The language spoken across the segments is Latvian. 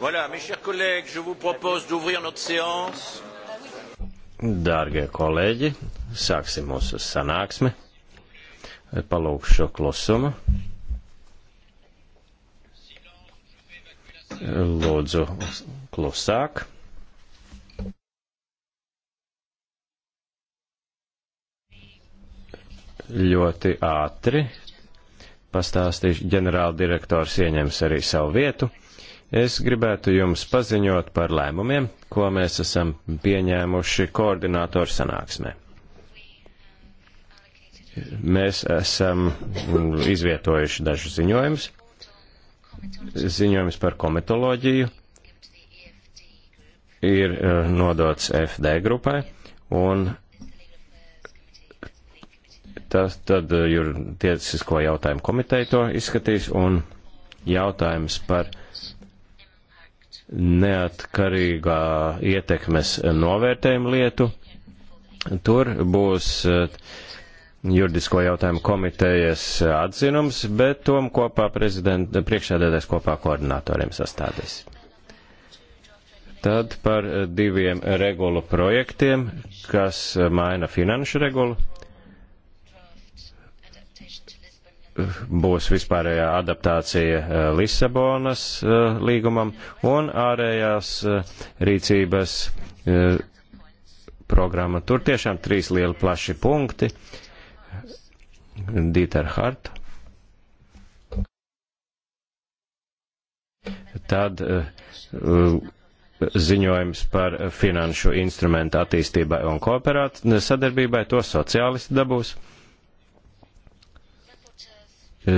Voilà, mes chers collègues, je vous propose d'ouvrir notre séance. Dārgie kolēģi, sāksim mūsu sanāksmi. Palūkšu klusumu. Lūdzu, klusāk. Ļoti ātri pastāstīšu, ģenerāldirektors ieņems arī savu vietu. Es gribētu jums paziņot par lēmumiem, ko mēs esam pieņēmuši koordinātoru sanāksmē. Mēs esam izvietojuši dažus ziņojumus. Ziņojums par komitoloģiju ir e, nodots FD grupai, un tas tad ir e, tiesisko jautājumu komiteja to izskatīs, un jautājums par neatkarīgā ietekmes novērtējuma lietu. Tur būs eh, juridisko jautājumu komitejas atzinums, bet tom kopā priekšsēdētājs kopā koordinatoriem sastādīs. Tad par diviem regulu projektiem, kas maina finanšu regulu būs vispārējā adaptācija eh, Lisabonas eh, līgumam un ārējās eh, rīcības programma. Tur tiešām trīs lieli plaši punkti. Dieter Hart. Tad ziņojums par finanšu instrumentu attīstībai un kooperāt sadarbībai, to sociālisti dabūs. Uh,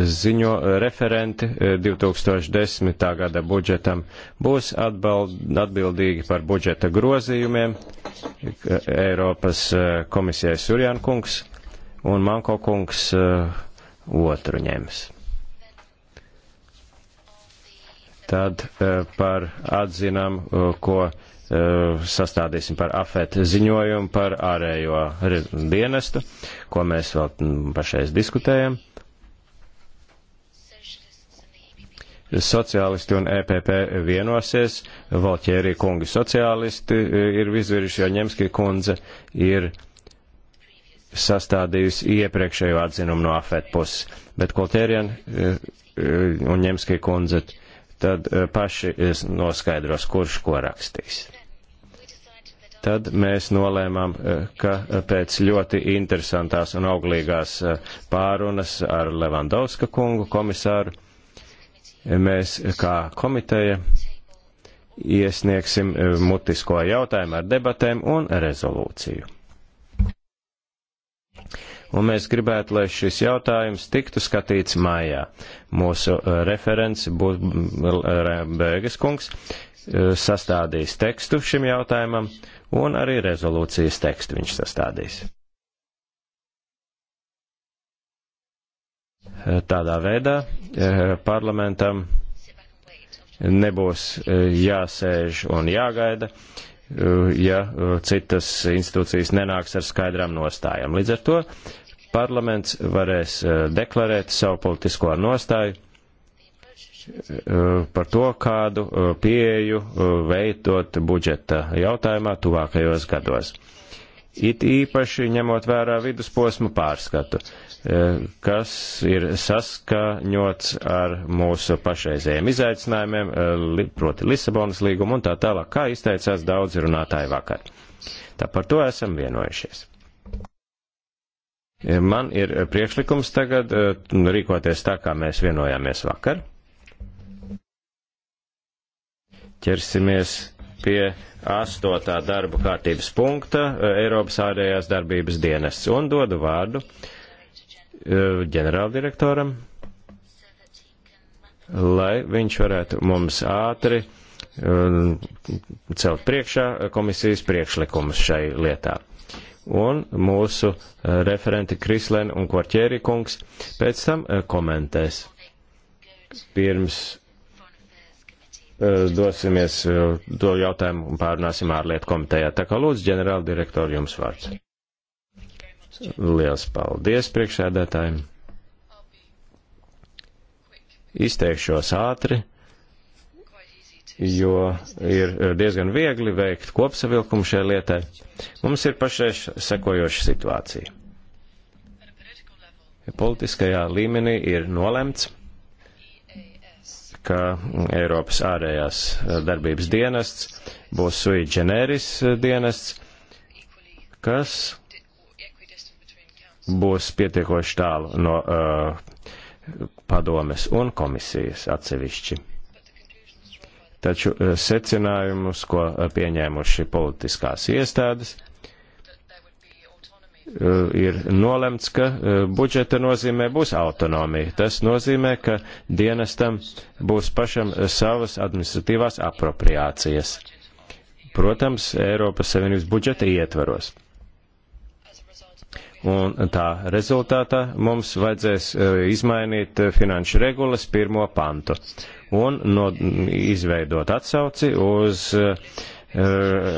ziņo referenti 2010. E, gada budžetam būs atbildīgi par budžeta grozījumiem e, Eiropas e, komisijai Surjāna kungs un Manko kungs otru ņems. Tad par atzinām, ko sastādīsim par afēt ziņojumu par ārējo dienestu, ko mēs vēl pašais diskutējam. sociālisti un EPP vienosies, Valķērija kungi sociālisti e, ir izvirši, jo Ņemski kundze ir sastādījusi iepriekšējo atzinumu no afēt puses, bet Koltērien e, e, un Ņemski kundze tad paši noskaidros, kurš ko rakstīs. Tad mēs nolēmām, ka pēc ļoti interesantās un auglīgās pārunas ar Levandovska kungu komisāru, mēs kā komiteja iesniegsim eh, mutisko jautājumu ar debatēm un rezolūciju. Un mēs gribētu, lai šis jautājums tiktu skatīts mājā. Mūsu eh, referents būs mm, Bēgas kungs, eh, sastādīs tekstu šim jautājumam un arī rezolūcijas tekstu viņš sastādīs. Eh, tādā veidā eh, parlamentam nebūs eh, jāsēž un jāgaida, ja citas institūcijas nenāks ar skaidrām nostājām. Līdz ar to parlaments varēs deklarēt savu politisko nostāju par to, kādu pieeju veidot budžeta jautājumā tuvākajos gados. It īpaši ņemot vērā vidusposmu pārskatu. Eh, kas ir saskaņots ar mūsu pašreizējiem izaicinājumiem, eh, proti Lisabonas līgumu un tā tālāk, kā izteicās daudz runātāji vakar. Tā par to esam vienojušies. Eh, man ir priekšlikums tagad rīkoties tā, kā mēs vienojāmies vakar. Ķersimies pie astotā darba kārtības punkta Eiropas ārējās darbības dienests un dodu vārdu uh, Eh, ģenerāldirektoram, lai viņš varētu mums ātri eh, celt priekšā komisijas priekšlikumus šai lietā. Un mūsu eh, referenti Krislēna un Korķēri kungs pēc tam komentēs. Pirms dosimies to jautājumu un pārunāsim ārlietu komitejā. Tā kā lūdzu, ģenerāldirektori, jums vārds. Liels paldies priekšsēdētājiem. Izteikšos ātri, jo ir diezgan viegli veikt kopsavilkumu šai lietai. Mums ir pašreiz sekojoša situācija. Politiskajā līmenī ir nolemts, ka Eiropas ārējās darbības dienests būs sui generis dienests, kas būs pietiekoši tālu no uh, padomes un komisijas atsevišķi. Taču uh, secinājumus, ko uh, pieņēmuši politiskās iestādes, uh, ir nolemts, ka budžeta nozīmē būs autonomija. Tas nozīmē, ka dienestam būs pašam savas administratīvās apropriācijas. Protams, Eiropas Savienības budžeta ietvaros. Un tā rezultātā mums vajadzēs e, izmainīt e, finanšu regulas pirmo pantu un no, izveidot atsauci uz e,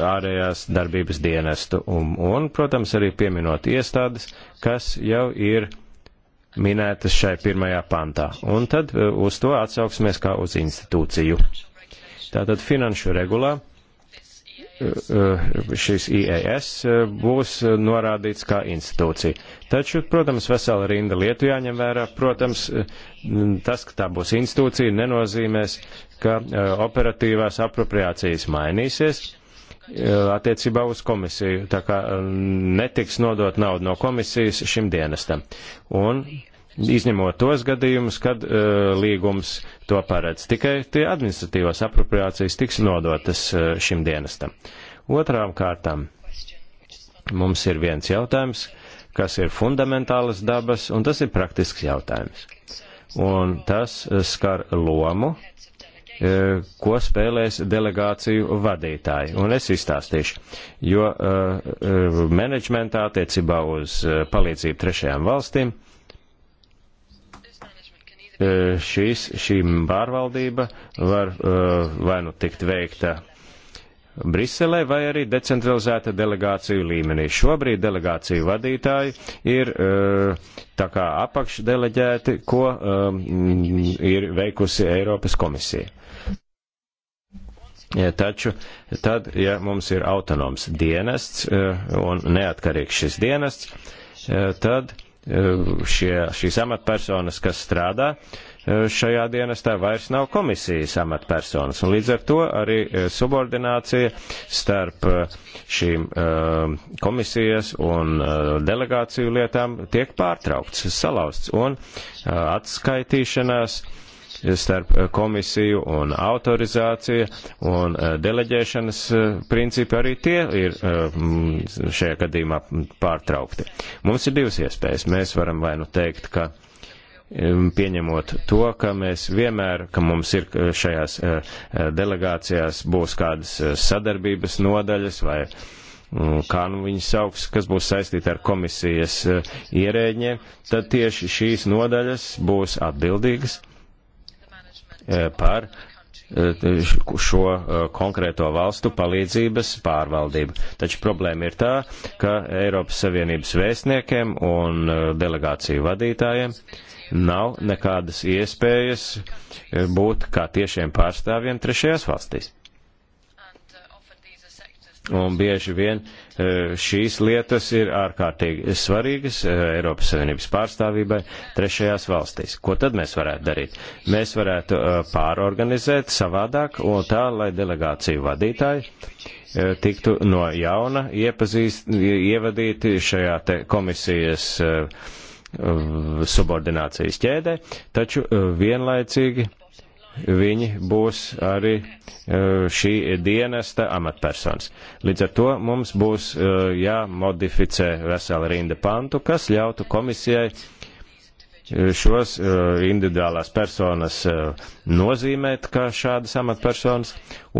ārējās darbības dienestu un, un, protams, arī pieminot iestādes, kas jau ir minētas šai pirmajā pantā. Un tad uz to atsauksimies kā uz institūciju. Tātad finanšu regulā šīs IES eh, būs eh, norādīts kā institūcija. Taču, protams, vesela rinda lietu jāņem vērā. Protams, eh, tas, ka tā būs institūcija, nenozīmēs, ka operatīvās apropriācijas mainīsies attiecībā uz komisiju. Tā kā netiks nodot naudu no komisijas šim dienestam. Un izņemot tos gadījumus, kad uh, līgums to paredz. Tikai tie administratīvās apropriācijas tiks nodotas uh, šim dienestam. Otrām kārtām mums ir viens jautājums, kas ir fundamentālas dabas, un tas ir praktisks jautājums. Un tas uh, skar lomu, uh, ko spēlēs delegāciju vadītāji. Un es izstāstīšu, jo uh, uh menedžmentā attiecībā uz palīdzību trešajām valstīm uh, E, šīs, šīm pārvaldība var e, vai nu tikt veikta Briselē vai arī decentralizēta delegāciju līmenī. Šobrīd delegāciju vadītāji ir e, tā kā apakšdeleģēti, ko ir veikusi Eiropas komisija. Ja, taču tad, ja mums ir autonoms dienests un neatkarīgs šis dienests, tad Eh, šie, šīs amatpersonas, kas strādā eh, šajā dienestā, vairs nav komisijas amatpersonas. Un līdz ar to arī eh, subordinācija starp šīm komisijas un delegāciju lietām tiek pārtraukts, salauzts un atskaitīšanās starp eh, komisiju un autorizācija un eh, deleģēšanas eh, principi arī tie ir mm, šajā gadījumā pārtraukti. Mums ir divas iespējas. Mēs varam vai nu teikt, ka mm, pieņemot to, ka mēs vienmēr, ka mums ir šajās delegācijās būs kādas sadarbības nodaļas vai mm, kā nu viņas sauks, kas būs saistīta ar komisijas ierēģiem, tad tieši šīs nodaļas būs atbildīgas Eh, par eh, šo eh, konkrēto valstu palīdzības pārvaldību. Taču problēma ir tā, ka Eiropas Savienības vēstniekiem un delegāciju vadītājiem nav nekādas iespējas būt kā tiešiem pārstāvjiem trešajās valstīs. Un bieži vien e, šīs lietas ir ārkārtīgi svarīgas e, Eiropas Savienības pārstāvībai trešajās valstīs. Ko tad mēs varētu darīt? Mēs varētu e, pārorganizēt savādāk un tā, lai delegāciju vadītāji tiktu no jauna iepazīst, ievadīti šajā te komisijas subordinācijas ķēdē, taču vienlaicīgi viņi būs arī e, šī dienesta amatpersonas. Līdz ar to mums būs e, jāmodificē vesela rinda pantu, kas ļautu komisijai e, šos individuālās personas nozīmēt kā šādas amatpersonas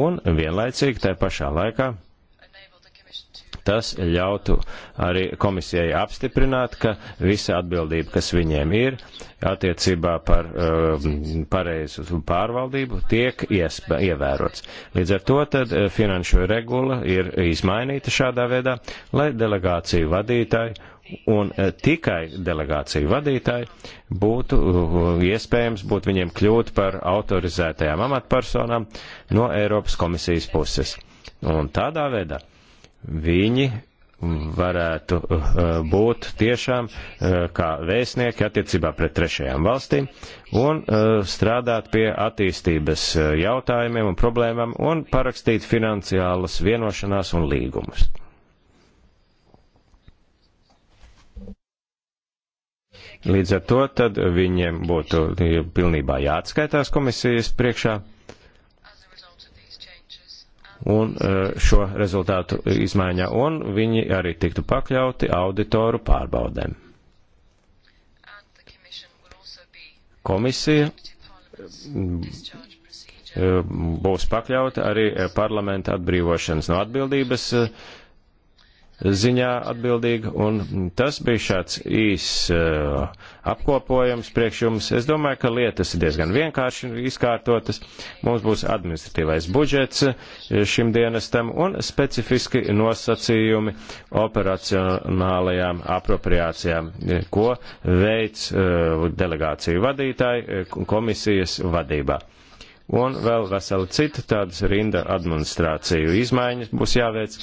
un vienlaicīgi tajā pašā laikā Tas ļautu arī komisijai apstiprināt, ka visa atbildība, kas viņiem ir attiecībā par uh, pareizu pārvaldību, tiek iespē, ievērots. Līdz ar to tad eh, finanšu regula ir izmainīta šādā veidā, lai delegāciju vadītāji un eh, tikai delegāciju vadītāji būtu uh, iespējams būt viņiem kļūt par autorizētajām amatpersonām no Eiropas komisijas puses. Un tādā veidā viņi varētu uh, būt tiešām uh, kā vēstnieki attiecībā pret trešajām valstīm un uh, strādāt pie attīstības jautājumiem un problēmām un parakstīt finansiālas vienošanās un līgumus. Līdz ar to tad viņiem būtu pilnībā jāatskaitās komisijas priekšā un e, šo rezultātu izmaiņā, un viņi arī tiktu pakļauti auditoru pārbaudēm. Komisija e, būs pakļauta arī parlamenta atbrīvošanas no atbildības uh, ziņā atbildīga, un tas bija šāds īs uh, apkopojums priekš jums. Es domāju, ka lietas ir diezgan vienkārši izkārtotas. Mums būs administratīvais budžets uh, šim dienestam un specifiski nosacījumi operacionālajām apropriācijām, ko veids uh, delegāciju vadītāji komisijas vadībā un vēl vesela cita tādas rinda administrāciju izmaiņas būs jāveic,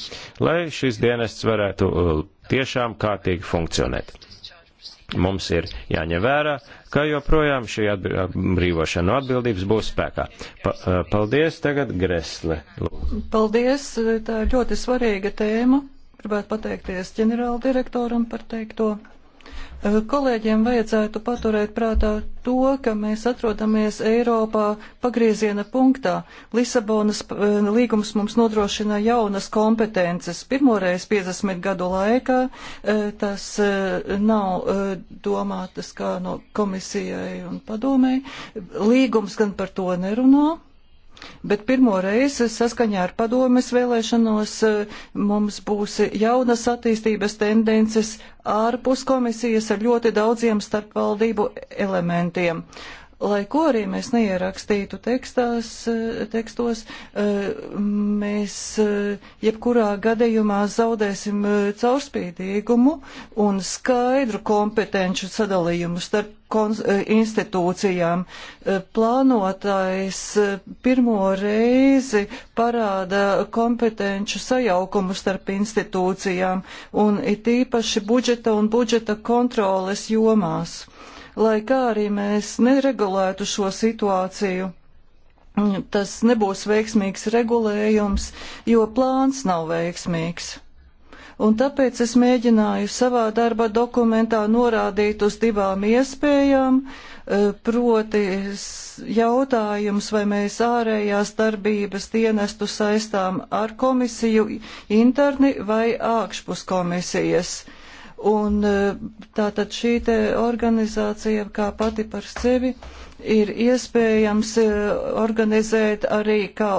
lai šis dienests varētu uh, tiešām kārtīgi funkcionēt. Mums ir jāņem vērā, ka joprojām šī brīvošana no atbildības būs spēkā. Pa, uh, paldies tagad, Gresle. Paldies, tā ir ļoti svarīga tēma. Gribētu pateikties ģenerāldirektoram par teikto. Kolēģiem vajadzētu paturēt prātā to, ka mēs atrodamies Eiropā pagrieziena punktā. Lisabonas eh, līgums mums nodrošina jaunas kompetences. Pirmoreiz 50 gadu laikā eh, tas eh, nav domātas kā no komisijai un padomēji. Līgums gan par to nerunā. Bet pirmo reizi saskaņā ar padomes vēlēšanos eh, mums būs jaunas attīstības tendences ārpus komisijas ar ļoti daudziem starpvaldību elementiem lai ko arī mēs neierakstītu tekstās, eh, tekstos, eh, mēs jebkurā gadījumā zaudēsim caurspīdīgumu un skaidru kompetenču sadalījumu starp E, institūcijām. E, Plānotais e, pirmo reizi parāda kompetenču sajaukumu starp institūcijām un it īpaši budžeta un budžeta kontroles jomās. Lai kā arī mēs neregulētu šo situāciju, tas nebūs veiksmīgs regulējums, jo plāns nav veiksmīgs. Un tāpēc es mēģināju savā darba dokumentā norādīt uz divām iespējām, e, proti jautājums, vai mēs ārējās darbības dienestu saistām ar komisiju interni vai ārpus komisijas. Un e, tātad šī te organizācija kā pati par sevi ir iespējams eh, organizēt arī kā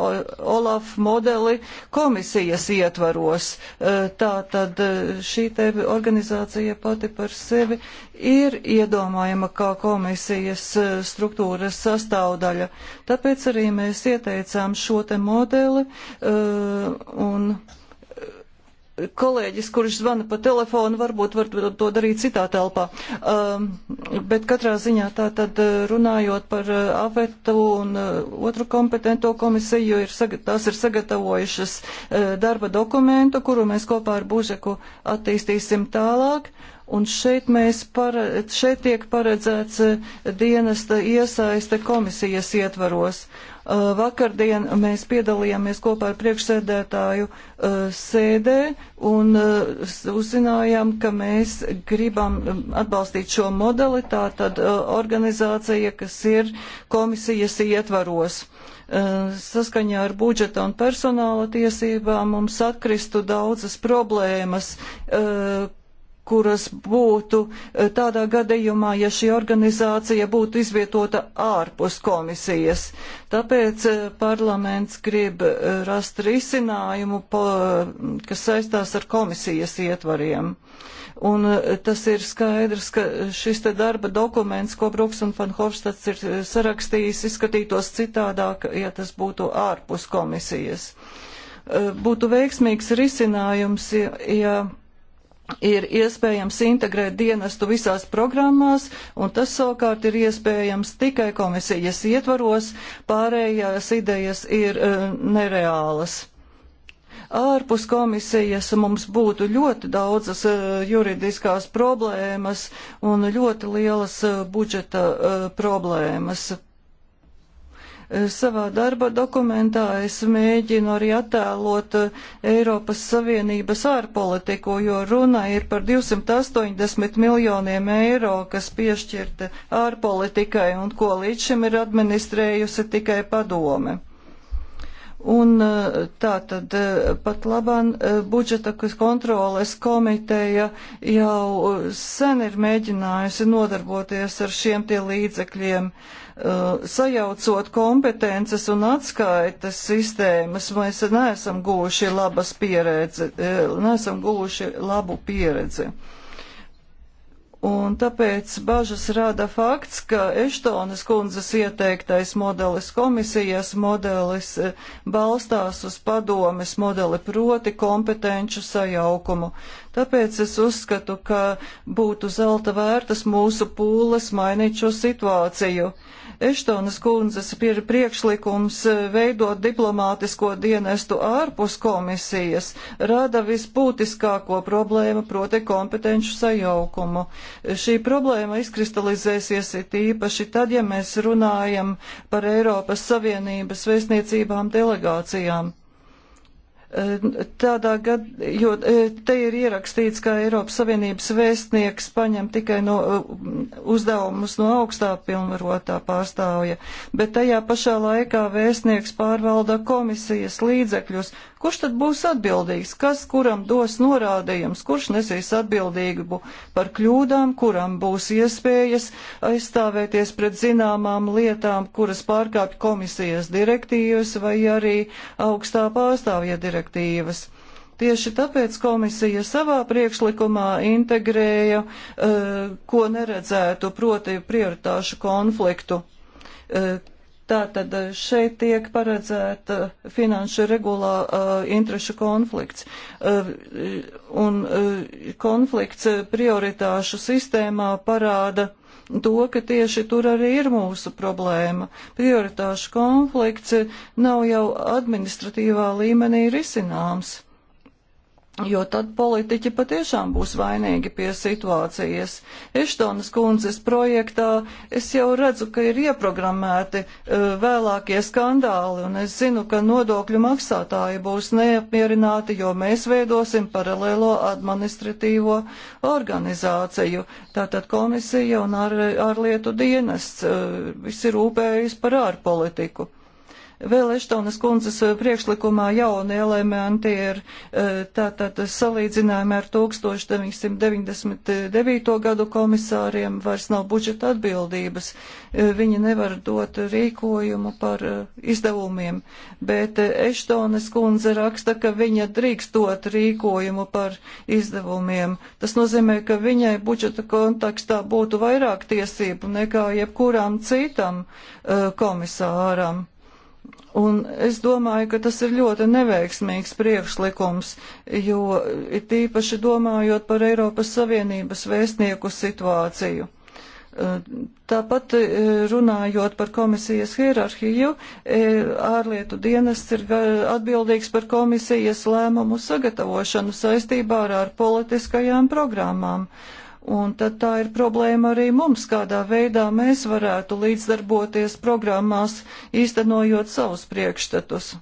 Olaf modeli komisijas ietvaros. Eh, tā tad eh, šī te organizācija pati par sevi ir iedomājama kā komisijas struktūras sastāvdaļa. Tāpēc arī mēs ieteicām šo te modeli un kolēģis, kurš zvana pa telefonu, varbūt var to darīt citā telpā. Um, bet katrā ziņā tā tad uh, runājot par uh, AVETU un uh, otru kompetento komisiju, ir, tās ir sagatavojušas darba dokumentu, kuru mēs kopā ar Bužeku attīstīsim tālāk. Un šeit, paredz, šeit tiek paredzēts dienesta iesaiste komisijas ietvaros. Uh, Eh, vakardien mēs piedalījāmies kopā ar priekšsēdētāju eh, sēdē un eh, uzzinājām, ka mēs gribam atbalstīt šo modeli, tā tad organizācija, kas ir komisijas ietvaros saskaņā ar budžeta un personāla tiesībām mums atkristu daudzas problēmas, kuras būtu eh, tādā gadījumā, ja šī organizācija būtu izvietota ārpus komisijas. Tāpēc eh, parlaments grib eh, rast risinājumu, kas saistās ar komisijas ietvariem. Un tas ir skaidrs, ka šis te darba dokuments, ko Bruks un Van Hofstads ir sarakstījis, izskatītos citādāk, ja tas būtu ārpus komisijas. Būtu veiksmīgs risinājums, ja. ja ir iespējams integrēt dienestu visās programmās, un tas savukārt ir iespējams tikai komisijas ietvaros, pārējās idejas ir uh, nereālas ārpus komisijas mums būtu ļoti daudzas uh, juridiskās problēmas un ļoti lielas uh, budžeta uh, problēmas. Savā darba dokumentā es mēģinu arī attēlot eh, Eiropas Savienības ārpolitiku, jo runa ir par 280 miljoniem eiro, kas piešķirta ārpolitikai un ko līdz šim ir administrējusi tikai padome. Un eh, tā tad eh, pat labāk budžeta kontroles komiteja jau sen ir mēģinājusi nodarboties ar šiem tie līdzekļiem. Uh, Uh, sajaucot kompetences un atskaitas sistēmas, mēs neesam guvuši labas pieredze, uh, neesam guvuši labu pieredzi. Un tāpēc bažas rada fakts, ka Eštonas kundzes ieteiktais modelis komisijas modelis uh, balstās uz padomes modeli proti kompetenču sajaukumu. Tāpēc es uzskatu, ka būtu zelta vērtas mūsu pūles mainīt šo situāciju. Eštonas kundzes priekšlikums eh, veidot diplomātisko dienestu ārpus komisijas rada visbūtiskāko problēmu, proti kompetenču sajaukumu. Šī problēma izkristalizēsies it īpaši tad, ja mēs runājam par Eiropas Savienības vēstniecībām delegācijām. Tādā gad, jo e, te ir ierakstīts, ka Eiropas Savienības vēstnieks paņem tikai no e, uzdevumus no augstā pilnvarotā pārstāvja, bet tajā pašā laikā vēstnieks pārvalda komisijas līdzekļus. Kurš tad būs atbildīgs? Kas kuram dos norādījums? Kurš nesīs atbildību par kļūdām? Kuram būs iespējas aizstāvēties pret zināmām lietām, kuras pārkāpj komisijas direktīvas vai arī augstā pārstāvja direktīvas? direktīvas. Tieši tāpēc komisija savā priekšlikumā integrēja, eh, ko neredzētu, proti prioritāšu konfliktu. Eh, tātad eh, šeit tiek paredzēta finanšu regulā uh, interešu konflikts. Uh, un uh, konflikts prioritāšu sistēmā parāda to, ka tieši tur arī ir mūsu problēma. Prioritāšu konflikts nav jau administratīvā līmenī risināms jo tad politiķi patiešām būs vainīgi pie situācijas. Eštonas kundzes projektā es jau redzu, ka ir ieprogrammēti e, vēlākie skandāli, un es zinu, ka nodokļu maksātāji būs neapmierināti, jo mēs veidosim paralēlo administratīvo organizāciju. Tātad komisija un ārlietu ar, dienests e, visi rūpējas par ārpolitiku. Vēl Eštonas kundzes eh, priekšlikumā jauni elementi ir eh, tātad salīdzinājumi ar 1999. gadu komisāriem vairs nav budžeta atbildības. Eh, viņi nevar dot rīkojumu par izdevumiem, bet Eštonas kundze raksta, ka viņa drīkst dot rīkojumu par izdevumiem. Tas nozīmē, ka viņai budžeta kontekstā būtu vairāk tiesību nekā jebkurām citam komisāram. Un es domāju, ka tas ir ļoti neveiksmīgs priekšlikums, jo tīpaši domājot par Eiropas Savienības vēstnieku situāciju. E, tāpat e, runājot par komisijas hierarhiju, e, ārlietu dienests ir atbildīgs par komisijas lēmumu sagatavošanu saistībā ar, ar politiskajām programmām. Uh, Un tad tā ir problēma arī mums, kādā veidā mēs varētu līdzdarboties programmās, īstenojot savus priekšstatus.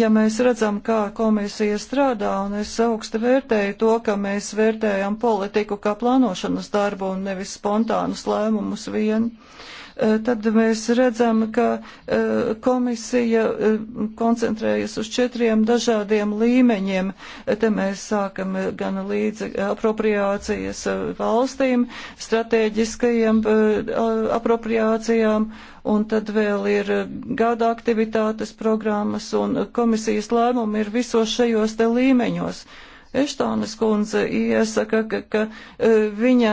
Ja mēs redzam, kā komisija strādā, un es augsti vērtēju to, ka mēs vērtējam politiku kā plānošanas darbu un nevis spontānus lēmumus vien, uh, Eh, tad mēs redzam, ka eh, komisija eh, koncentrējas uz četriem dažādiem līmeņiem. Te mēs sākam gan līdz apropriācijas valstīm, strateģiskajiem apropriācijām, un tad vēl ir gada aktivitātes programmas, un komisijas lēmumi ir visos šajos te līmeņos. Uh, Eštānas kundze iesaka, ka, ka e, viņa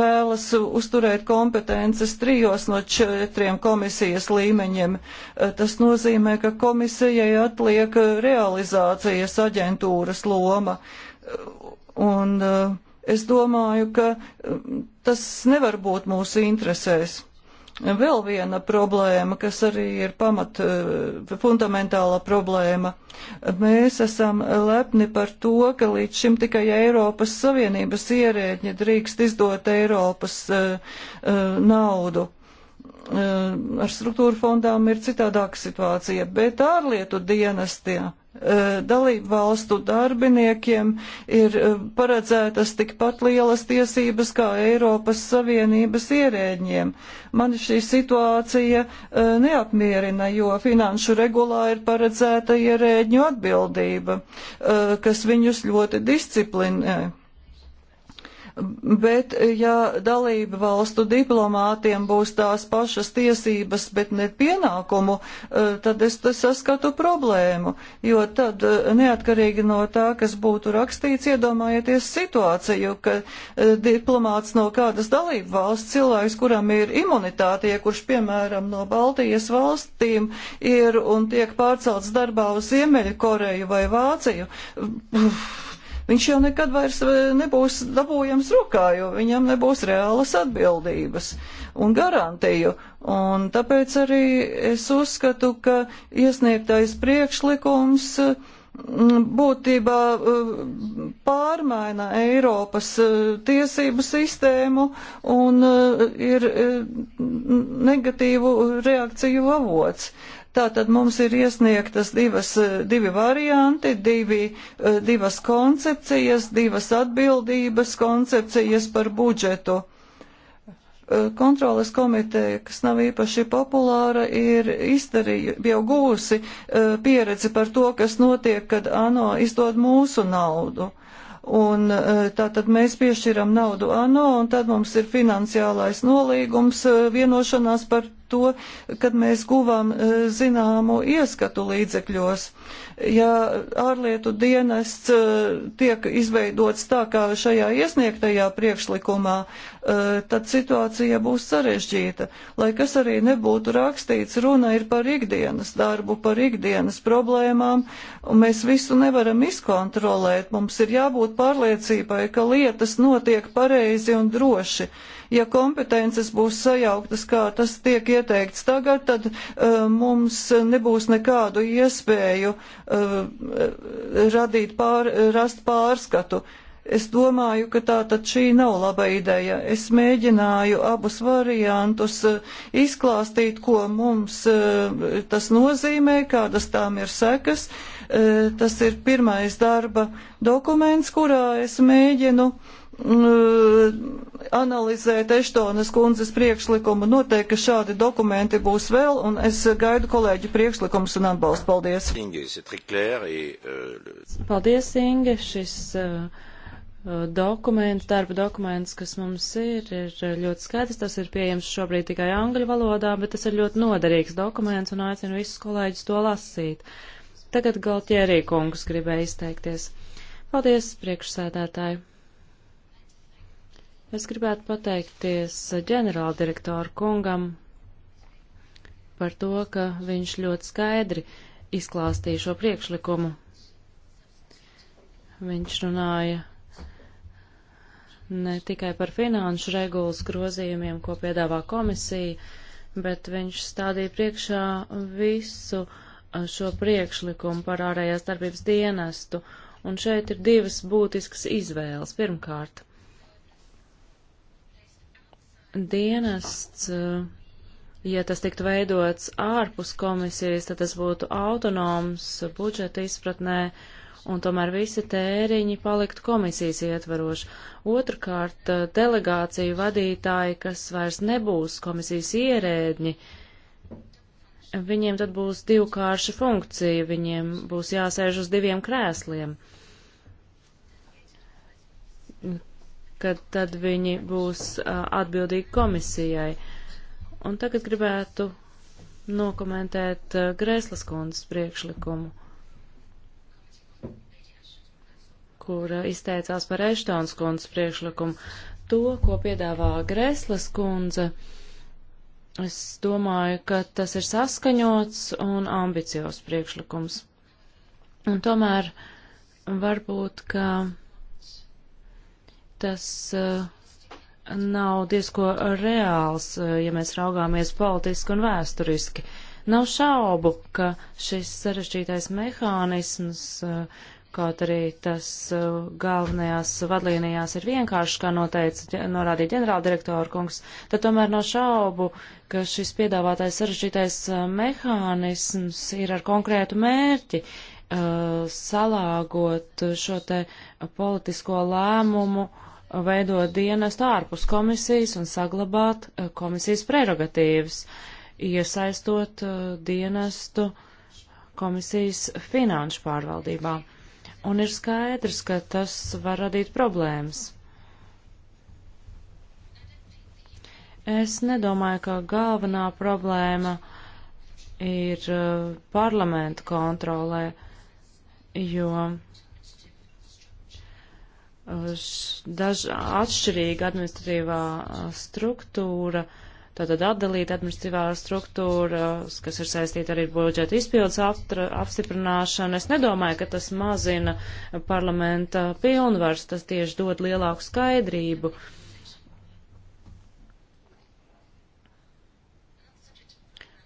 vēlas uzturēt kompetences trijos no četriem komisijas līmeņiem. E, tas nozīmē, ka komisijai atliek realizācijas aģentūras loma. Un e, es domāju, ka tas nevar būt mūsu interesēs. Vēl viena problēma, kas arī ir pamat eh, fundamentāla problēma. Mēs esam lepni par to, ka līdz šim tikai Eiropas Savienības ierēģi drīkst izdot Eiropas uh, uh, naudu ar struktūra fondām ir citādāka situācija, bet ārlietu dienestiem Eh, dalību valstu darbiniekiem ir eh, paredzētas tikpat lielas tiesības kā Eiropas Savienības ierēģiem. Mani šī situācija eh, neapmierina, jo finanšu regulā ir paredzēta ierēģņu atbildība, kas viņus ļoti disciplinē. Bet, ja dalība valstu diplomātiem būs tās pašas tiesības, bet ne pienākumu, e, tad es saskatu problēmu, jo tad e, neatkarīgi no tā, kas būtu rakstīts, iedomājieties situāciju, ka e, diplomāts no kādas dalība valsts cilvēks, kuram ir imunitātie, kurš, piemēram, no Baltijas valstīm ir un tiek pārcelts darbā uz Ziemeļkoreju vai Vāciju. Uf viņš jau nekad vairs eh, nebūs dabūjams rokā, jo viņam nebūs reālas atbildības un garantiju. Un tāpēc arī es uzskatu, ka iesniegtais priekšlikums mm, būtībā eh, pārmaina Eiropas eh, tiesību sistēmu un ir negatīvu reakciju avots. Tātad mums ir iesniegtas divas, eh, divi varianti, divi, eh, divas koncepcijas, divas atbildības koncepcijas par budžetu eh, kontrolas komiteja, kas nav īpaši populāra, ir izdarījusi, jau gūsi pieredzi par to, kas notiek, kad ANO izdod mūsu naudu. Un tātad mēs piešķiram naudu ANO, un tad mums ir finansiālais nolīgums, vienošanās par to, kad mēs guvām eh, zināmu ieskatu līdzekļos. Uh, Ja ārlietu dienests eh, tiek izveidots tā kā šajā iesniegtajā priekšlikumā, eh, tad situācija būs sarežģīta. Lai kas arī nebūtu rakstīts, runa ir par ikdienas darbu, par ikdienas problēmām, un mēs visu nevaram izkontrolēt. Mums ir jābūt pārliecībai, ka lietas notiek pareizi un droši ja kompetences būs sajauktas, kā tas tiek ieteikts tagad, tad uh, mums nebūs nekādu iespēju uh, Uh, uh, radīt pār, rast pārskatu. Es domāju, ka tā tad šī nav laba ideja. Es mēģināju abus variantus uh, izklāstīt, ko mums tas nozīmē, kādas tām ir sekas. Tas ir pirmais darba dokuments, kurā es mēģinu uh, Mm, eh, analizēt Eštonas kundzes priekšlikumu. Noteikti, ka šādi dokumenti būs vēl, un es gaidu kolēģi priekšlikumus un atbalstu. Paldies! Eh, Paldies, Inge! Šis eh, dokuments, darba dokuments, kas mums ir, ir ļoti skaidrs. Tas ir pieejams šobrīd tikai angļu valodā, bet tas ir ļoti noderīgs dokuments, un aicinu visus kolēģus to lasīt. Tagad Galtierī kungs gribēja izteikties. Paldies, priekšsēdētāji! Es gribētu pateikties ģenerāldirektoru kungam par to, ka viņš ļoti skaidri izklāstīja šo priekšlikumu. Viņš runāja ne tikai par finanšu regulas grozījumiem, ko piedāvā komisija, bet viņš stādīja priekšā visu šo priekšlikumu par ārējās darbības dienestu. Un šeit ir divas būtiskas izvēles. Pirmkārt, dienests, eh, ja tas tiktu veidots ārpus komisijas, tad tas būtu autonoms budžeta izpratnē, un tomēr visi tēriņi paliktu komisijas ietvaroši. Otrkārt, eh, delegāciju vadītāji, kas vairs nebūs komisijas ierēdņi, viņiem tad būs divkārša funkcija, viņiem būs jāsēž uz diviem krēsliem. kad tad viņi būs atbildīgi komisijai. Un tagad gribētu nokomentēt Grēslas kundzes priekšlikumu, kura izteicās par Eštons kundzes priekšlikumu. To, ko piedāvā Grēslas kundze, es domāju, ka tas ir saskaņots un ambiciozs priekšlikums. Un tomēr varbūt, ka tas eh, nav diezko reāls, eh, ja mēs raugāmies politiski un vēsturiski. Nav šaubu, ka šis sarežģītais mehānisms, eh, kaut arī tas galvenajās vadlīnijās ir vienkārši, kā noteica, norādīja ģenerāldirektora kungs, tad tomēr nav šaubu, ka šis piedāvātais sarežģītais mehānisms ir ar konkrētu mērķi salāgot šo te politisko lēmumu uh, veidot dienestu ārpus komisijas un saglabāt eh, komisijas prerogatīvas, iesaistot eh, dienestu komisijas finanšu pārvaldībā. Un ir skaidrs, ka tas var radīt problēmas. Es nedomāju, ka galvenā problēma ir eh, parlamenta kontrolē, jo daž, atšķirīga administratīvā struktūra, tātad atdalīta administratīvā struktūra, kas ir saistīta arī ar budžeta izpildes apstiprināšanu. Es nedomāju, ka tas mazina parlamenta pilnvars, tas tieši dod lielāku skaidrību.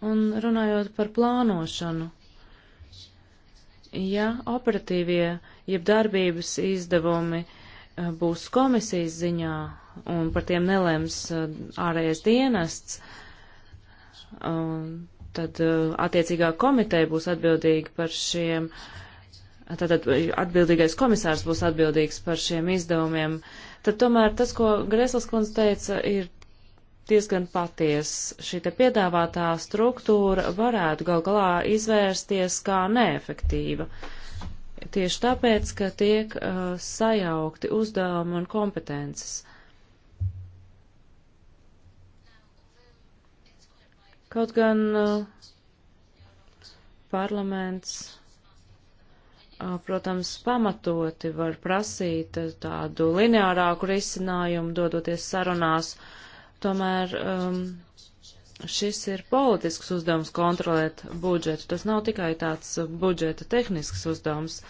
Un runājot par plānošanu, ja operatīvie, jeb darbības izdevumi uh, Eh, būs komisijas ziņā un par tiem nelēms eh, ārējais dienests, tad eh, attiecīgā komiteja būs atbildīga par šiem, tātad atbildīgais komisārs būs atbildīgs par šiem izdevumiem, tad tomēr tas, ko Greslas kundze teica, ir diezgan paties. Šī te piedāvātā struktūra varētu gal galā izvērsties kā neefektīva. Uh, tieši tāpēc, ka tiek uh, sajaukti uzdevumi un kompetences. Kaut gan uh, parlaments, uh, protams, pamatoti var prasīt tādu lineārāku risinājumu, dodoties sarunās, tomēr um, šis ir politisks uzdevums kontrolēt budžetu. Tas nav tikai tāds budžeta tehnisks uzdevums.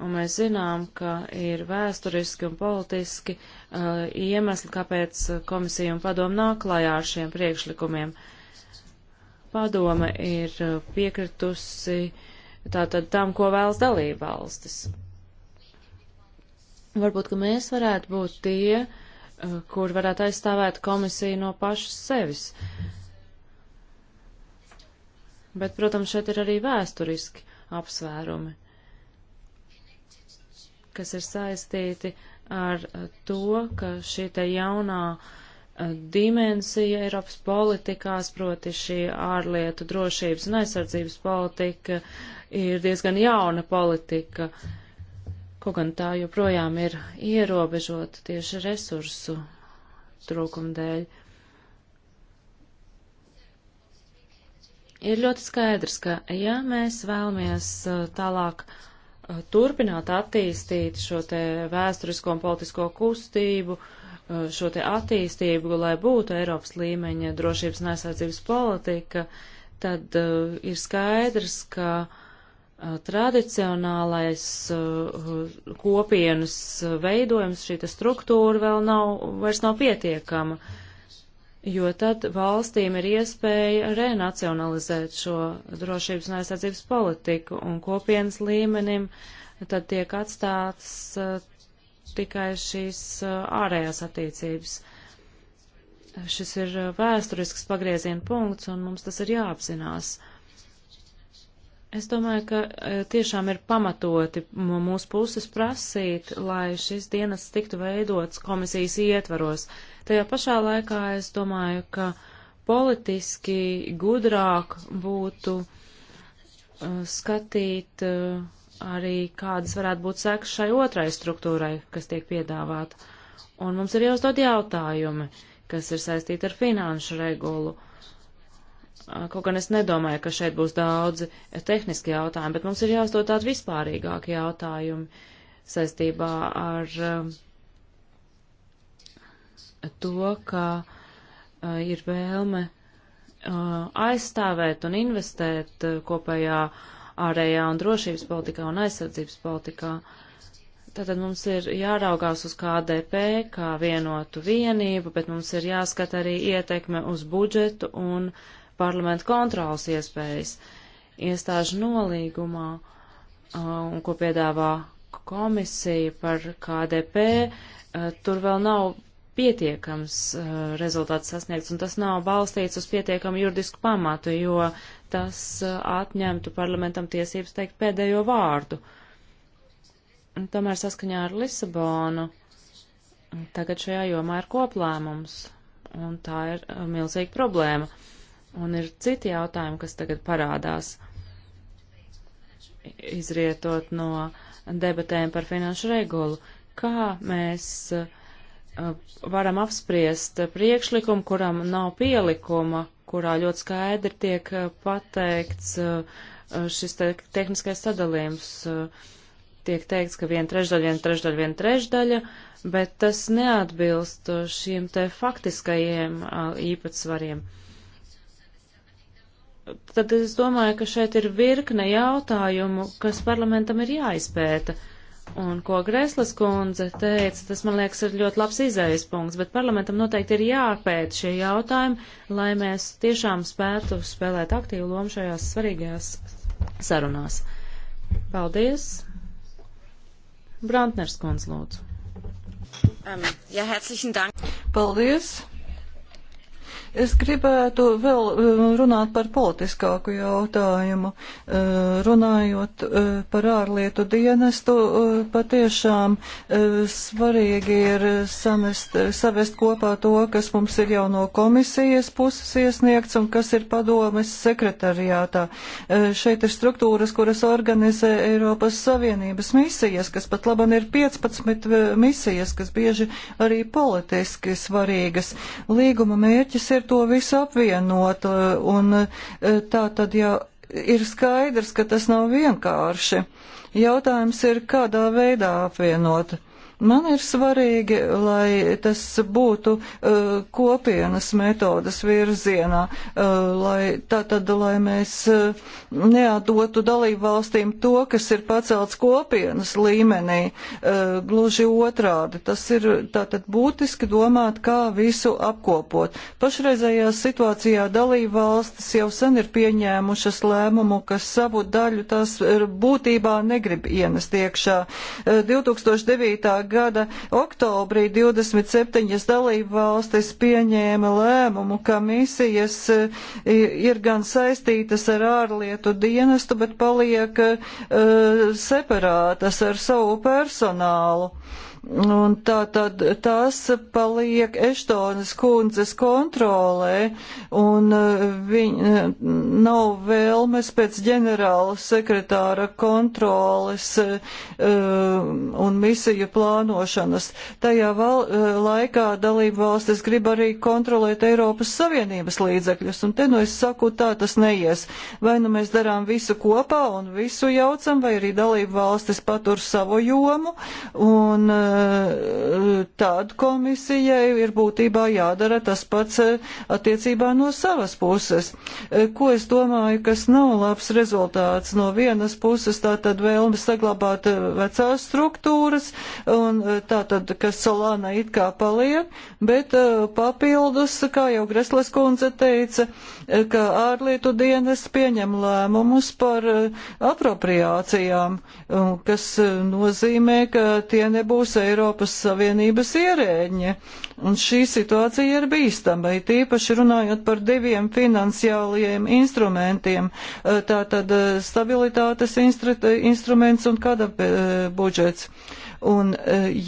Un mēs zinām, ka ir vēsturiski un politiski uh, iemesli, kāpēc komisija un padoma nāk klajā ar šiem priekšlikumiem. Padome ir uh, piekritusi tātad tam, ko vēlas dalība valstis. Varbūt, ka mēs varētu būt tie, uh, kur varētu aizstāvēt komisiju no pašas sevis. Uh, Bet, protams, šeit ir arī vēsturiski apsvērumi, kas ir saistīti ar eh, to, ka šī te jaunā eh, dimensija Eiropas politikās, proti šī ārlietu drošības un aizsardzības politika ir diezgan jauna politika, kaut gan tā joprojām ir ierobežota tieši resursu trūkuma dēļ. Uh, ir ļoti skaidrs, ka ja mēs vēlamies uh, tālāk uh, turpināt attīstīt šo te vēsturisko un politisko kustību, uh, šo te attīstību, lai būtu Eiropas līmeņa drošības un aizsardzības politika, tad uh, ir skaidrs, ka uh, tradicionālais uh, kopienas veidojums, šī struktūra vēl nav, vairs nav pietiekama. Uh, jo tad valstīm ir iespēja renacionalizēt šo drošības un aizsardzības politiku, un kopienas līmenim tad tiek atstātas uh, tikai šīs uh, ārējās attiecības. Šis ir uh, vēsturisks pagrieziena punkts, un mums tas ir jāapzinās. Es domāju, ka uh, tiešām ir pamatoti mūsu puses prasīt, lai šis dienas tiktu veidots komisijas ietvaros. Uh, Tajā pašā laikā es domāju, ka politiski gudrāk būtu uh, skatīt uh, arī, kādas varētu būt sekas šai otrai struktūrai, kas tiek piedāvāta. Un mums ir jāuzdod jautājumi, kas ir saistīti ar finanšu regulu. Uh, kaut gan es nedomāju, ka šeit būs daudzi tehniski jautājumi, bet mums ir jāuzdod tādi vispārīgāki jautājumi saistībā ar uh, to, ka uh, ir vēlme uh, aizstāvēt un investēt uh, kopējā ārējā un drošības politikā un aizsardzības politikā. Tātad mums ir jāraugās uz KDP kā vienotu vienību, bet mums ir jāskat arī ietekme uz budžetu un parlamentu kontrolas iespējas. Iestāžu nolīgumā, uh, ko piedāvā komisija par KDP, uh, tur vēl nav pietiekams uh, rezultāts sasniegts, un tas nav balstīts uz pietiekamu juridisku pamatu, jo tas uh, atņemtu parlamentam tiesības teikt pēdējo vārdu. Un tomēr saskaņā ar Lisabonu tagad šajā jomā ir koplēmums, un tā ir uh, milzīga problēma. Un ir citi jautājumi, kas tagad parādās, izrietot no debatēm par finanšu regulu. Kā mēs uh, Uh, varam apspriest priekšlikumu, kuram nav pielikuma, kurā ļoti skaidri tiek uh, pateikts uh, šis te tehniskais sadalījums. Tiek teikts, ka viena trešdaļa, viena trešdaļa, viena trešdaļa, bet tas neatbilst šiem te faktiskajiem īpatsvariem. Tad es domāju, ka šeit ir virkne jautājumu, kas parlamentam ir jāizpēta. Uh, Un ko Greslas kundze teica, tas man liekas ir ļoti labs izējas punkts, bet parlamentam noteikti ir jāpēt šie jautājumi, lai mēs tiešām spētu spēlēt aktīvu lomu šajās svarīgajās sarunās. Paldies! Brantners kundze lūdzu. Um, ja, herzlichen Dank. Paldies! Es gribētu vēl eh, runāt par politiskāku jautājumu. Eh, runājot eh, par ārlietu dienestu, patiešām svarīgi ir samest, savest kopā to, kas mums ir jau no komisijas puses iesniegts un kas ir padomes sekretariātā. Šeit ir struktūras, kuras organizē Eiropas Savienības misijas, kas pat laban ir 15 misijas, kas bieži arī politiski svarīgas. Līguma mērķis ir ir to visu apvienot, un e, tā tad jau ir skaidrs, ka tas nav vienkārši. Jautājums ir, kādā veidā apvienot. Man ir svarīgi, lai tas būtu uh, kopienas metodas virzienā, uh, lai tātad, lai mēs uh, neatdotu dalību valstīm to, kas ir pacelts kopienas līmenī, uh, gluži otrādi. Tas ir tātad būtiski domāt, kā visu apkopot. Pašreizējā situācijā dalību valstis jau sen ir pieņēmušas lēmumu, kas savu daļu tās er, būtībā negrib ienest iekšā. Uh, 2009 gada oktobrī 27 dalību valstis pieņēma lēmumu, ka misijas e, ir gan saistītas ar ārlietu dienestu, bet paliek e, separātas ar savu personālu. Un tā tad tas paliek Eštonas kundzes kontrolē, un uh, viņa uh, nav vēlmes pēc ģenerāla sekretāra kontroles uh, un misiju plānošanas. Tajā val, uh, laikā dalību valstis grib arī kontrolēt Eiropas Savienības līdzekļus, un te nu es saku, tā tas neies. Vai nu mēs darām visu kopā un visu jaucam, vai arī dalību valstis patur savu jomu. Un, uh, Eh, tad komisijai ir būtībā jādara tas pats eh, attiecībā no savas puses. Eh, ko es domāju, kas nav labs rezultāts no vienas puses, tā tad vēlme saglabāt vecās struktūras, un tā tad, kas salāna it kā paliek, bet papildus, kā jau Greslas kundze teica, ka ārlietu dienas pieņem lēmumus par apropriācijām, kas nozīmē, ka tie nebūs Eiropas Savienības ierēģņa. Un šī situācija ir bīstama, it īpaši runājot par diviem finansiālajiem instrumentiem. Eh, tātad eh, stabilitātes instru, eh, instruments un kāda budžets. Un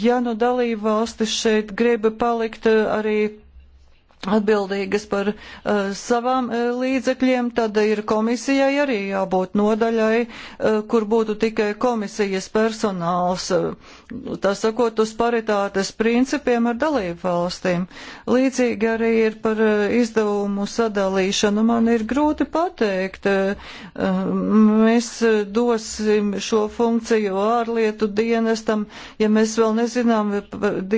ja nu dalība valstis šeit grib palikt arī atbildīgas par uh, savām uh, līdzekļiem, tad ir komisijai arī jābūt nodaļai, uh, kur būtu tikai komisijas personāls, uh, tā sakot, uz paritātes principiem ar dalību valstīm. Līdzīgi arī ir par uh, izdevumu sadalīšanu. Man ir grūti pateikt, uh, mēs dosim šo funkciju ārlietu dienestam, ja mēs vēl nezinām,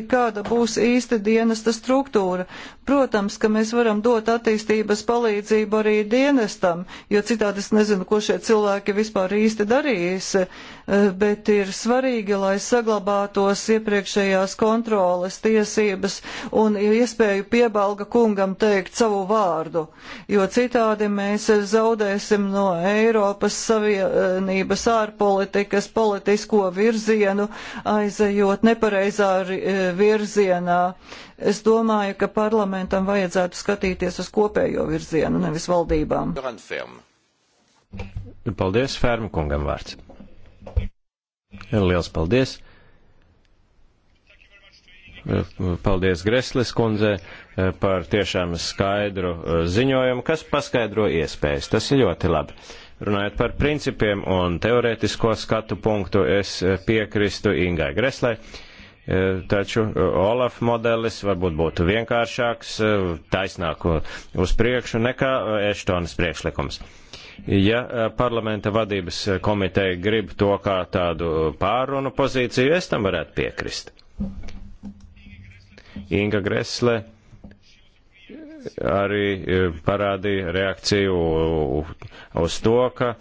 kāda būs īsti dienesta struktūra. Protams, ka mēs varam dot attīstības palīdzību arī dienestam, jo citādi es nezinu, ko šie cilvēki vispār īsti darīs. Uh, Eh, bet ir svarīgi, lai saglabātos iepriekšējās kontroles tiesības un iespēju piebalga kungam teikt savu vārdu, jo citādi mēs zaudēsim no Eiropas Savienības ārpolitikas politisko virzienu, aizejot nepareizā eh, virzienā. Es domāju, ka parlamentam vajadzētu skatīties uz kopējo virzienu, nevis valdībām. Paldies, Fermu kungam vārds. Liels paldies! Paldies Greslis kundze eh, par tiešām skaidru eh, ziņojumu, kas paskaidro iespējas. Tas ir ļoti labi. Runājot par principiem un teorētisko skatu punktu, es eh, piekrīstu Ingai Greslai. Taču Olaf modelis varbūt būtu vienkāršāks, taisnāk uz priekšu nekā Eštonas priekšlikums. Uh, Ja eh, parlamenta vadības eh, komiteja grib to kā tādu pārunu pozīciju, es tam varētu piekrist. Inga Gresle eh, arī parādīja reakciju uz to, ka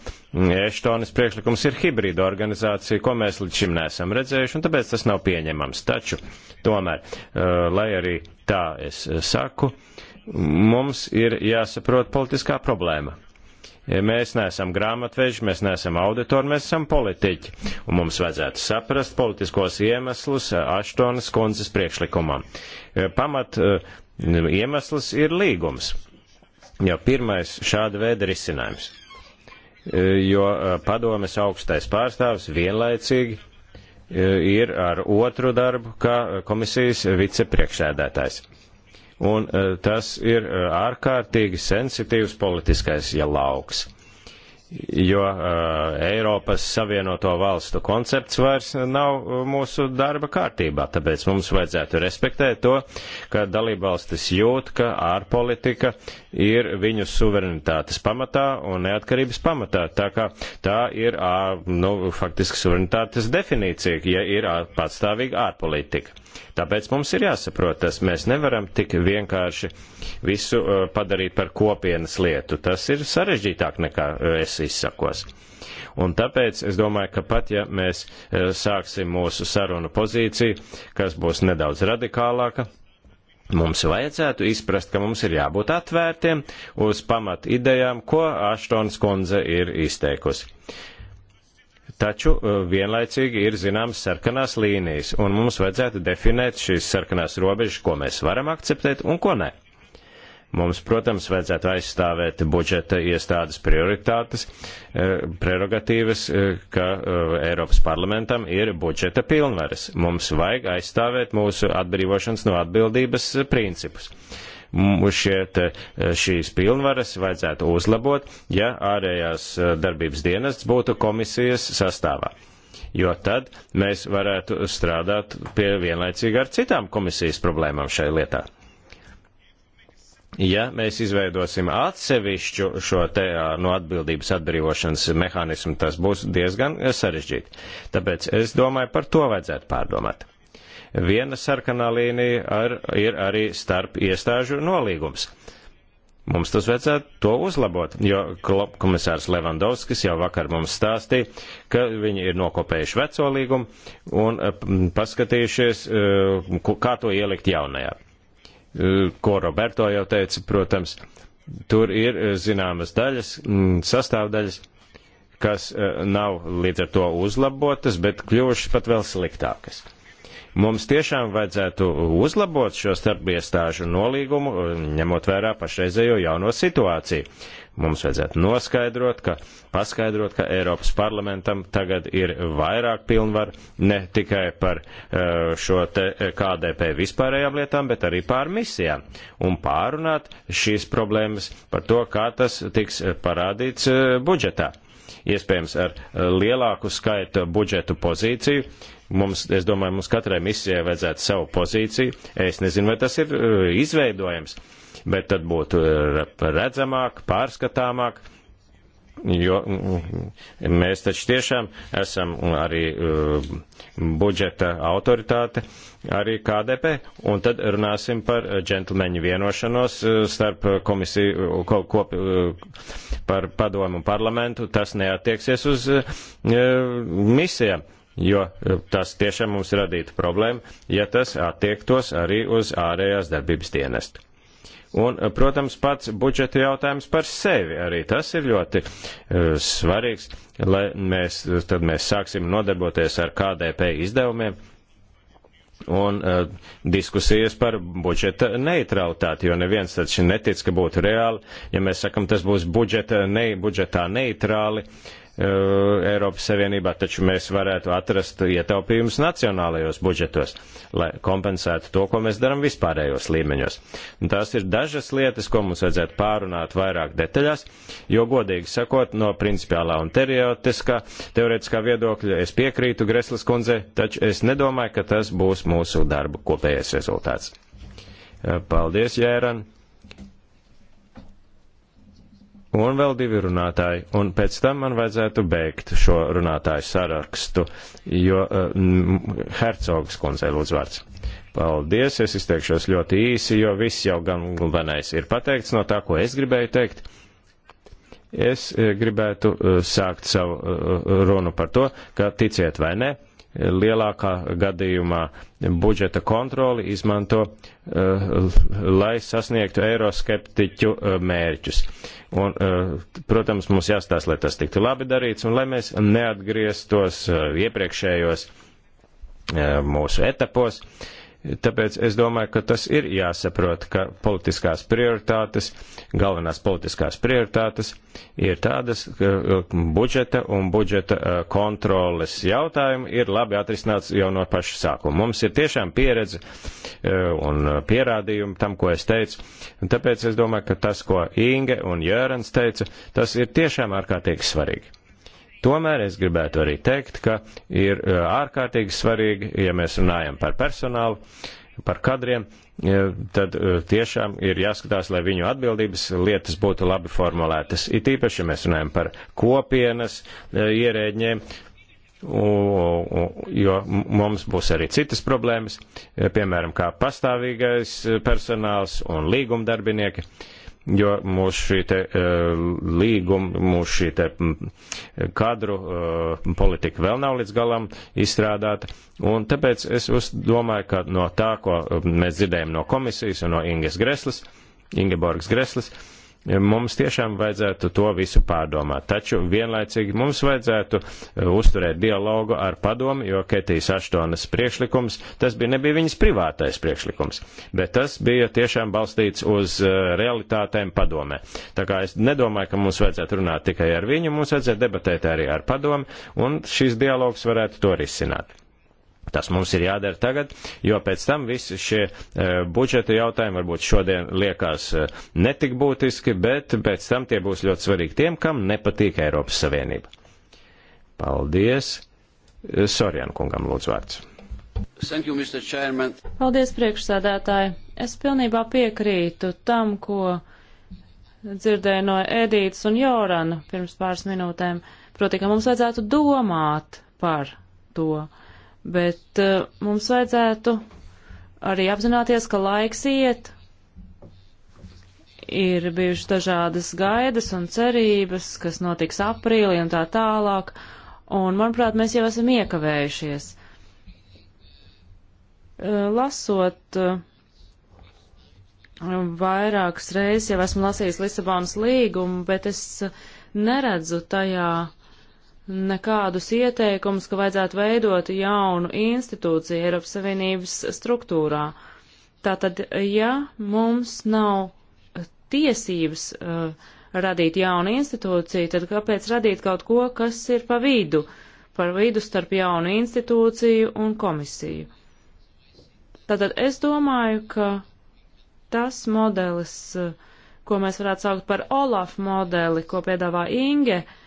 Eštonis priekšlikums ir hibrīda organizācija, ko mēs līdz šim neesam redzējuši, un tāpēc tas nav pieņemams. Taču, tomēr, lai arī tā es saku, mums ir jāsaprot politiskā problēma. Mēs neesam grāmatveži, mēs neesam auditori, mēs esam politiķi, un mums vajadzētu saprast politiskos iemeslus eh, Aštonas kundzes priekšlikumam. Eh, pamat eh, iemesls ir līgums, jau pirmais šāda veida risinājums, jo padomes augstais pārstāvs vienlaicīgi ir ar otru darbu kā komisijas vicepriekšēdētājs un e, tas ir e, ārkārtīgi sensitīvs politiskais ja lauks. Jo uh, Eiropas Savienoto valstu koncepts vairs nav mūsu darba kārtībā, tāpēc mums vajadzētu respektēt to, ka dalībvalstis jūt, ka ārpolitika ir viņu suverenitātes pamatā un neatkarības pamatā. Tā kā tā ir, nu, faktiski suverenitātes definīcija, ja ir patstāvīga ārpolitika. Tāpēc mums ir jāsaprot tas, mēs nevaram tik vienkārši visu padarīt par kopienas lietu. Tas ir sarežģītāk nekā es izsakos. Un tāpēc es domāju, ka pat ja mēs sāksim mūsu sarunu pozīciju, kas būs nedaudz radikālāka, Mums vajadzētu izprast, ka mums ir jābūt atvērtiem uz pamat idejām, ko Aštons kundze ir izteikusi. Taču e, vienlaicīgi ir zināmas sarkanās līnijas, un mums vajadzētu definēt šīs sarkanās robežas, ko mēs varam akceptēt un ko ne. Mums, protams, vajadzētu aizstāvēt budžeta iestādes prioritātes, eh, prerogatīvas, eh, ka eh, Eiropas parlamentam ir budžeta pilnvaras. Mums vajag aizstāvēt mūsu atbrīvošanas no atbildības principus šeit šīs pilnvaras vajadzētu uzlabot, ja ārējās darbības dienests būtu komisijas sastāvā. Jo tad mēs varētu strādāt pie vienlaicīgi ar citām komisijas problēmām šai lietā ja mēs izveidosim atsevišķu šo te no atbildības atbrīvošanas mehānismu, tas būs diezgan sarežģīti. Tāpēc es domāju, par to vajadzētu pārdomāt. Viena sarkanā līnija ar, ir arī starp iestāžu nolīgums. Mums tas vajadzētu to uzlabot, jo komisārs Levandovskis jau vakar mums stāstīja, ka viņi ir nokopējuši veco līgumu un paskatījušies, kā to ielikt jaunajā. Eh, ko Roberto jau teica, protams, tur ir eh, zināmas daļas, mm, sastāvdaļas, kas eh, nav līdz ar to uzlabotas, bet kļuvušas pat vēl sliktākas. Mums tiešām vajadzētu uzlabot šo starpiestāžu nolīgumu, ņemot vērā pašreizējo jauno situāciju. Mums vajadzētu noskaidrot, ka, paskaidrot, ka Eiropas parlamentam tagad ir vairāk pilnvaru ne tikai par eh, šo te eh, KDP vispārējām lietām, bet arī pār misijām. Un pārunāt šīs problēmas par to, kā tas tiks eh, parādīts budžetā. Iespējams, ar lielāku skaitu budžetu pozīciju, mums, es domāju, mums katrai misijai vajadzētu savu pozīciju. Es nezinu, vai tas ir izveidojams bet tad būtu eh, redzamāk, pārskatāmāk, jo mm, mēs taču tiešām esam arī eh, budžeta autoritāte, arī KDP, un tad runāsim par džentlmeņu vienošanos eh, starp komisiju, ko, ko, par padomu un parlamentu, tas neatieksies uz misijām. Jo tas tiešām mums radītu problēmu, ja tas attiektos arī uz ārējās darbības dienestu. Un, eh, protams, pats budžeta jautājums par sevi arī tas ir ļoti uh, svarīgs, lai mēs, tad mēs sāksim nodarboties ar KDP izdevumiem un uh, diskusijas par budžeta neutralitāti, jo neviens taču netic, ka būtu reāli, ja mēs sakam, tas būs budžeta, ne, budžetā neutrāli. Uh, Uh, Eiropas Savienībā, taču mēs varētu atrast ietaupījumus nacionālajos budžetos, lai kompensētu to, ko mēs darām vispārējos līmeņos. Un tās ir dažas lietas, ko mums vajadzētu pārunāt vairāk detaļās, jo godīgi sakot, no principiālā un teoretiskā, teoretiskā viedokļa es piekrītu Greslas kundzei, taču es nedomāju, ka tas būs mūsu darba kopējais rezultāts. Uh, paldies, Jēran! un vēl divi runātāji, un pēc tam man vajadzētu beigt šo runātāju sarakstu, jo uh, Hercogs kundzei lūdzu vārds. Paldies, es izteikšos ļoti īsi, jo viss jau gan galvenais ir pateikts no tā, ko es gribēju teikt. Es eh, gribētu eh, sākt savu runu par to, ka ticiet vai nē, lielākā gadījumā budžeta kontroli izmanto, eh, lai sasniegtu eiroskeptiķu eh, mērķus. Un, eh, protams, mums jāstāsta, lai tas tiktu labi darīts un lai mēs neatgrieztos iepriekšējos mūsu etapos, Tāpēc es domāju, ka tas ir jāsaprot, ka politiskās prioritātes, galvenās politiskās prioritātes ir tādas, ka uh, budžeta un budžeta uh, kontroles jautājumi ir labi atrisināts jau no paša sākuma. Mums ir tiešām pieredze uh, un pierādījumi tam, ko es teicu. Un tāpēc es domāju, ka tas, ko Inge un Jērans teica, tas ir tiešām ārkārtīgi svarīgi. Tomēr es gribētu arī teikt, ka ir eh, ārkārtīgi svarīgi, ja mēs runājam par personālu, par kadriem, tad eh, tiešām ir jāskatās, lai viņu atbildības lietas būtu labi formulētas. It īpaši, ja mēs runājam par kopienas eh, ierēģiem, jo mums būs arī citas problēmas, piemēram, kā pastāvīgais personāls un līgumdarbinieki. darbinieki jo mūsu šī te e, līguma, mūsu šī te kadru e, politika vēl nav līdz galam izstrādāta, un tāpēc es domāju, ka no tā, ko mēs dzirdējam no komisijas un no Inges Greslis, Ingeborgs Greslis, uh, mums tiešām vajadzētu to visu pārdomāt. Taču vienlaicīgi mums vajadzētu e, uzturēt dialogu ar padomu, jo Ketijas Aštonas priekšlikums, tas bija nebija viņas privātais priekšlikums, bet tas bija tiešām balstīts uz e, realitātēm padomē. Tā kā es nedomāju, ka mums vajadzētu runāt tikai ar viņu, mums vajadzētu debatēt arī ar padomu, un šis dialogs varētu to risināt. Tas mums ir jādara tagad, jo pēc tam visi šie e, budžeta jautājumi varbūt šodien liekas e, netik būtiski, bet pēc tam tie būs ļoti svarīgi tiem, kam nepatīk Eiropas Savienība. Paldies! E, Sorjan kungam lūdzu vārds. Thank you, Mr. Chairman. Paldies, priekšsādātāji. Es pilnībā piekrītu tam, ko dzirdēju no Edītas un Jorana pirms pāris minūtēm. Proti, ka mums vajadzētu domāt par to. Uh, bet uh, mums vajadzētu arī apzināties, ka laiks iet. Ir bijušas dažādas gaidas un cerības, kas notiks aprīlī un tā tālāk, un, manuprāt, mēs jau esam iekavējušies. Uh, lasot uh, vairākas reizes, jau esmu lasījis Lisabonas līgumu, bet es neredzu tajā uh, nekādus ieteikumus, ka vajadzētu veidot jaunu institūciju Eiropas Savienības struktūrā. Tātad, ja mums nav tiesības uh, radīt jaunu institūciju, tad kāpēc radīt kaut ko, kas ir pa vidu, par vidu starp jaunu institūciju un komisiju? Tātad es domāju, ka tas modelis, uh, ko mēs varētu saukt par Olaf modeli, ko piedāvā Inge, uh,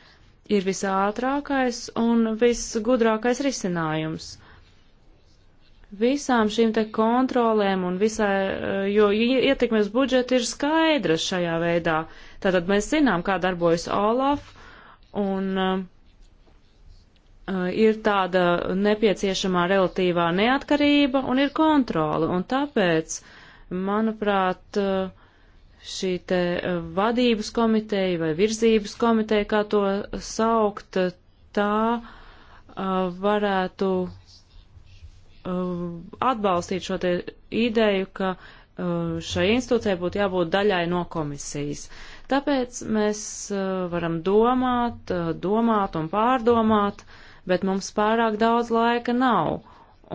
ir visātrākais un visgudrākais risinājums. Visām šīm te kontrolēm un visai, eh, jo ietekmes budžeti ir skaidra šajā veidā. Tātad mēs zinām, kā darbojas Olaf un uh, ir tāda nepieciešamā relatīvā neatkarība un ir kontrola. Un tāpēc, manuprāt, uh, šī te e, vadības komiteja vai virzības komiteja, kā to saukt, tā e, varētu e, atbalstīt šo te ideju, ka šai institūcijai būtu jābūt daļai no komisijas. Tāpēc mēs varam domāt, domāt un pārdomāt, bet mums pārāk daudz laika nav.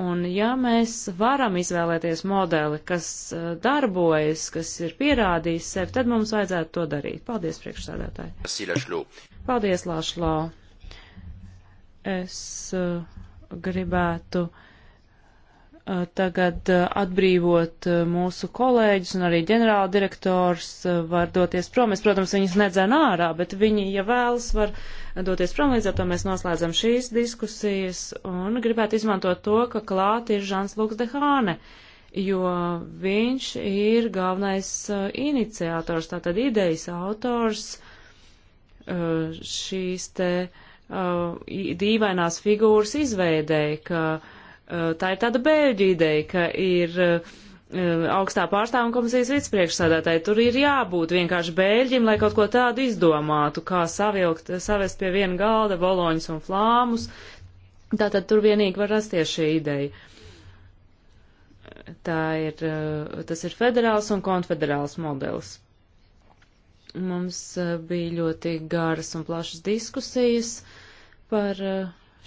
Un ja mēs varam izvēlēties modeli, kas eh, darbojas, kas ir pierādījis sevi, tad mums vajadzētu to darīt. Paldies, priekšsādātāji. Paldies, Lāšlo. Es eh, gribētu Uh, tagad uh, atbrīvot uh, mūsu kolēģis un arī ģenerāla direktors var doties prom. Es, protams, viņus nedzen ārā, bet viņi, ja vēlas, var doties prom. Līdz ar to mēs noslēdzam šīs diskusijas un gribētu izmantot to, ka klāt ir Žans Lūks Dehāne, jo viņš ir galvenais iniciators, tātad idejas autors šīs te dīvainās figūras izveidēja, ka Eh, tā ir tāda bēļu ideja, ka ir eh, augstā pārstāvuma komisijas vicepriekšsādātāji. Tur ir jābūt vienkārši bēļģim, lai kaut ko tādu izdomātu, kā savilkt, savest pie viena galda boloņus un flāmus. Tātad tur vienīgi var rasties šī ideja. Tā ir, eh, tas ir federāls un konfederāls modelis. Mums bija ļoti garas un plašas diskusijas par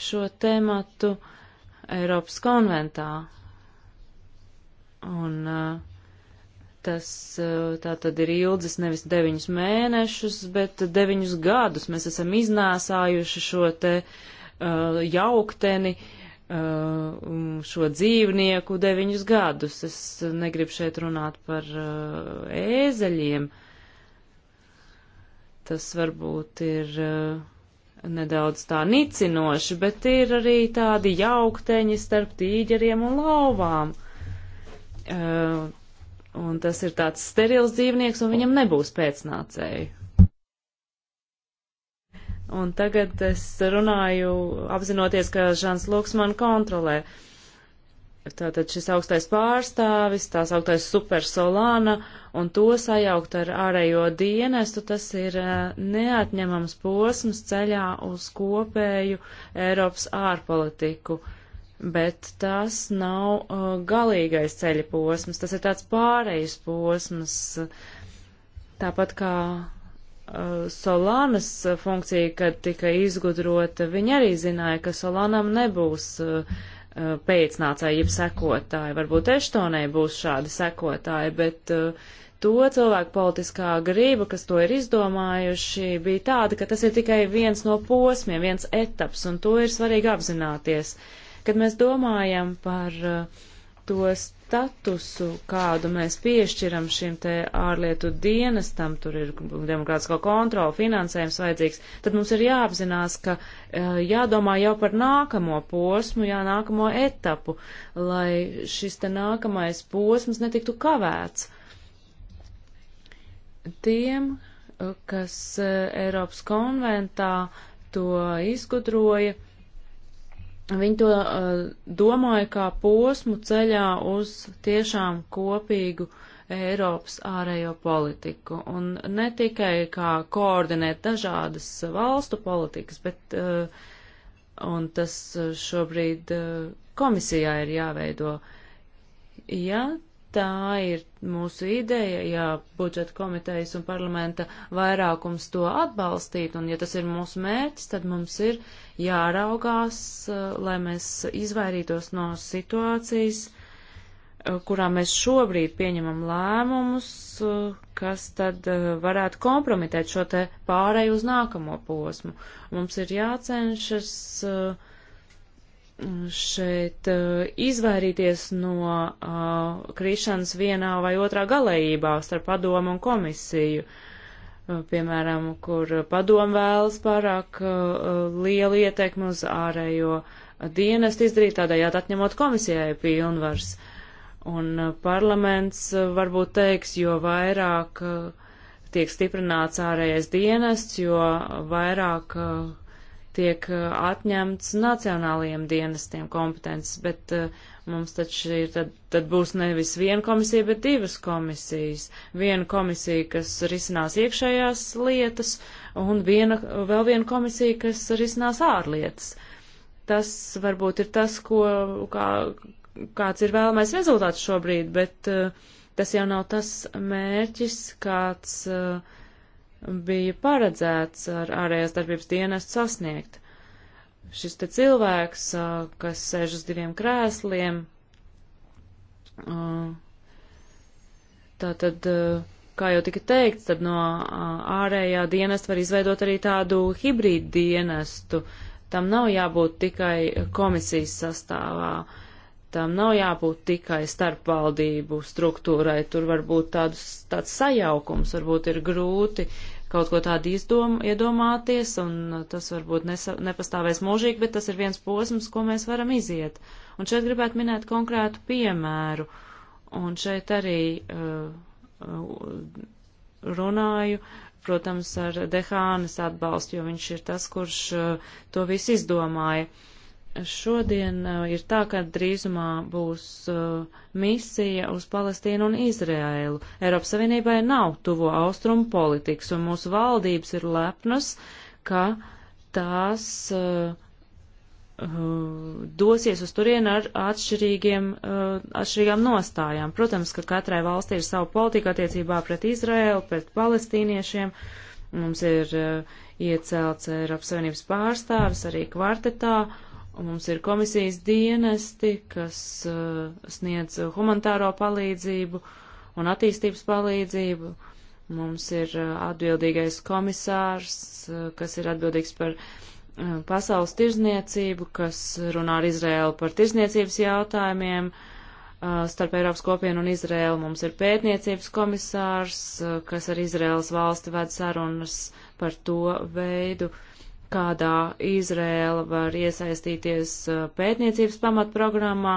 šo tēmatu. Uh, Eiropas konventā. Un eh, tas eh, tā tad ir ilgs nevis deviņus mēnešus, bet deviņus gadus. Mēs esam iznēsājuši šo te uh, jaukteni, uh, šo dzīvnieku deviņus gadus. Es negribu šeit runāt par uh, ēzeļiem. Tas varbūt ir. Uh, nedaudz tā nicinoši, bet ir arī tādi jaukteņi starp tīģeriem un lauvām. Uh, un tas ir tāds sterils dzīvnieks, un viņam nebūs pēcnācēji. Un tagad es runāju apzinoties, ka Žans Luks man kontrolē. Uh, tātad šis augstais pārstāvis, tās augstais supersolāna un to sajaukt ar ārējo dienestu, tas ir eh, neatņemams posms ceļā uz kopēju Eiropas ārpolitiku. Bet tas nav uh, galīgais ceļa posms, tas ir tāds pārejas posms, tāpat kā eh, Solānas funkcija, kad tika izgudrota, viņa arī zināja, ka Solānam nebūs uh, Eh, pēcnācēji, jeb sekotāji. Varbūt Eštonai būs šādi sekotāji, bet uh, to cilvēku politiskā grība, kas to ir izdomājuši, bija tāda, ka tas ir tikai viens no posmiem, viens etaps, un to ir svarīgi apzināties. Kad mēs domājam par uh, eh, to statusu, kādu mēs piešķiram šim te ārlietu dienestam, tur ir demokrātiskā kontrola, finansējums vajadzīgs, tad mums ir jāapzinās, ka eh, jādomā jau par nākamo posmu, jā, nākamo etapu, lai šis te nākamais posms netiktu kavēts. Tiem, eh, kas eh, Eiropas konventā to izgudroja, Viņi to uh, domāja kā posmu ceļā uz tiešām kopīgu Eiropas ārējo politiku. Un ne tikai kā koordinēt dažādas valstu politikas, bet uh, un tas uh, šobrīd uh, komisijā ir jāveido. Ja Tā ir mūsu ideja, ja budžeta komitejas un parlamenta vairākums to atbalstītu, un ja tas ir mūsu mērķis, tad mums ir jāraugās, eh, lai mēs izvairītos no situācijas, eh, kurā mēs šobrīd pieņemam lēmumus, eh, kas tad varētu kompromitēt šo te pārēju uz nākamo posmu. Mums ir jācenšas uh, šeit uh, izvairīties no uh, krišanas vienā vai otrā galējībā starp padomu un komisiju. Uh, piemēram, kur padomu vēlas pārāk uh, lielu ietekmi uz ārējo dienestu izdarīt, tādējādi atņemot komisijai pilnvars. Un uh, parlaments uh, varbūt teiks, jo vairāk tiek stiprināts ārējais dienests, jo vairāk uh, tiek uh, atņemts nacionālajiem dienestiem kompetences, bet uh, mums taču ir, tad, tad būs nevis viena komisija, bet divas komisijas. Viena komisija, kas risinās iekšējās lietas, un viena, vēl viena komisija, kas risinās ārlietas. Tas varbūt ir tas, ko, kā, kāds ir vēlamais rezultāts šobrīd, bet uh, tas jau nav tas mērķis, kāds. Uh, bija paredzēts ar ārējās darbības dienestu sasniegt. Šis te cilvēks, kas sēž uz diviem krēsliem, tātad, kā jau tika teikts, tad no ārējā dienesta var izveidot arī tādu hibrīdu dienestu. Tam nav jābūt tikai komisijas sastāvā. Uh, tam nav jābūt tikai starpvaldību struktūrai, tur var būt tādus, tāds sajaukums, varbūt ir grūti kaut ko tādu izdom, iedomāties, un tas varbūt nesa, nepastāvēs mūžīgi, bet tas ir viens posms, ko mēs varam iziet. Un šeit gribētu minēt konkrētu piemēru, un šeit arī uh, uh runāju, protams, ar Dehānes atbalstu, jo viņš ir tas, kurš uh, to visu izdomāja. Uh, šodien uh, ir tā, ka drīzumā būs uh, misija uz Palestīnu un Izrēlu. Eiropas Savienībai nav tuvo austrumu politikas, un mūsu valdības ir lepnas, ka tās uh, dosies uz turienu ar atšķirīgiem, atšķirīgām nostājām. Protams, ka katrai valstī ir sava politika attiecībā pret Izraēlu, pret palestīniešiem. Mums ir iecelts Eiropas Savienības pārstāvis arī kvartetā, uh, Un mums ir komisijas dienesti, kas uh, sniedz humanitāro palīdzību un attīstības palīdzību. Mums ir uh, atbildīgais komisārs, uh, kas ir atbildīgs par uh, pasaules tirzniecību, kas runā ar Izrēlu par tirzniecības jautājumiem uh, starp Eiropas kopienu un Izrēlu. Mums ir pētniecības komisārs, uh, kas ar Izrēlas valsti ved sarunas par to veidu, uh, kādā Izrēla var iesaistīties uh, pētniecības pamatprogrammā.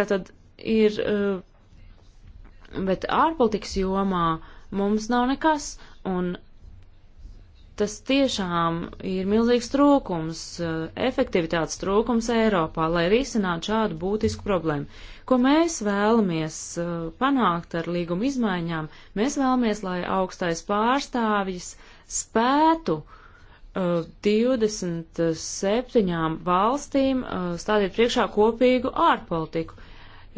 Tātad ir, uh, bet ārpolitikas jomā mums nav nekas, un tas tiešām ir milzīgs trūkums, uh, efektivitātes trūkums Eiropā, lai risinātu šādu būtisku problēmu. Ko mēs vēlamies panākt ar līguma izmaiņām? Mēs vēlamies, lai augstais pārstāvis spētu uh, 27 uh, valstīm uh, stādīt priekšā kopīgu ārpolitiku.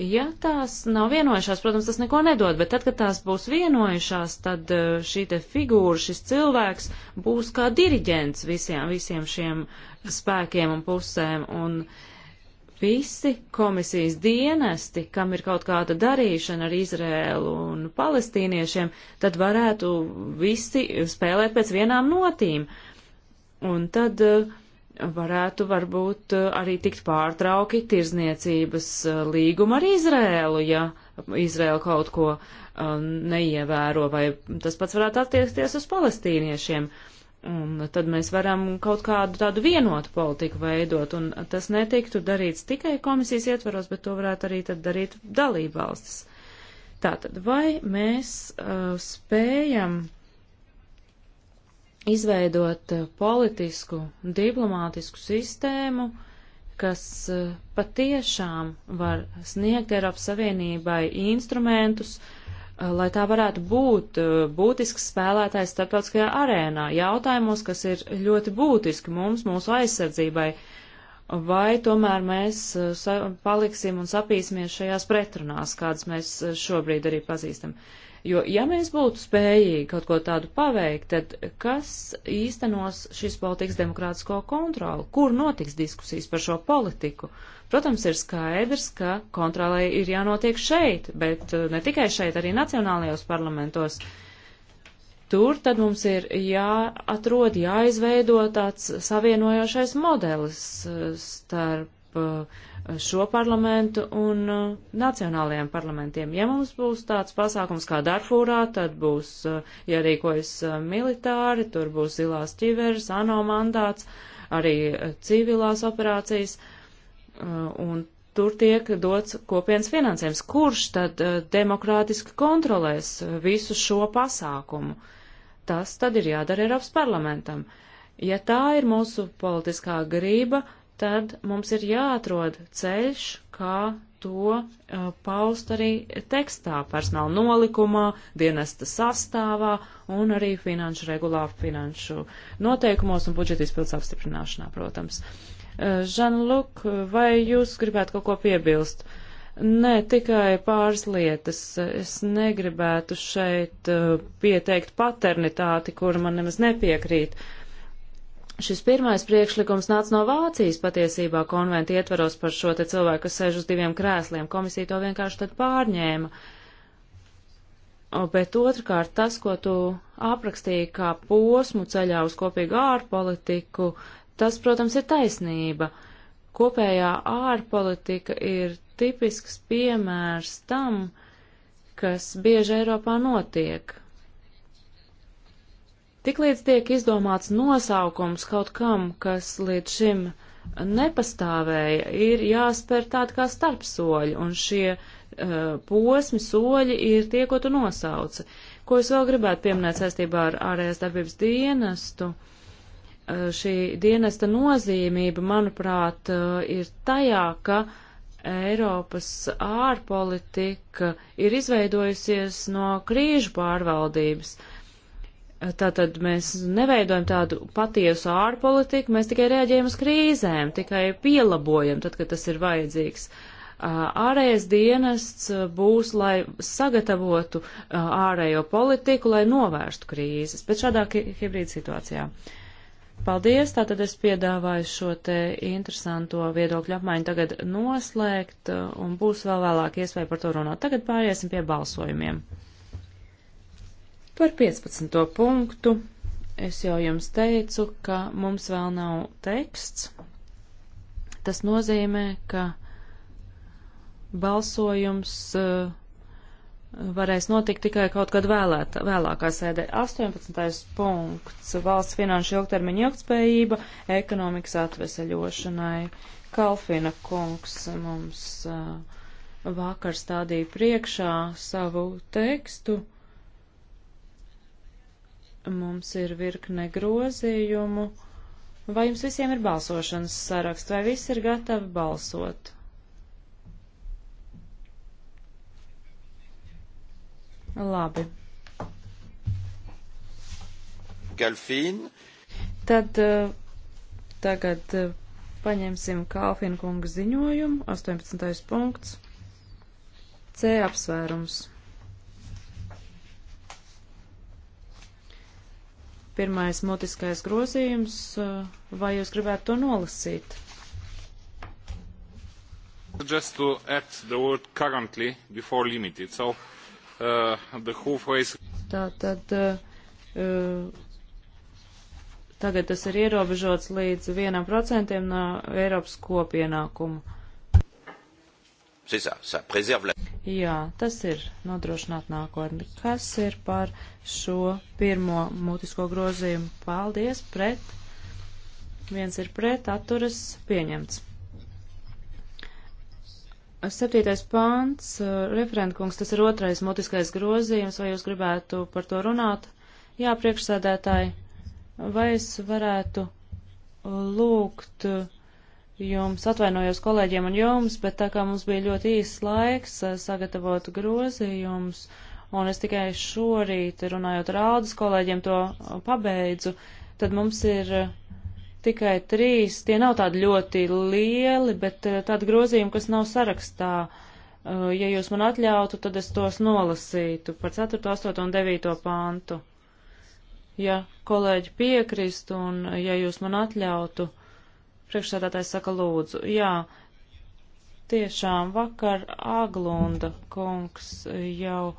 Ja tās nav vienojušās, protams, tas neko nedod, bet tad, kad tās būs vienojušās, tad uh, šī te figūra, šis cilvēks būs kā diriģents visiem, visiem šiem spēkiem un pusēm, un visi komisijas dienesti, kam ir kaut kāda darīšana ar Izrēlu un palestīniešiem, tad varētu visi spēlēt pēc vienām notīm. Uh, Un tad eh, varētu varbūt eh, arī tikt pārtrauki tirzniecības eh, līguma ar Izrēlu, ja Izrēla kaut ko neievēro, vai tas pats varētu attiekties uz palestīniešiem. Un tad mēs varam kaut kādu tādu vienotu politiku veidot, un tas netiktu darīts tikai komisijas ietvaros, bet to varētu arī tad darīt dalībvalstis. Tātad, vai mēs uh, spējam uh, izveidot eh, politisku, diplomātisku sistēmu, kas eh, patiešām var sniegt Eiropas Savienībai instrumentus, eh, lai tā varētu būt būtisks spēlētājs starptautiskajā arēnā, jautājumos, kas ir ļoti būtiski mums, mūsu aizsardzībai, vai tomēr mēs paliksim un sapīsimies šajās pretrunās, kādas mēs šobrīd arī pazīstam. Uh, Jo, ja mēs būtu spējīgi kaut ko tādu paveikt, tad kas īstenos šīs politikas demokrātisko kontroli? Kur notiks diskusijas par šo politiku? Protams, ir skaidrs, ka kontrolē ir jānotiek šeit, bet eh, ne tikai šeit, arī nacionālajos parlamentos. Tur tad mums ir jāatrod, jāizveido tāds savienojošais modelis eh, starp uh, šo parlamentu un uh, nacionālajiem parlamentiem. Ja mums būs tāds pasākums kā Darfūrā, tad būs uh, jārīkojas uh, militāri, tur būs zilās ķiveres, ANO mandāts, arī uh, civilās operācijas, uh, un tur tiek dots kopienas finansējums. Kurš tad uh, demokrātiski kontrolēs uh, visu šo pasākumu? Tas tad ir jādara Eiropas parlamentam. Ja tā ir mūsu politiskā grība, uh, tad mums ir jāatrod ceļš, kā to uh, paust arī tekstā, personāla nolikumā, dienesta sastāvā un arī finanšu regulā, finanšu noteikumos un budžeta izpildes apstiprināšanā, protams. Uh, Žanluk, vai jūs gribētu kaut ko piebilst? Nē, tikai pāris lietas. Es negribētu šeit uh, pieteikt paternitāti, kur man nemaz nepiekrīt. Uh, Šis pirmais priekšlikums nāca no Vācijas patiesībā konventa ietvaros par šo te cilvēku, kas sēž uz diviem krēsliem. Komisija to vienkārši tad pārņēma. Bet otrkārt, tas, ko tu aprakstīji kā posmu ceļā uz kopīgu ārpolitiku, tas, protams, ir taisnība. Kopējā ārpolitika ir tipisks piemērs tam, kas bieži Eiropā notiek Tiklīdz tiek izdomāts nosaukums kaut kam, kas līdz šim nepastāvēja, ir jāspēr tādi kā starpsoļi, un šie uh, posmi, soļi ir tie, ko tu nosauci. Ko es vēl gribētu pieminēt saistībā ar ārējās darbības dienestu? Uh, šī dienesta nozīmība, manuprāt, uh, ir tajā, ka Eiropas ārpolitika ir izveidojusies no krīžu pārvaldības. Uh, Tātad mēs neveidojam tādu patiesu ārpolitiku, mēs tikai reaģējam uz krīzēm, tikai pielabojam, tad, kad tas ir vajadzīgs. Ārējais dienests būs, lai sagatavotu ārējo politiku, lai novērstu krīzes, bet šādā hibrīda situācijā. Paldies, tātad es piedāvāju šo te interesanto viedokļu apmaiņu tagad noslēgt, un būs vēl vēlāk iespēja par to runāt. Tagad pāriesim pie balsojumiem. Par 15. punktu es jau jums teicu, ka mums vēl nav teksts. Tas nozīmē, ka balsojums eh, varēs notikt tikai kaut kad vēlēt, vēlākā sēdē. 18. punkts - valsts finanšu ilgtermiņa ilgtspējība ekonomikas atveseļošanai. Kalfina kungs mums eh, vakar stādīja priekšā savu tekstu Mums ir virkne grozījumu. Vai jums visiem ir balsošanas saraksts, vai visi ir gatavi balsot? Labi. Galfīna. Tad uh, tagad uh, paņemsim Kalfina kunga ziņojumu, 18. punkts, C apsvērums. Pirmais mutiskais grozījums, eh, vai jūs gribētu to nolasīt? Just to add the word currently before limited. So uh, the who phrase. Tātad uh, tagad tas ir ierobežots līdz vienam procentiem no Eiropas kopienākuma ça, ça préserve la. Jā, tas ir nodrošināt nākotni. Kas ir par šo pirmo mutisko grozījumu? Paldies, pret. Viens ir pret, atturas pieņemts. Septītais pāns, referentkungs, tas ir otrais mutiskais grozījums, vai jūs gribētu par to runāt? Jā, priekšsēdētāji, vai es varētu lūgt. Uh, jums, atvainojos kolēģiem un jums, bet tā kā mums bija ļoti īsts laiks eh, sagatavot grozījumus, un es tikai šorīt runājot ar ādas kolēģiem to eh, pabeidzu, tad mums ir eh, tikai trīs, tie nav tādi ļoti lieli, bet tādi grozījumi, kas nav sarakstā. Ja jūs man atļautu, tad es tos nolasītu par 4, 8 un 9 pāntu. Ja kolēģi piekristu un ja jūs man atļautu, Priekšsēdētājs saka, lūdzu, jā, tiešām vakar Aglunda kungs jau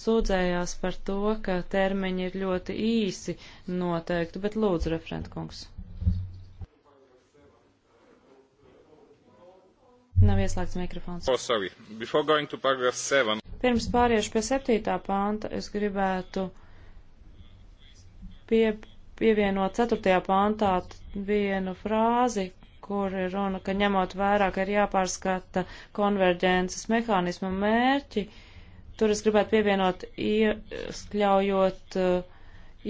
sūdzējās par to, ka termiņi ir ļoti īsi noteikti, bet lūdzu, referent kungs. Nav ieslēgts mikrofons. Oh, sorry. Before going to paragraph 7. Pirms pāriešu pie septītā panta, es gribētu pie, pievienot 4. pāntā vienu frāzi, kur ir runa, ka ņemot vērā, ka ir jāpārskata konverģences mehānismu mērķi, tur es gribētu pievienot, iekļaujot uh,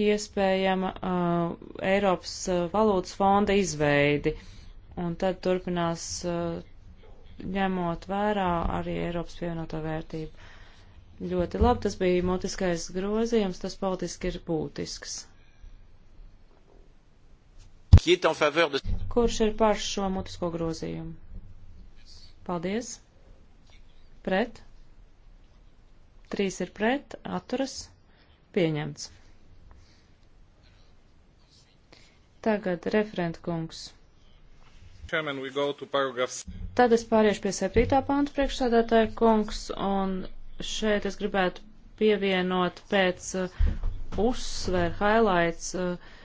iespējama uh, Eiropas uh, valūtas fonda izveidi. Un tad turpinās uh, ņemot vērā arī Eiropas pievienoto vērtību. Ļoti labi, tas bija mutiskais grozījums, tas politiski ir būtisks. Kurš ir par šo mutisko grozījumu? Paldies. Pret. Trīs ir pret, atturas, pieņemts. Tagad referenta kungs. Tad es pāriešu pie septītā panta priekšsādātāja kungs, un šeit es gribētu pievienot pēc uh, uzsver highlights uh,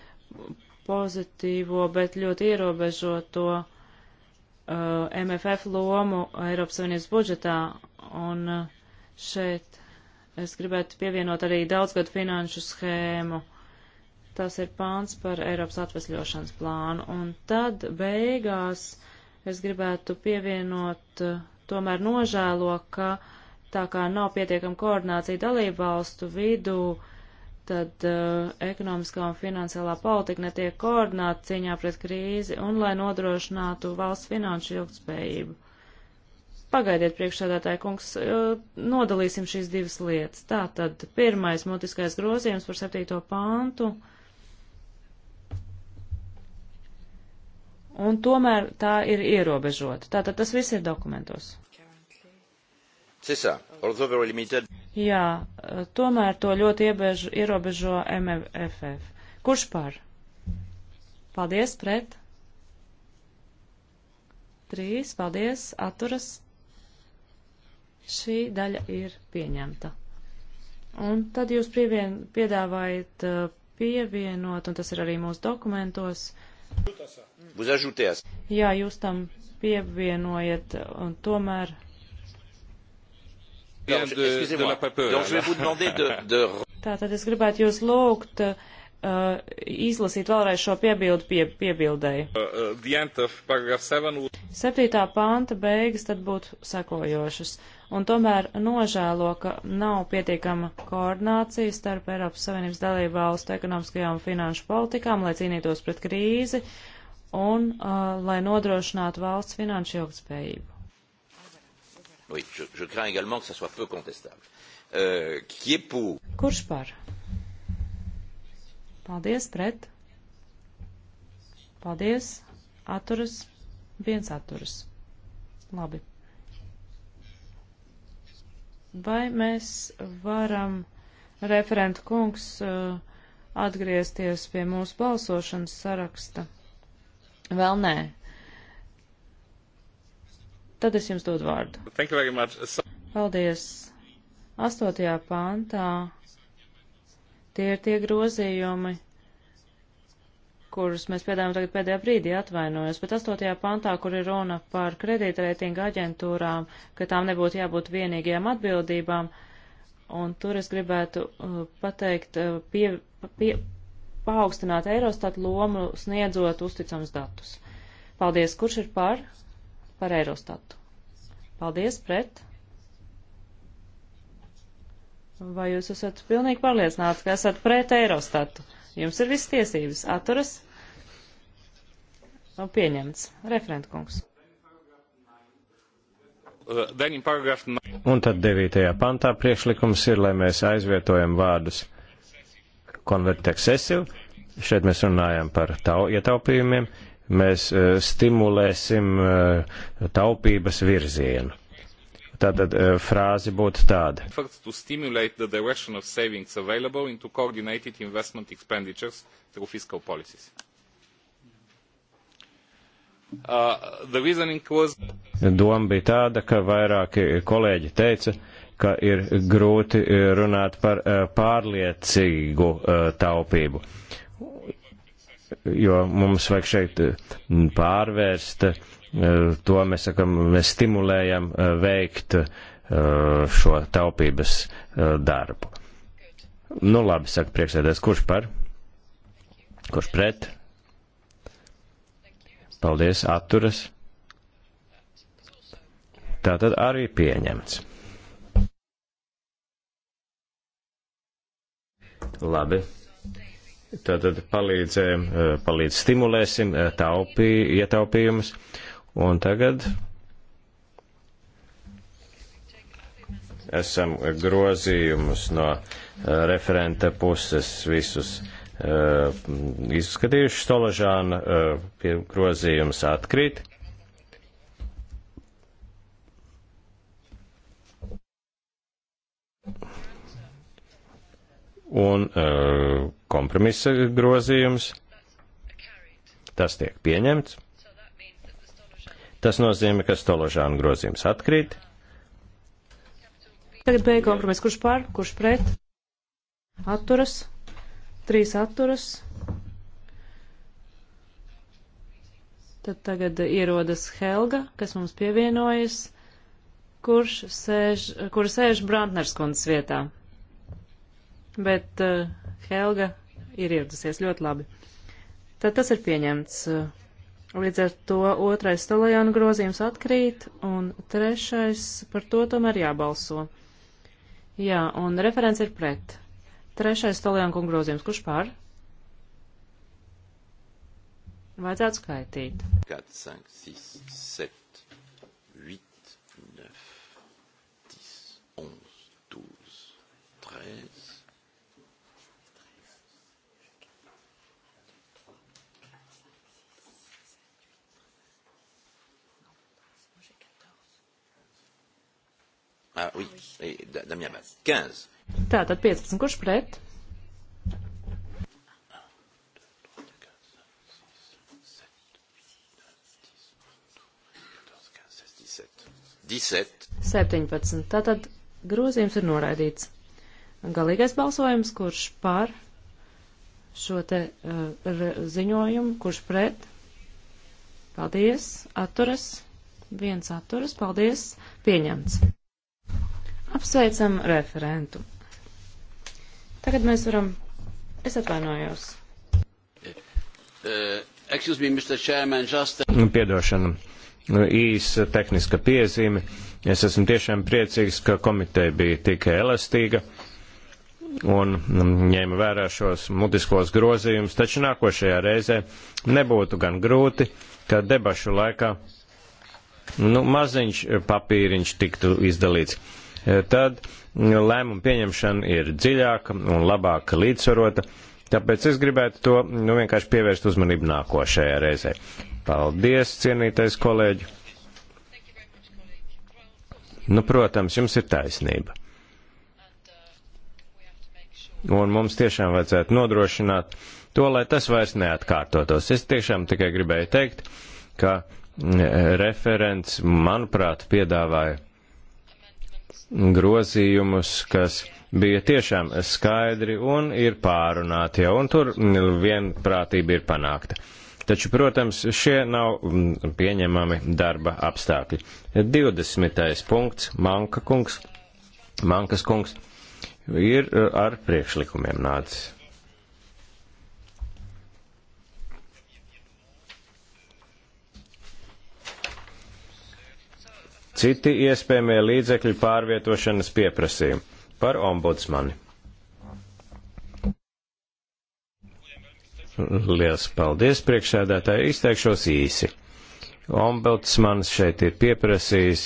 pozitīvo, bet ļoti ierobežoto uh, MFF lomu Eiropas Savienības budžetā. Un uh, šeit es gribētu pievienot arī daudzgadu finanšu schēmu. Tas ir pāns par Eiropas atvesļošanas plānu. Un tad beigās es gribētu pievienot uh, tomēr nožēlo, ka tā kā nav pietiekama koordinācija dalību valstu vidū, uh, tad uh, ekonomiskā un finansiālā politika netiek koordināta cīņā pret krīzi un lai nodrošinātu valsts finanšu ilgtspējību. Pagaidiet, priekšsādātāji kungs, uh, nodalīsim šīs divas lietas. Tā tad pirmais mutiskais grozījums par septīto pāntu. Un tomēr tā ir ierobežota. Tātad tas viss ir dokumentos. C'est ça. Although very limited. Jā, eh, tomēr to ļoti iebežu, ierobežo MFF. Kurš par? Paldies, pret. Trīs, paldies, atturas. Šī daļa ir pieņemta. Un tad jūs pievien, piedāvājat eh, pievienot, un tas ir arī mūsu dokumentos. Jā, jūs tam pievienojat, un tomēr Euh, Tātad es gribētu jūs lūgt uh, izlasīt vēlreiz šo piebildu pie, piebildēju. Uh, uh, Septītā panta beigas tad būtu sekojošas. Un tomēr nožēlo, ka nav pietiekama koordinācija starp Eiropas Savienības dalību valstu ekonomiskajām un finanšu politikām, lai cīnītos pret krīzi un uh, lai nodrošinātu valsts finanšu ilgtspējību. Oui, je, je crains également que ça soit peu contestable. Euh, qui est pour? Kurš par? Paldies, pret. Paldies, atturas, viens atturas. Labi. Vai mēs varam, referenta kungs, uh, atgriezties pie mūsu balsošanas saraksta? Vēl nē. Tad es jums dodu vārdu. Paldies. Astotajā pāntā tie ir tie grozījumi, kurus mēs piedāvājam tagad pēdējā brīdī atvainojos, bet 8. pantā, kur ir runa par kredītreitinga aģentūrām, ka tām nebūtu jābūt vienīgajām atbildībām, un tur es gribētu uh, pateikt, uh, pie, pie, paaugstināt Eirostat lomu, sniedzot uzticams datus. Paldies, kurš ir par? par Eirostatu. Paldies pret. Vai jūs esat pilnīgi pārliecināts, ka esat pret Eirostatu? Jums ir viss tiesības. Atturas. Nu, pieņemts. Referentkungs. Un tad 9. pantā priekšlikums ir, lai mēs aizvietojam vārdus convert excessive. Šeit mēs runājam par tau, ietaupījumiem. Ja mēs e, stimulēsim e, taupības virzienu. Tātad e, frāzi būtu tāda. To stimulate the direction of savings available into coordinated investment expenditures through fiscal policies. Uh, was... Doma bija tāda, ka vairāki kolēģi teica, ka ir grūti runāt par pārliecīgu taupību jo mums vajag šeit eh, pārvērst, eh, to mēs sakam, mēs stimulējam eh, veikt šo taupības darbu. Nu labi, saka priekšsēdēs, kurš par? Kurš pret? Paldies, atturas. Tātad arī pieņemts. Labi. Tātad palīdzēm, eh, palīdz stimulēsim eh, taupī, ietaupījumus. Un tagad esam grozījumus no eh, referenta puses visus izskatījuši. Stolažāna pie grozījums atkrīt un uh, kompromisa grozījums. Tas tiek pieņemts. Tas nozīmē, ka Stoložāna grozījums atkrīt. Tagad B kompromiss, kurš pār, kurš pret? Atturas. Trīs atturas. Tad tagad ierodas Helga, kas mums pievienojas, kurš sēž, kur sēž Brantners kundzes vietā bet uh, Helga ir ieradusies ļoti labi. Tad tas ir pieņemts. Līdz ar to otrais Stolajāna grozījums atkrīt, un trešais par to tomēr jābalso. Jā, un referents ir pret. Trešais Stolajāna kunga grozījums, kurš pār? Vajadzētu skaitīt. 4, 5, 6, 7, 8, 9, 10, 11, 12, 13. Ah, oui, Damien Abad. 15. Tātad 15. Kurš pret? Diset. 17. Tātad grozījums ir noraidīts. Galīgais balsojums, kurš pār šo te uh, ziņojumu, kurš pret. Paldies, atturas, viens atturas, paldies, pieņemts. Apsveicam referentu. Tagad mēs varam. Es atvainojos. Uh, excuse me, Mr. Chairman, just... Piedošana. Nu, Īsa tehniska piezīme. Es esmu tiešām priecīgs, ka komiteja bija tik elastīga un mm, ņēma vērā šos mutiskos grozījumus, taču nākošajā reizē nebūtu gan grūti, ka debašu laikā nu, maziņš papīriņš tiktu izdalīts tad lēmuma pieņemšana ir dziļāka un labāk līdzsvarota. Tāpēc es gribētu to nu, vienkārši pievērst uzmanību nākošajā reizē. Paldies, cienītais kolēģi! Nu, protams, jums ir taisnība. Un mums tiešām vajadzētu nodrošināt to, lai tas vairs neatkārtotos. Es tiešām tikai gribēju teikt, ka mm, referents, manuprāt, piedāvāja grozījumus, kas bija tiešām skaidri un ir pārunāti jau, un tur vienprātība ir panākta. Taču, protams, šie nav mm, pieņemami darba apstākļi. 20. punkts, Manka kungs, Mankas kungs, ir eh, ar priekšlikumiem nācis. citi iespējamie līdzekļu pārvietošanas pieprasījumi par ombudsmani. Liels paldies priekšsēdētāji, izteikšos īsi. Ombudsmans šeit ir pieprasījis,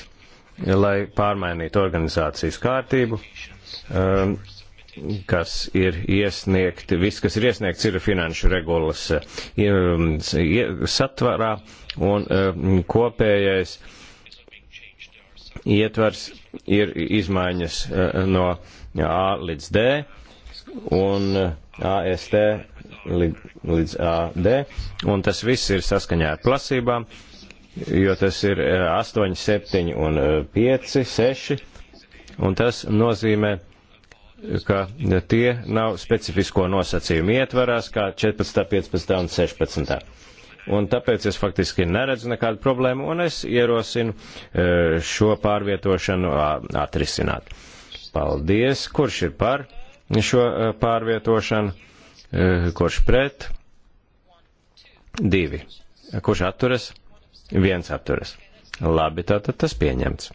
lai pārmainītu organizācijas kārtību, um, kas ir iesniegti, viss, kas ir iesniegts, ir finanšu regulas um, satvarā un um, kopējais uh, ietvers ir izmaiņas eh, no A līdz D un eh, AST līdz AD, un tas viss ir saskaņā ar plasībām, jo tas ir 8, eh, 7 un 5, 6, un tas nozīmē, ka tie nav specifisko nosacījumu ietvarās, kā 14, 15 un 16 un tāpēc es faktiski neredzu nekādu problēmu, un es ierosinu e, šo pārvietošanu atrisināt. Paldies! Kurš ir par šo e, pārvietošanu? E, kurš pret? Divi. Kurš atturas? Viens atturas. Labi, tātad tas pieņemts.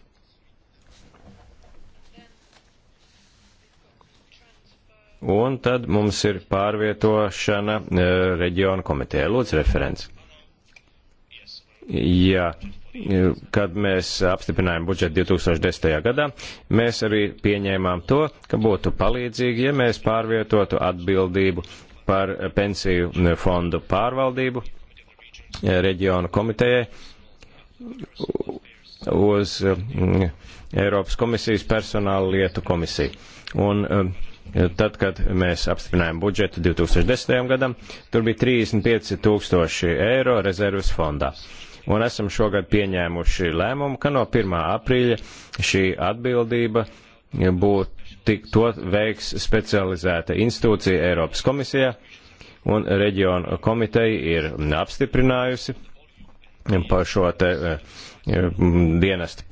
Un tad mums ir pārvietošana reģionu komiteja. Lūdzu, referents ja e, kad mēs apstiprinājām budžetu 2010. gadā, mēs arī pieņēmām to, ka būtu palīdzīgi, ja mēs pārvietotu atbildību par pensiju fondu pārvaldību e, reģionu komitejai uz mm, Eiropas komisijas personāla lietu komisiju. Un e, tad, kad mēs apstiprinājām budžetu 2010. gadam, tur bija 35 tūkstoši eiro rezervas fondā un esam šogad pieņēmuši lēmumu, ka no 1. aprīļa šī atbildība būt tik to veiks specializēta institūcija Eiropas komisijā, un reģionu komiteja ir apstiprinājusi par šo te eh, dienestu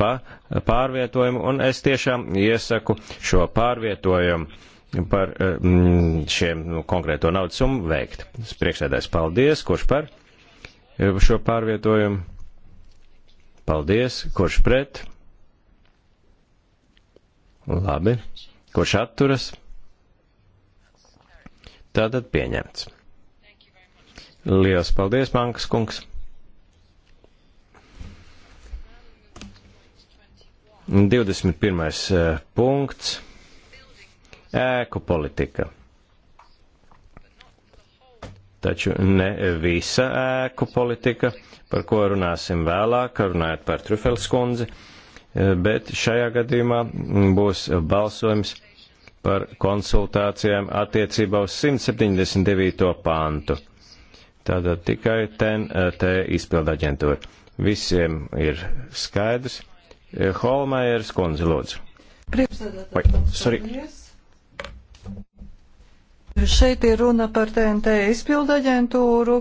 pārvietojumu, un es tiešām iesaku šo pārvietojumu par eh, šiem nu, konkrēto naudas summu veikt. Priekšsēdājs paldies, kurš par? šo pārvietojumu. Paldies, kurš pret? Labi, kurš atturas? Tātad pieņemts. Lielas paldies, Mankas kungs. Divdesmit pirmais eh, punkts. Ēku politika taču ne visa ēku politika, par ko runāsim vēlāk, runājot par Trufelskundzi, bet šajā gadījumā būs balsojums par konsultācijām attiecībā uz 179. pāntu. Tātad tikai ten te izpilda aģentūra. Visiem ir skaidrs. Holmējers kundze lūdzu. Priekšsēdētājs. Šeit ir runa par TNT izpildu aģentūru,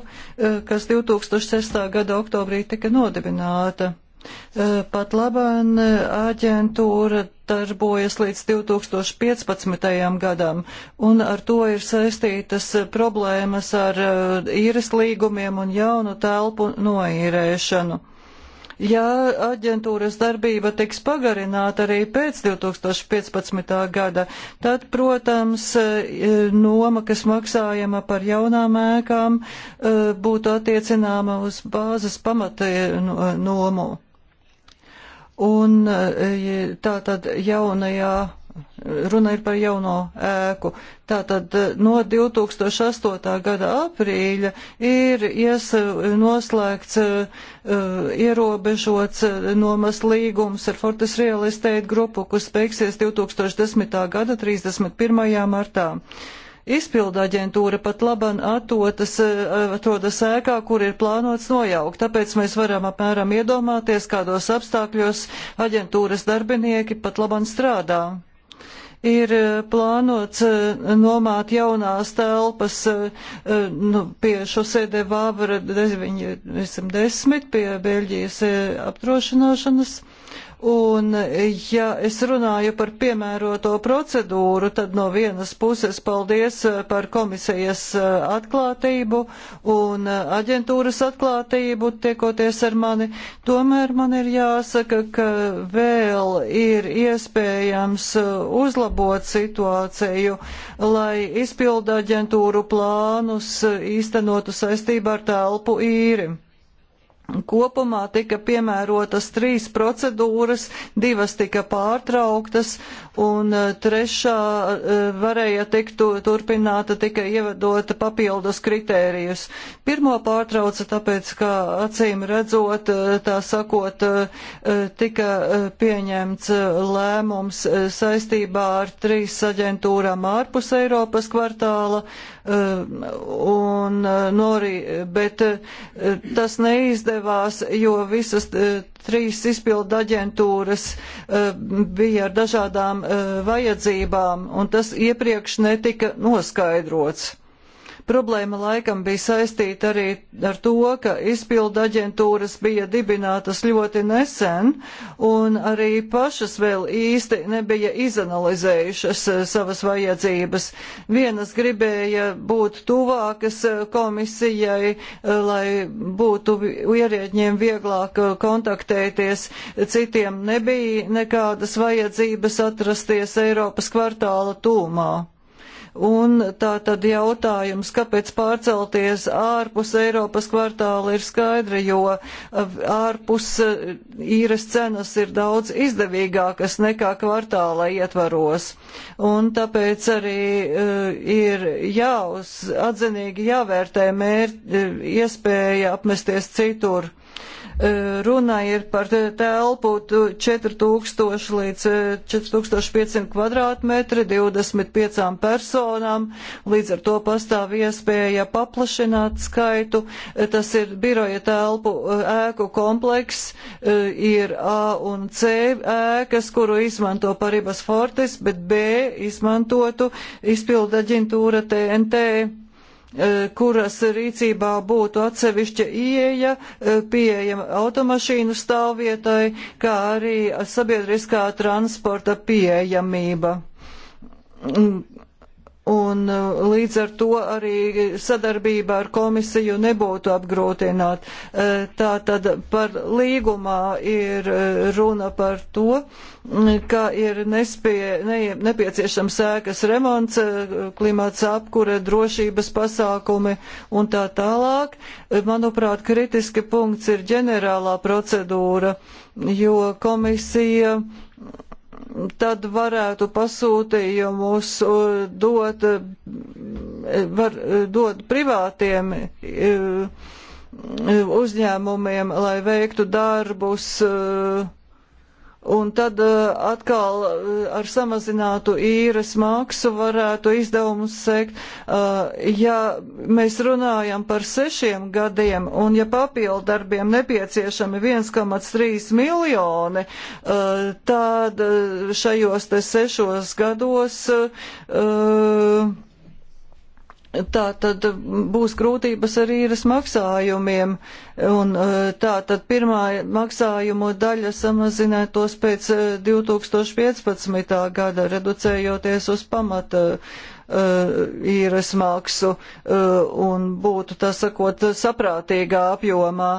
eh, kas 2006. gada oktobrī tika nodibināta. Eh, pat labāk eh, aģentūra darbojas līdz 2015. gadam, un ar to ir saistītas problēmas ar īres līgumiem un jaunu telpu noīrēšanu. Ja aģentūras darbība tiks pagarināta arī pēc 2015. gada, tad, protams, e, noma, kas maksājama par jaunām ēkām, e, būtu attiecināma uz bāzes pamata e, nomu. Un tā tad jaunajā Runa ir par jauno ēku. Tātad eh, no 2008. gada aprīļa ir ies eh, noslēgts eh, ierobežots nomas līgums ar Fortis Real Estate grupu, kas beigsies 2010. gada 31. martā. Izpilda aģentūra pat laban atotas, atrodas ēkā, kur ir plānots nojaukt, tāpēc mēs varam apmēram iedomāties, kādos apstākļos aģentūras darbinieki pat laban strādā ir eh, plānots eh, nomāt jaunās telpas eh, nu, pie šosēde Vāvara 910 pie Beļģijas apdrošināšanas. Un, ja es runāju par piemēroto procedūru, tad no vienas puses paldies eh, par komisijas eh, atklātību un eh, aģentūras atklātību tiekoties ar mani. Tomēr man ir jāsaka, ka vēl ir iespējams uzlabot situāciju, lai izpildu aģentūru plānus īstenotu saistībā ar telpu īri. Kopumā tika piemērotas trīs procedūras, divas tika pārtrauktas un eh, trešā eh, varēja tikt turpināta tikai ievedot papildus kritērijus. Pirmo pārtrauca tāpēc, ka acīm redzot, eh, tā sakot, tika pieņemts lēmums saistībā ar trīs aģentūrām ārpus Eiropas kvartāla, un norī, bet tas neizdevās, jo visas trīs izpildu aģentūras bija ar dažādām Uh, vajadzībām, un tas iepriekš netika noskaidrots. Problēma laikam bija saistīta arī ar to, ka izpildu aģentūras bija dibinātas ļoti nesen, un arī pašas vēl īsti nebija izanalizējušas eh, savas vajadzības. Vienas gribēja būt tuvākas eh, komisijai, eh, lai būtu ierēģiem vieglāk kontaktēties, citiem nebija nekādas vajadzības atrasties Eiropas kvartāla tūmā. Un tā tad jautājums, kāpēc pārcelties ārpus Eiropas kvartāla ir skaidri, jo ārpus eh, īres cenas ir daudz izdevīgākas nekā kvartāla ietvaros. Un tāpēc arī uh, ir jāuz, atzinīgi jāvērtē mērķi, eh, iespēja apmesties citur. Runa ir par telpu 4000 līdz 4500 kvadrātmetri 25 personām, līdz ar to pastāv iespēja paplašināt skaitu. Tas ir biroja telpu ēku kompleks, ir A un C ēkas, kuru izmanto Paribas Fortis, bet B izmantotu izpilda aģentūra TNT. E, kuras rīcībā būtu atsevišķa ieeja, e, pieejama automašīnu stāvvietai, kā arī sabiedriskā transporta pieejamība mm, Un uh, līdz ar to arī sadarbība ar komisiju nebūtu apgrūtināta. Uh, tā tad par līgumā ir uh, runa par to, mm, ka ir nespie, ne, nepieciešams sēkas remonts, klimats apkure, drošības pasākumi un tā tālāk. Manuprāt, kritiski punkts ir ģenerālā procedūra, jo komisija tad varētu pasūtījumus eh, dot, eh, var, eh, dot privātiem uzņēmumiem, lai veiktu darbus uh, Un tad uh, atkal uh, ar samazinātu īres maksu varētu izdevumus sekt. Uh, ja mēs runājam par sešiem gadiem un ja papildarbiem nepieciešami 1,3 miljoni, tad šajos te sešos gados Tā tad būs grūtības ar īres maksājumiem, un e, tā tad pirmā maksājumu daļa samazinātos pēc 2015. E, gada, reducējoties uz pamata īres eh, maksu eh, un būtu, tā sakot, saprātīgā apjomā.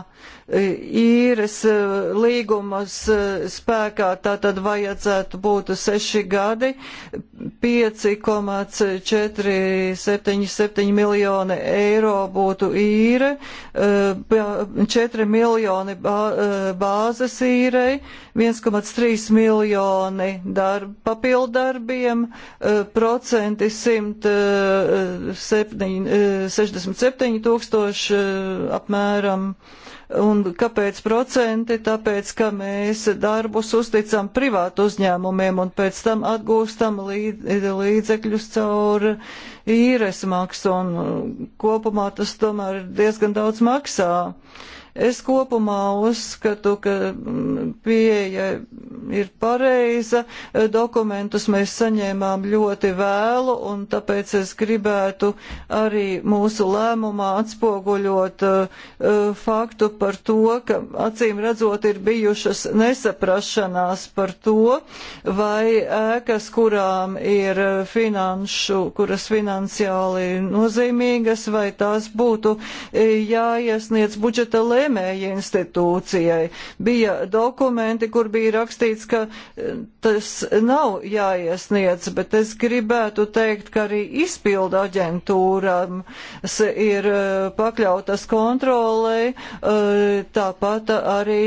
Eh, īres līgumas spēkā tātad vajadzētu būt seši gadi, 5,477 miljoni eiro būtu īre, 4 miljoni bāzes īrei, 1,3 miljoni darb, papildarbiem, procenti 100 267 eh, eh, eh, tūkstoši apmēram. Un kāpēc procenti? Tāpēc, ka mēs darbus uzticam privātu uzņēmumiem un pēc tam atgūstam līdzekļus caur īres maksu un kopumā tas tomēr diezgan daudz maksā. Uh, Es kopumā uzskatu, ka mm, pieeja ir pareiza. Dokumentus mēs saņēmām ļoti vēlu, un tāpēc es gribētu arī mūsu lēmumā atspoguļot uh, faktu par to, ka acīm redzot ir bijušas nesaprašanās par to, vai ēkas, kurām ir finanšu, kuras finansiāli nozīmīgas, vai tās būtu eh, jāiesniedz budžeta lēmumu lēmēja institūcijai. Bija dokumenti, kur bija rakstīts, ka e, tas nav jāiesniedz, bet es gribētu teikt, ka arī izpilda aģentūram ir e, pakļautas kontrolei, e, tāpat arī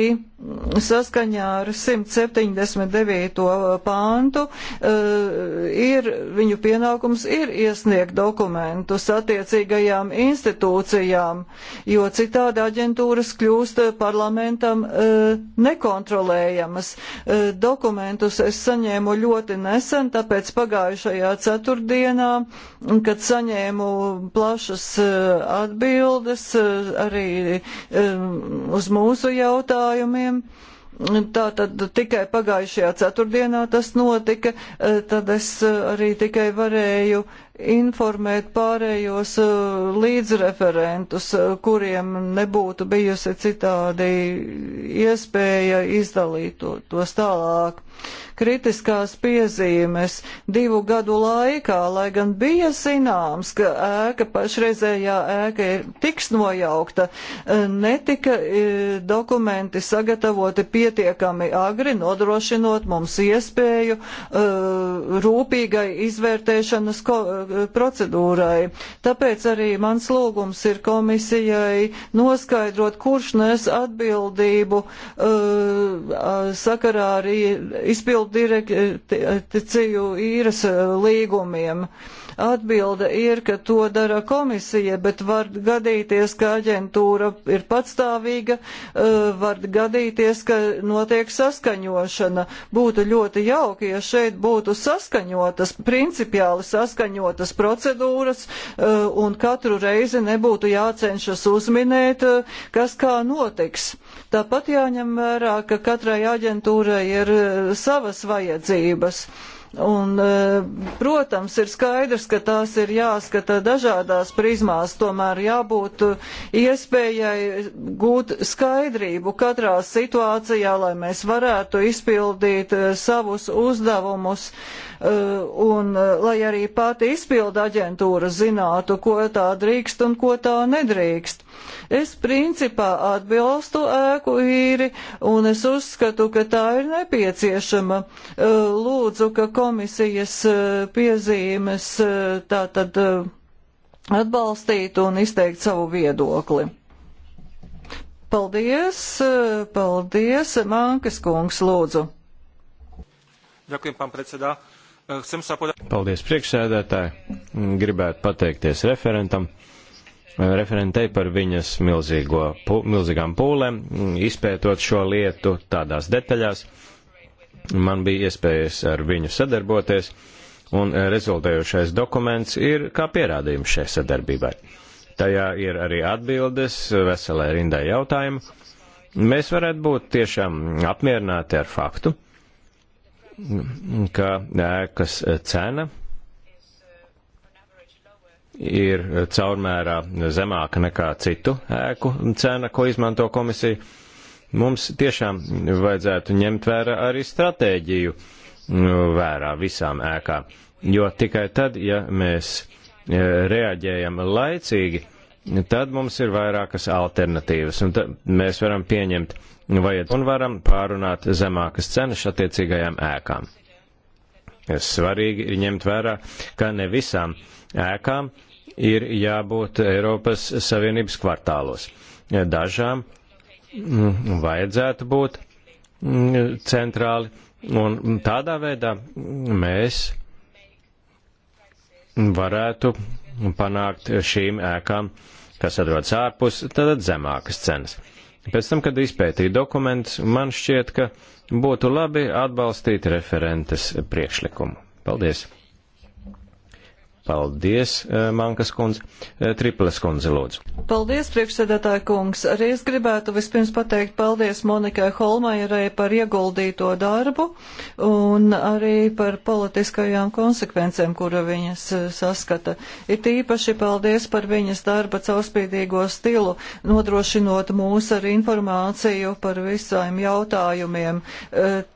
saskaņā ar 179. pāntu eh, ir, viņu pienākums ir iesniegt dokumentus attiecīgajām institūcijām, jo citādi aģentūras kļūst parlamentam eh, nekontrolējamas. Eh, dokumentus es saņēmu ļoti nesen, tāpēc pagājušajā ceturtdienā, kad saņēmu plašas atbildes arī uz mūsu jautājumiem, gadiem. Hm. Tā tad tikai pagājušajā ceturtdienā tas notika, e, tad es e, arī tikai varēju informēt pārējos e, līdzreferentus, kuriem nebūtu bijusi citādi iespēja izdalīt to, tos tālāk kritiskās piezīmes divu gadu laikā, lai gan bija zināms, ka ēka, pašreizējā ēka ir tiks nojaukta, eh, netika eh, dokumenti sagatavoti pietiekami agri, nodrošinot mums iespēju eh, rūpīgai izvērtēšanas procedūrai. Tāpēc arī mans lūgums ir komisijai noskaidrot, kurš nes atbildību sakarā arī izpildīt atbilst direktīvu eh, eh, īres eh, līgumiem. Uh, Atbilde ir, ka to dara komisija, bet var gadīties, ka aģentūra ir patstāvīga, eh, var gadīties, ka notiek saskaņošana. Būtu ļoti jauki, ja šeit būtu saskaņotas, principiāli saskaņotas procedūras eh, un katru reizi nebūtu jācenšas uzminēt, eh, kas kā notiks. Tāpat jāņem vērā, ka katrai aģentūrai ir savas vajadzības. Un, e, protams, ir skaidrs, ka tās ir jāskata dažādās prizmās, tomēr jābūt iespējai gūt skaidrību katrā situācijā, lai mēs varētu izpildīt e, savus uzdevumus. Uh, Eh, un eh, lai arī pati izpilda aģentūra zinātu, ko tā drīkst un ko tā nedrīkst. Es principā atbilstu ēku īri, un es uzskatu, ka tā ir nepieciešama. Eh, lūdzu, ka komisijas piezīmes tātad atbalstītu un izteikt savu viedokli. Paldies, paldies, Mankas kungs, lūdzu. Ďakujem, pán predseda. Eh, chcem sa poda- Paldies priekšsēdētāji. Gribētu pateikties referentam. Eh, referentei par viņas milzīgo, milzīgām pūlēm, mm, izpētot šo lietu tādās detaļās. Man bija iespējas ar viņu sadarboties, un eh, rezultējošais dokuments ir kā pierādījums šai sadarbībai. Tajā ir arī atbildes veselai rindai jautājumu. Mēs varētu būt tiešām apmierināti ar faktu, ka ēkas cena ir caurmērā zemāka nekā citu ēku cena, ko izmanto komisija. Mums tiešām vajadzētu ņemt vērā arī stratēģiju nu, vērā visām ēkām, jo tikai tad, ja mēs eh, reaģējam laicīgi, Nu, tad mums ir vairākas alternatīvas, un mēs varam pieņemt nu, vajad un varam pārunāt zemākas cenas attiecīgajām ēkām. Svarīgi ir ņemt vērā, ka ne visām ēkām ir jābūt Eiropas Savienības kvartālos. Dažām mm, vajadzētu būt mm, centrāli, un tādā veidā mēs varētu panākt šīm ēkām, kas atrodas ārpus, tad zemākas cenas. Pēc tam, kad izpētīju dokumentus, man šķiet, ka būtu labi atbalstīt referentes priekšlikumu. Paldies! Paldies, eh, Mankas kundze. Eh, Triples kundze, lūdzu. Paldies, priekšsēdētāja kungs. Arī es gribētu vispirms pateikt paldies Monikai Holmajerai par ieguldīto darbu un arī par politiskajām konsekvencēm, kura viņas eh, saskata. Ir tīpaši paldies par viņas darba caurspīdīgo stilu, nodrošinot mūs ar informāciju par visām jautājumiem.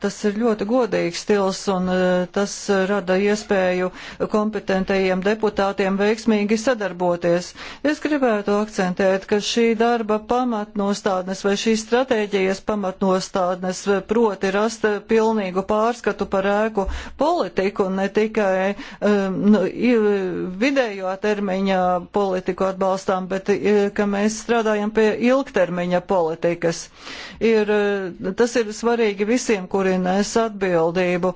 Tas ir ļoti godīgs stils un tas rada iespēju kompetentajiem citiem deputātiem veiksmīgi sadarboties. Es gribētu akcentēt, ka šī darba pamatnostādnes vai šīs stratēģijas pamatnostādnes eh, proti rast eh, pilnīgu pārskatu par ēku politiku un ne tikai um, vidējo termiņa politiku atbalstām, bet ka mēs strādājam pie ilgtermiņa politikas. Ir, tas ir svarīgi visiem, kuri nes atbildību.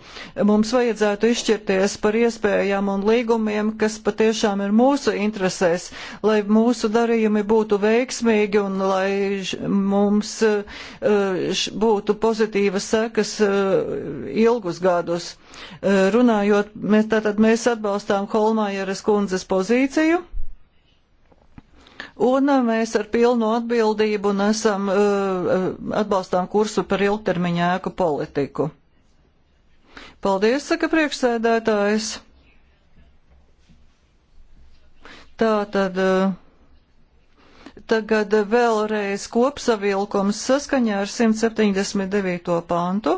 Mums vajadzētu izšķirties par iespējām un līgumiem, kas patiešām ir mūsu interesēs, lai mūsu darījumi būtu veiksmīgi un lai mums eh, būtu pozitīvas sekas eh, ilgus gadus. Eh, runājot, mēs tātad mēs atbalstām Holmājeres kundzes pozīciju. Un mēs ar pilnu atbildību nesam atbalstām kursu par ilgtermiņā ēku politiku. Paldies, saka priekšsēdētājs. Tā tad eh, tagad vēlreiz kopsavilkums saskaņā ar 179. pantu.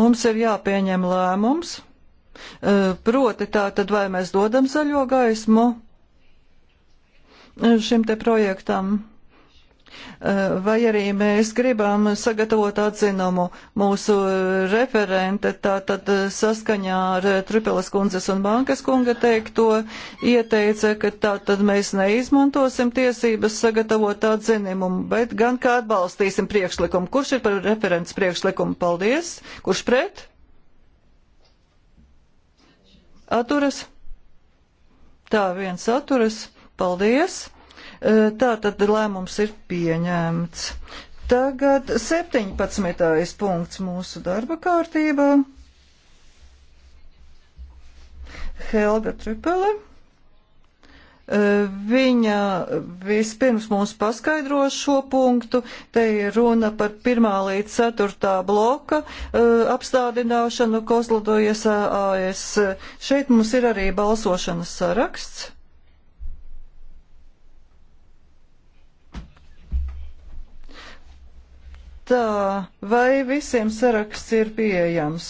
Mums ir jāpieņem lēmums, eh, proti tā tad vai mēs dodam zaļo gaismu eh, šim te projektam Eh, vai arī mēs gribam sagatavot atzinumu mūsu referente, tātad eh, saskaņā ar eh, Tripelas kundzes un bankas kunga teikto ieteica, ka tātad mēs neizmantosim tiesības sagatavot atzinumu, bet gan kā atbalstīsim priekšlikumu. Kurš ir par referents priekšlikumu? Paldies! Kurš pret? Atturas? Tā, viens atturas. Paldies! Tā tad lēmums ir pieņemts. Tagad 17. punkts mūsu darba kārtībā. Helga Tripele. Viņa vispirms mums paskaidro šo punktu. Te ir runa par 1. līdz 4. bloka apstādināšanu Kozlodojas AS. Šeit mums ir arī balsošanas saraksts. Tā, vai visiem saraksts ir pieejams?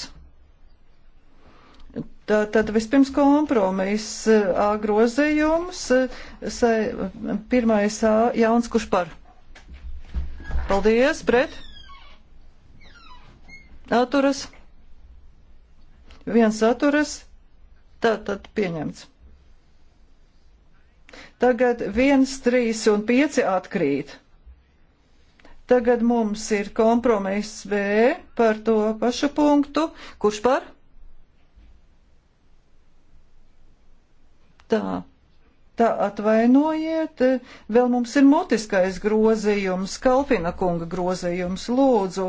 Tā, tad vispirms kompromiss A grozījums, sa, pirmais A jauns kurš par. Paldies, pret. Atturas. Viens atturas. Tā tad pieņemts. Tagad viens, trīs un pieci atkrīt. Tagad mums ir kompromiss B par to pašu punktu. Kurš par? Tā. Tā atvainojiet, vēl mums ir mutiskais grozījums, Kalpina kunga grozījums, lūdzu.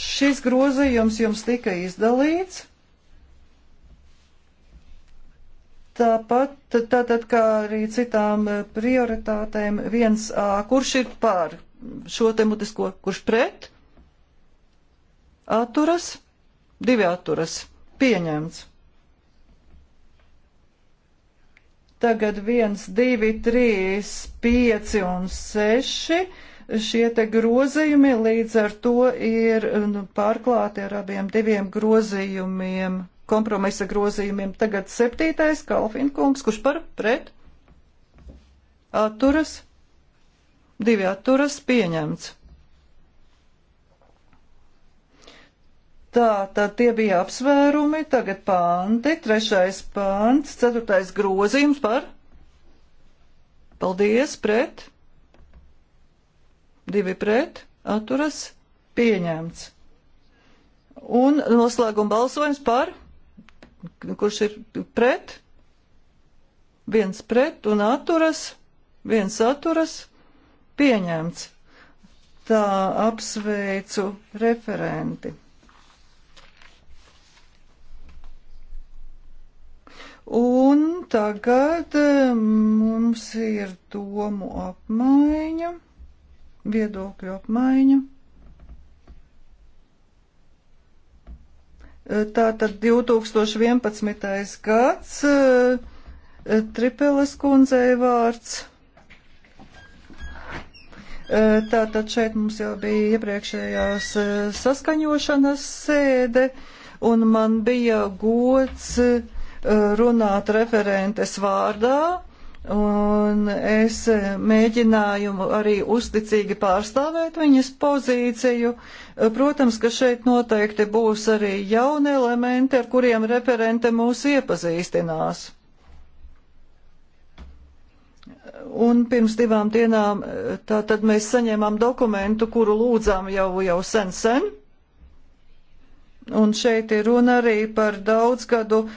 Šis grozījums jums tika izdalīts. Tāpat, tātad kā arī citām prioritātēm, viens A, kurš ir par? šo te mutisko, kurš pret, atturas, divi atturas, pieņemts. Tagad viens, divi, trīs, pieci un seši šie te grozījumi līdz ar to ir nu, pārklāti ar abiem diviem grozījumiem, kompromisa grozījumiem. Tagad septītais, Kalfinkungs, kurš par pret atturas. Divi atturas pieņemts. Tā, tad tie bija apsvērumi, tagad panti, trešais pants, ceturtais grozījums par. Paldies, pret. Divi pret, atturas, pieņemts. Un noslēguma balsojums par, kurš ir pret, viens pret un atturas, viens atturas, Pieņemts. Tā apsveicu referenti. Un tagad eh, mums ir domu apmaiņa, viedokļu apmaiņa. Eh, tātad 2011. gads eh, Tripeles kundzei vārds. Tātad šeit mums jau bija iepriekšējās e, saskaņošanas sēde, un man bija gods e, runāt referentes vārdā, un es e, mēģināju arī uzticīgi pārstāvēt viņas pozīciju. Protams, ka šeit noteikti būs arī jauni elementi, ar kuriem referente mūs iepazīstinās. Un pirms divām dienām eh, tā tad mēs saņēmām dokumentu, kuru lūdzām jau, jau sen sen. Un šeit ir runa arī par daudzgadu uh,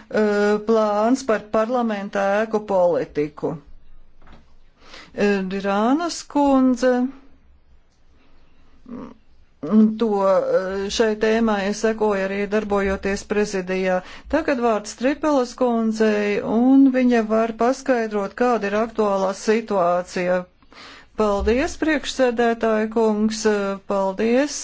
plāns par parlamentā ēku politiku. Uh, Dirānas kundze To eh, šai tēmai es sekoju arī darbojoties prezidijā. Tagad vārds Tripelas kundzei, un viņa var paskaidrot, kāda ir aktuālā situācija. Paldies, priekšsēdētāja kungs, eh, paldies!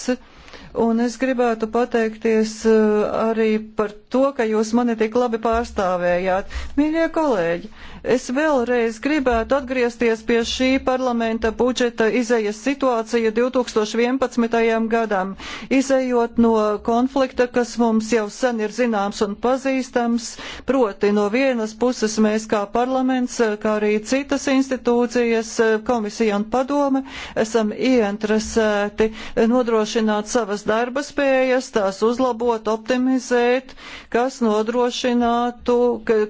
Un es gribētu pateikties eh, arī par to, ka jūs mani tik labi pārstāvējāt. Mīļie kolēģi, uh, Es vēlreiz gribētu atgriezties pie šī parlamenta budžeta izējas situācija 2011. gadam, izējot no konflikta, kas mums jau sen ir zināms un pazīstams, proti no vienas puses mēs kā parlaments, kā arī citas institūcijas, komisija un padome, esam ieinteresēti nodrošināt savas darba spējas, tās uzlabot, optimizēt, kas nodrošinātu,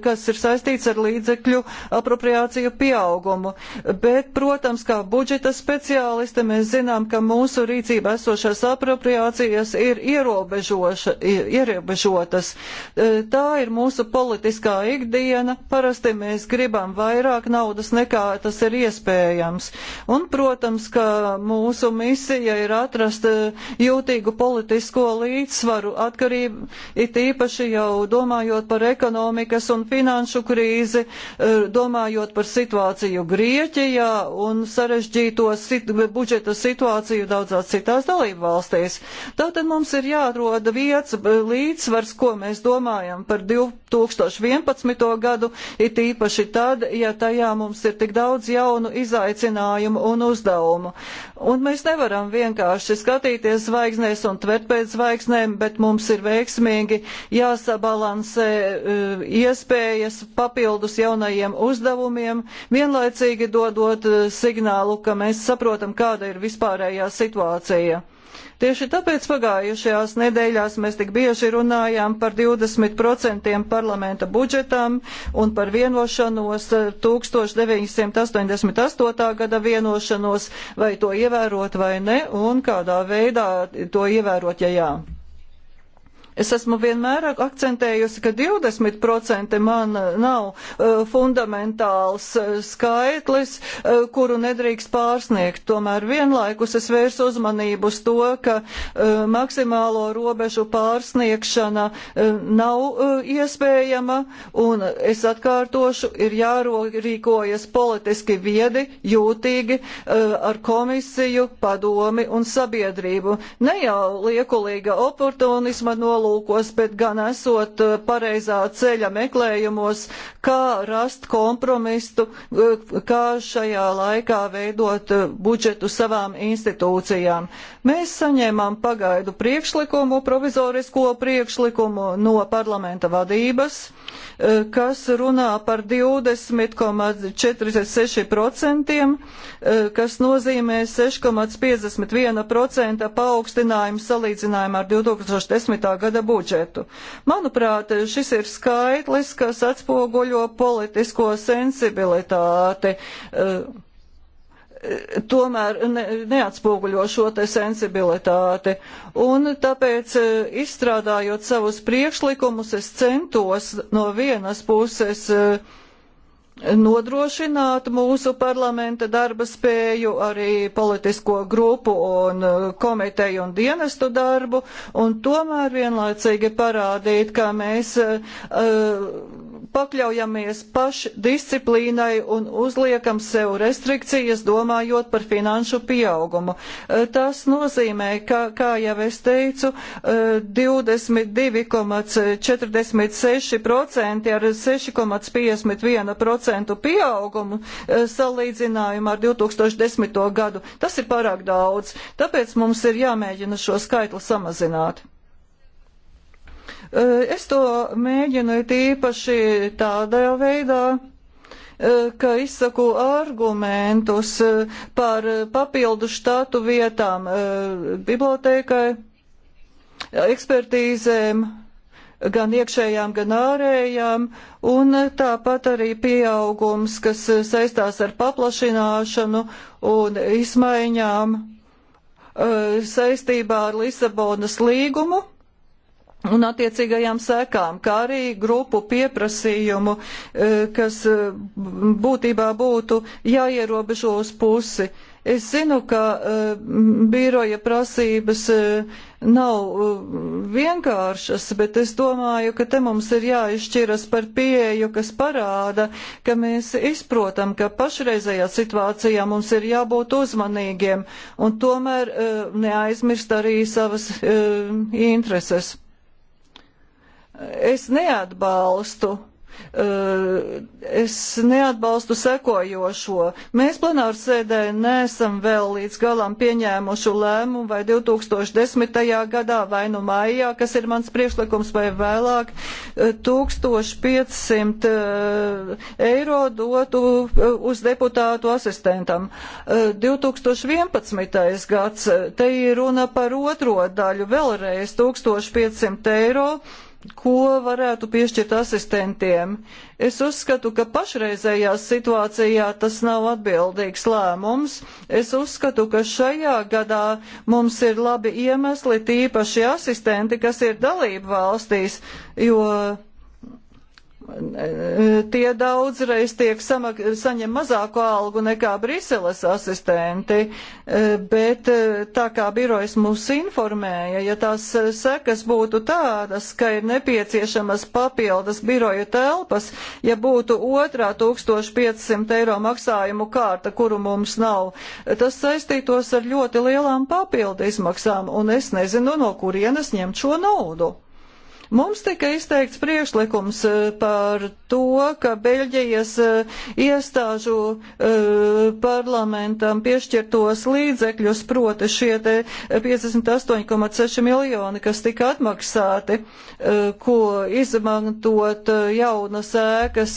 kas ir saistīts ar līdzekļu apropriāciju pieaugumu. Bet, protams, kā budžeta speciālisti mēs zinām, ka mūsu rīcība esošās apropriācijas ir ierobežotas. E, tā ir mūsu politiskā ikdiena. Parasti mēs gribam vairāk naudas nekā tas ir iespējams. Un, protams, ka mūsu misija ir atrast e, jūtīgu politisko līdzsvaru atkarību, it īpaši jau domājot par ekonomikas un finanšu krīzi, e, domājot par situāciju Grieķijā un sarežģīto sit budžeta situāciju daudzās citās dalību valstīs. Tātad mums ir jāatrod vietas eh, līdzsvars, ko mēs domājam par 2011. gadu, it īpaši tad, ja tajā mums ir tik daudz jaunu izaicinājumu un uzdevumu. Un mēs nevaram vienkārši skatīties zvaigznēs un tvert pēc zvaigznēm, bet mums ir veiksmīgi jāsabalansē eh, iespējas papildus jaunajiem uzdevumiem, vienlaicīgi dodot eh, signālu, ka mēs saprotam, kāda ir vispārējā situācija. Tieši tāpēc pagājušajās nedēļās mēs tik bieži runājām par 20% parlamenta budžetam un par vienošanos 1988. Eh, gada vienošanos, vai to ievērot vai ne, un kādā veidā to ievērot, ja jā. Es esmu vienmēr akcentējusi, ka 20% man eh, nav uh, fundamentāls uh, skaitlis, uh, kuru nedrīkst pārsniegt. Tomēr vienlaikus es vērsu uzmanību uz to, ka maksimālo robežu pārsniegšana nav iespējama, un es atkārtošu, ir jārīkojas politiski viedi, jūtīgi ar komisiju, padomi un sabiedrību. Ne jau liekulīga oportunisma nolūka nolūkos, bet gan esot eh, pareizā ceļa meklējumos, kā rast kompromistu, eh, kā šajā laikā veidot eh, budžetu savām institūcijām. Mēs saņēmām pagaidu priekšlikumu, provizorisko priekšlikumu no parlamenta vadības, kas runā par 20,46%, kas nozīmē 6,51% paaugstinājumu salīdzinājumu ar 2010. gada gada budžetu. Manuprāt, šis ir skaitlis, kas atspoguļo politisko sensibilitāti. Eh, tomēr ne, neatspoguļo šo te sensibilitāti. Un tāpēc, eh, izstrādājot savus priekšlikumus, es centos no vienas puses uh, nodrošināt mūsu parlamenta darba spēju, arī politisko grupu un uh, komiteju un dienestu darbu, un tomēr vienlaicīgi parādīt, ka mēs uh, pakļaujamies pašdisciplīnai un uzliekam sev restrikcijas, domājot par finanšu pieaugumu. E, tas nozīmē, ka, kā jau es teicu, 22,46% e, ar 6,51% pieaugumu e, salīdzinājumā ar 2010. gadu. Tas ir pārāk daudz, tāpēc mums ir jāmēģina šo skaitli samazināt. Es to mēģinu tīpaši tādā veidā ka izsaku argumentus par papildu štatu vietām bibliotekai, ekspertīzēm, gan iekšējām, gan ārējām, un tāpat arī pieaugums, kas saistās ar paplašināšanu un izmaiņām saistībā ar Lisabonas līgumu un attiecīgajām sekām, kā arī grupu pieprasījumu, eh, kas eh, būtībā būtu jāierobežo uz pusi. Es zinu, ka eh, biroja prasības nav vienkāršas, bet es domāju, ka te mums ir jāizšķiras par pieeju, kas parāda, ka mēs izprotam, ka pašreizējā situācijā mums ir jābūt uzmanīgiem un tomēr neaizmirst arī savas intereses es neatbalstu. Eh, es neatbalstu sekojošo. Mēs plenāru sēdē neesam vēl līdz galam pieņēmuši lēmumu vai 2010. gadā vai nu maijā, kas ir mans priekšlikums, vai vēlāk 1500 eh, eh, eiro dotu uz deputātu asistentam. 2011. gads, te ir runa par otro daļu, vēlreiz 1500 eiro ko varētu piešķirt asistentiem. Es uzskatu, ka pašreizējā situācijā tas nav atbildīgs lēmums. Es uzskatu, ka šajā gadā mums ir labi iemesli, tīpaši asistenti, kas ir dalību valstīs, jo Tie daudzreiz tiek samak, saņem mazāku algu nekā Briseles asistenti, e, bet e, tā kā birojas mūs informēja, ja tās e, sekas būtu tādas, ka ir nepieciešamas papildas biroju telpas, ja būtu otrā 1500 eiro maksājumu kārta, kuru mums nav, tas saistītos ar ļoti lielām papildu izmaksām, un es nezinu, no kurienes ņemt šo naudu. Mums tika izteikts priekšlikums eh, par to, ka Beļģijas eh, iestāžu eh, parlamentam piešķirtos līdzekļus, proti šie 58,6 miljoni, kas tika atmaksāti, ko izmantot jaunas ēkas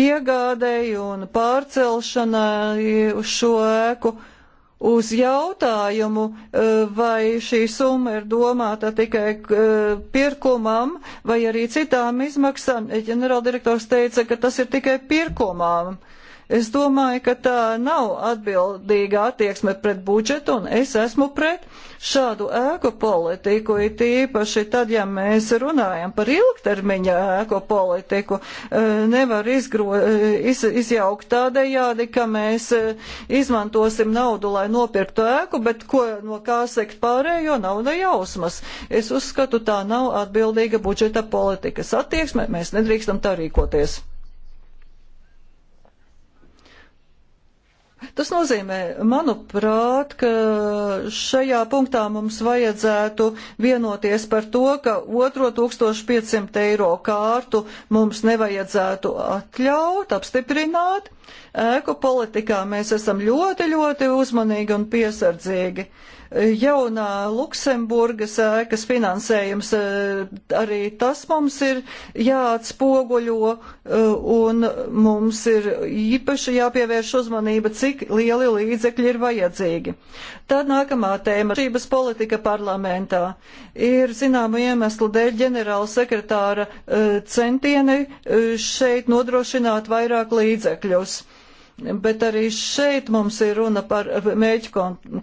iegādēji un pārcelšanai uz šo ēku uz jautājumu, eh, vai šī summa ir domāta tikai eh, pirkumam vai arī citām izmaksām, ģenerāldirektors teica, ka tas ir tikai pirkumam. Uh, Es domāju, ka tā nav atbildīga attieksme pret budžetu, un es esmu pret šādu ēku politiku, it īpaši tad, ja mēs runājam par ilgtermiņa ēku politiku, e, nevar izgro, e, iz, izjaukt tādējādi, ka mēs e, izmantosim naudu, lai nopirktu ēku, bet ko no kā sekt pārējo nauda jausmas. Es uzskatu, tā nav atbildīga budžeta politikas attieksme, mēs nedrīkstam tā rīkoties. Tas nozīmē, manuprāt, ka šajā punktā mums vajadzētu vienoties par to, ka otro 1500 eiro kārtu mums nevajadzētu atļaut, apstiprināt, Ēku politikā mēs esam ļoti, ļoti uzmanīgi un piesardzīgi. Jaunā Luksemburgas ēkas finansējums eh, arī tas mums ir jāatspoguļo eh, un mums ir īpaši jāpievērš uzmanība, cik lieli līdzekļi ir vajadzīgi. Tad nākamā tēma - šības politika parlamentā. Ir zināmu iemeslu dēļ ģenerāla sekretāra eh, centieni šeit nodrošināt vairāk līdzekļus. Bet arī šeit mums ir runa par mēģi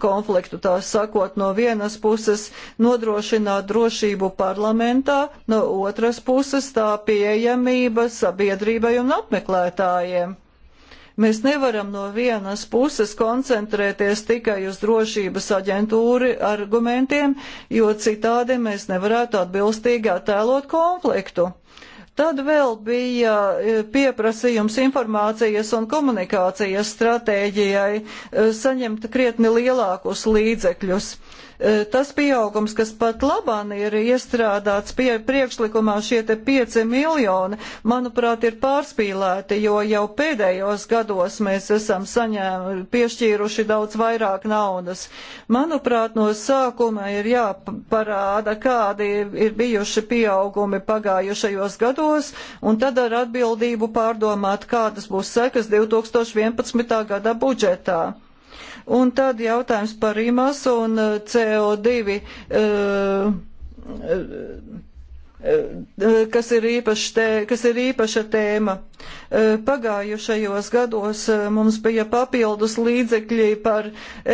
konfliktu, tā sakot, no vienas puses nodrošināt drošību parlamentā, no otras puses tā pieejamība sabiedrībai un apmeklētājiem. Mēs nevaram no vienas puses koncentrēties tikai uz drošības aģentūri argumentiem, jo citādi mēs nevarētu atbilstīgi attēlot konfliktu. Tad vēl bija e, pieprasījums informācijas un komunikācijas stratēģijai e, saņemt krietni lielākus līdzekļus. E, tas pieaugums, kas pat labāk ir iestrādāts pie priekšlikumā, šie te 5 miljoni, manuprāt, ir pārspīlēti, jo jau pēdējos gados mēs esam saņēmuši, piešķīruši daudz vairāk naudas. Manuprāt, no sākuma ir jāparāda, kādi ir bijuši pieaugumi pagājušajos gados, un tad ar atbildību pārdomāt, kādas būs sekas 2011. gada budžetā. Un tad jautājums par imasu un uh, CO2. Uh, uh, uh, kas ir, tē, kas ir īpaša tēma. Pagājušajos gados mums bija papildus līdzekļi par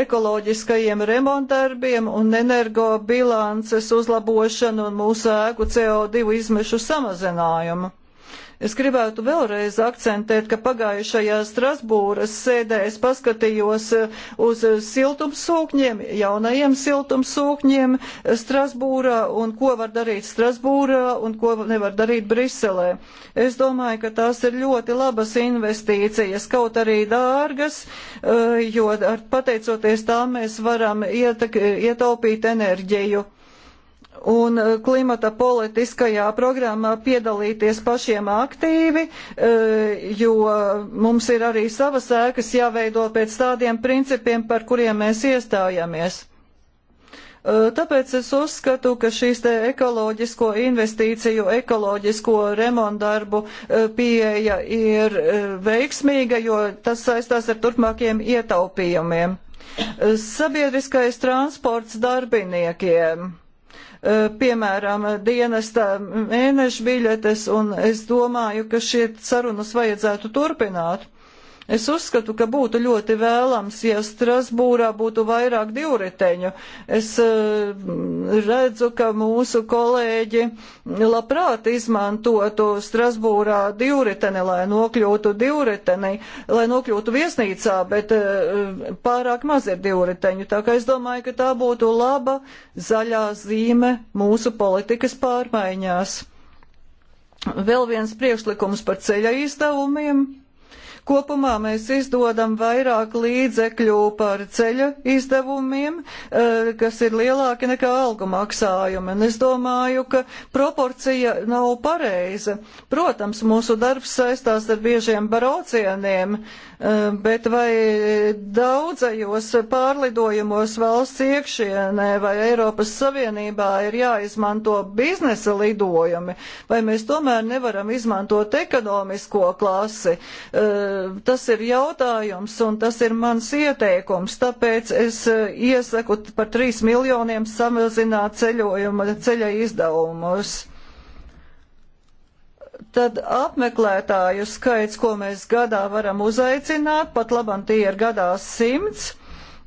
ekoloģiskajiem remontdarbiem un energobilances uzlabošanu un mūsu ēku CO2 izmešu samazinājumu. Es gribētu vēlreiz akcentēt, ka pagājušajā Strasbūras sēdē es paskatījos uh, uz siltumsūkņiem, jaunajiem siltumsūkņiem uh, Strasbūrā un ko var darīt Strasbūrā un ko nevar darīt Briselē. Es domāju, ka tās ir ļoti labas investīcijas, kaut arī dārgas, uh, jo pateicoties tām mēs varam ietaupīt enerģiju un eh, klimata politiskajā programmā piedalīties pašiem aktīvi, eh, jo mums ir arī savas ēkas jāveido pēc tādiem principiem, par kuriem mēs iestājamies. Eh, tāpēc es uzskatu, ka šīs te ekoloģisko investīciju, ekoloģisko remondarbu pieeja ir veiksmīga, jo tas saistās ar turpmākiem ietaupījumiem. Sabiedriskais transports darbiniekiem Eh, piemēram, dienesta mēneša biļetes, un es domāju, ka šie sarunas vajadzētu turpināt. Es uzskatu, ka būtu ļoti vēlams, ja Strasbūrā būtu vairāk divriteņu. Es eh, redzu, ka mūsu kolēģi labprāt izmantotu Strasbūrā divriteni, lai nokļūtu divriteni, lai nokļūtu viesnīcā, bet eh, pārāk maz ir divriteņu. Tā kā es domāju, ka tā būtu laba zaļā zīme mūsu politikas pārmaiņās. Vēl viens priekšlikums par ceļa izdevumiem. Kopumā mēs izdodam vairāk līdzekļu par ceļa izdevumiem, eh, kas ir lielāki nekā algu maksājumi. Un es domāju, ka proporcija nav pareiza. Protams, mūsu darbs saistās ar biežiem braucieniem, eh, bet vai daudzajos pārlidojumos valsts iekšienē vai Eiropas Savienībā ir jāizmanto biznesa lidojumi, vai mēs tomēr nevaram izmantot ekonomisko klasi? Uh, tas ir jautājums un tas ir mans ieteikums, tāpēc es eh, iesaku par 3 miljoniem samazināt ceļojuma ceļa izdevumus tad apmeklētāju skaits, ko mēs gadā varam uzaicināt, pat labam tie ir gadā simts,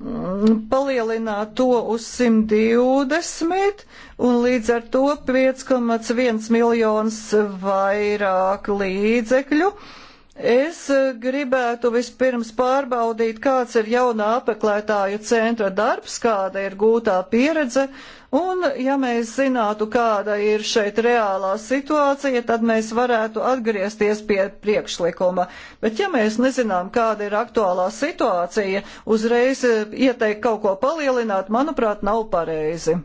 mm, palielināt to uz 120 un līdz ar to 5,1 miljonus vairāk līdzekļu Es e, gribētu vispirms pārbaudīt, kāds ir jaunā apmeklētāju centra darbs, kāda ir gūtā pieredze, un ja mēs zinātu, kāda ir šeit reālā situācija, tad mēs varētu atgriezties pie priekšlikuma. Bet ja mēs nezinām, kāda ir aktuālā situācija, uzreiz e, ieteikt kaut ko palielināt, manuprāt, nav pareizi.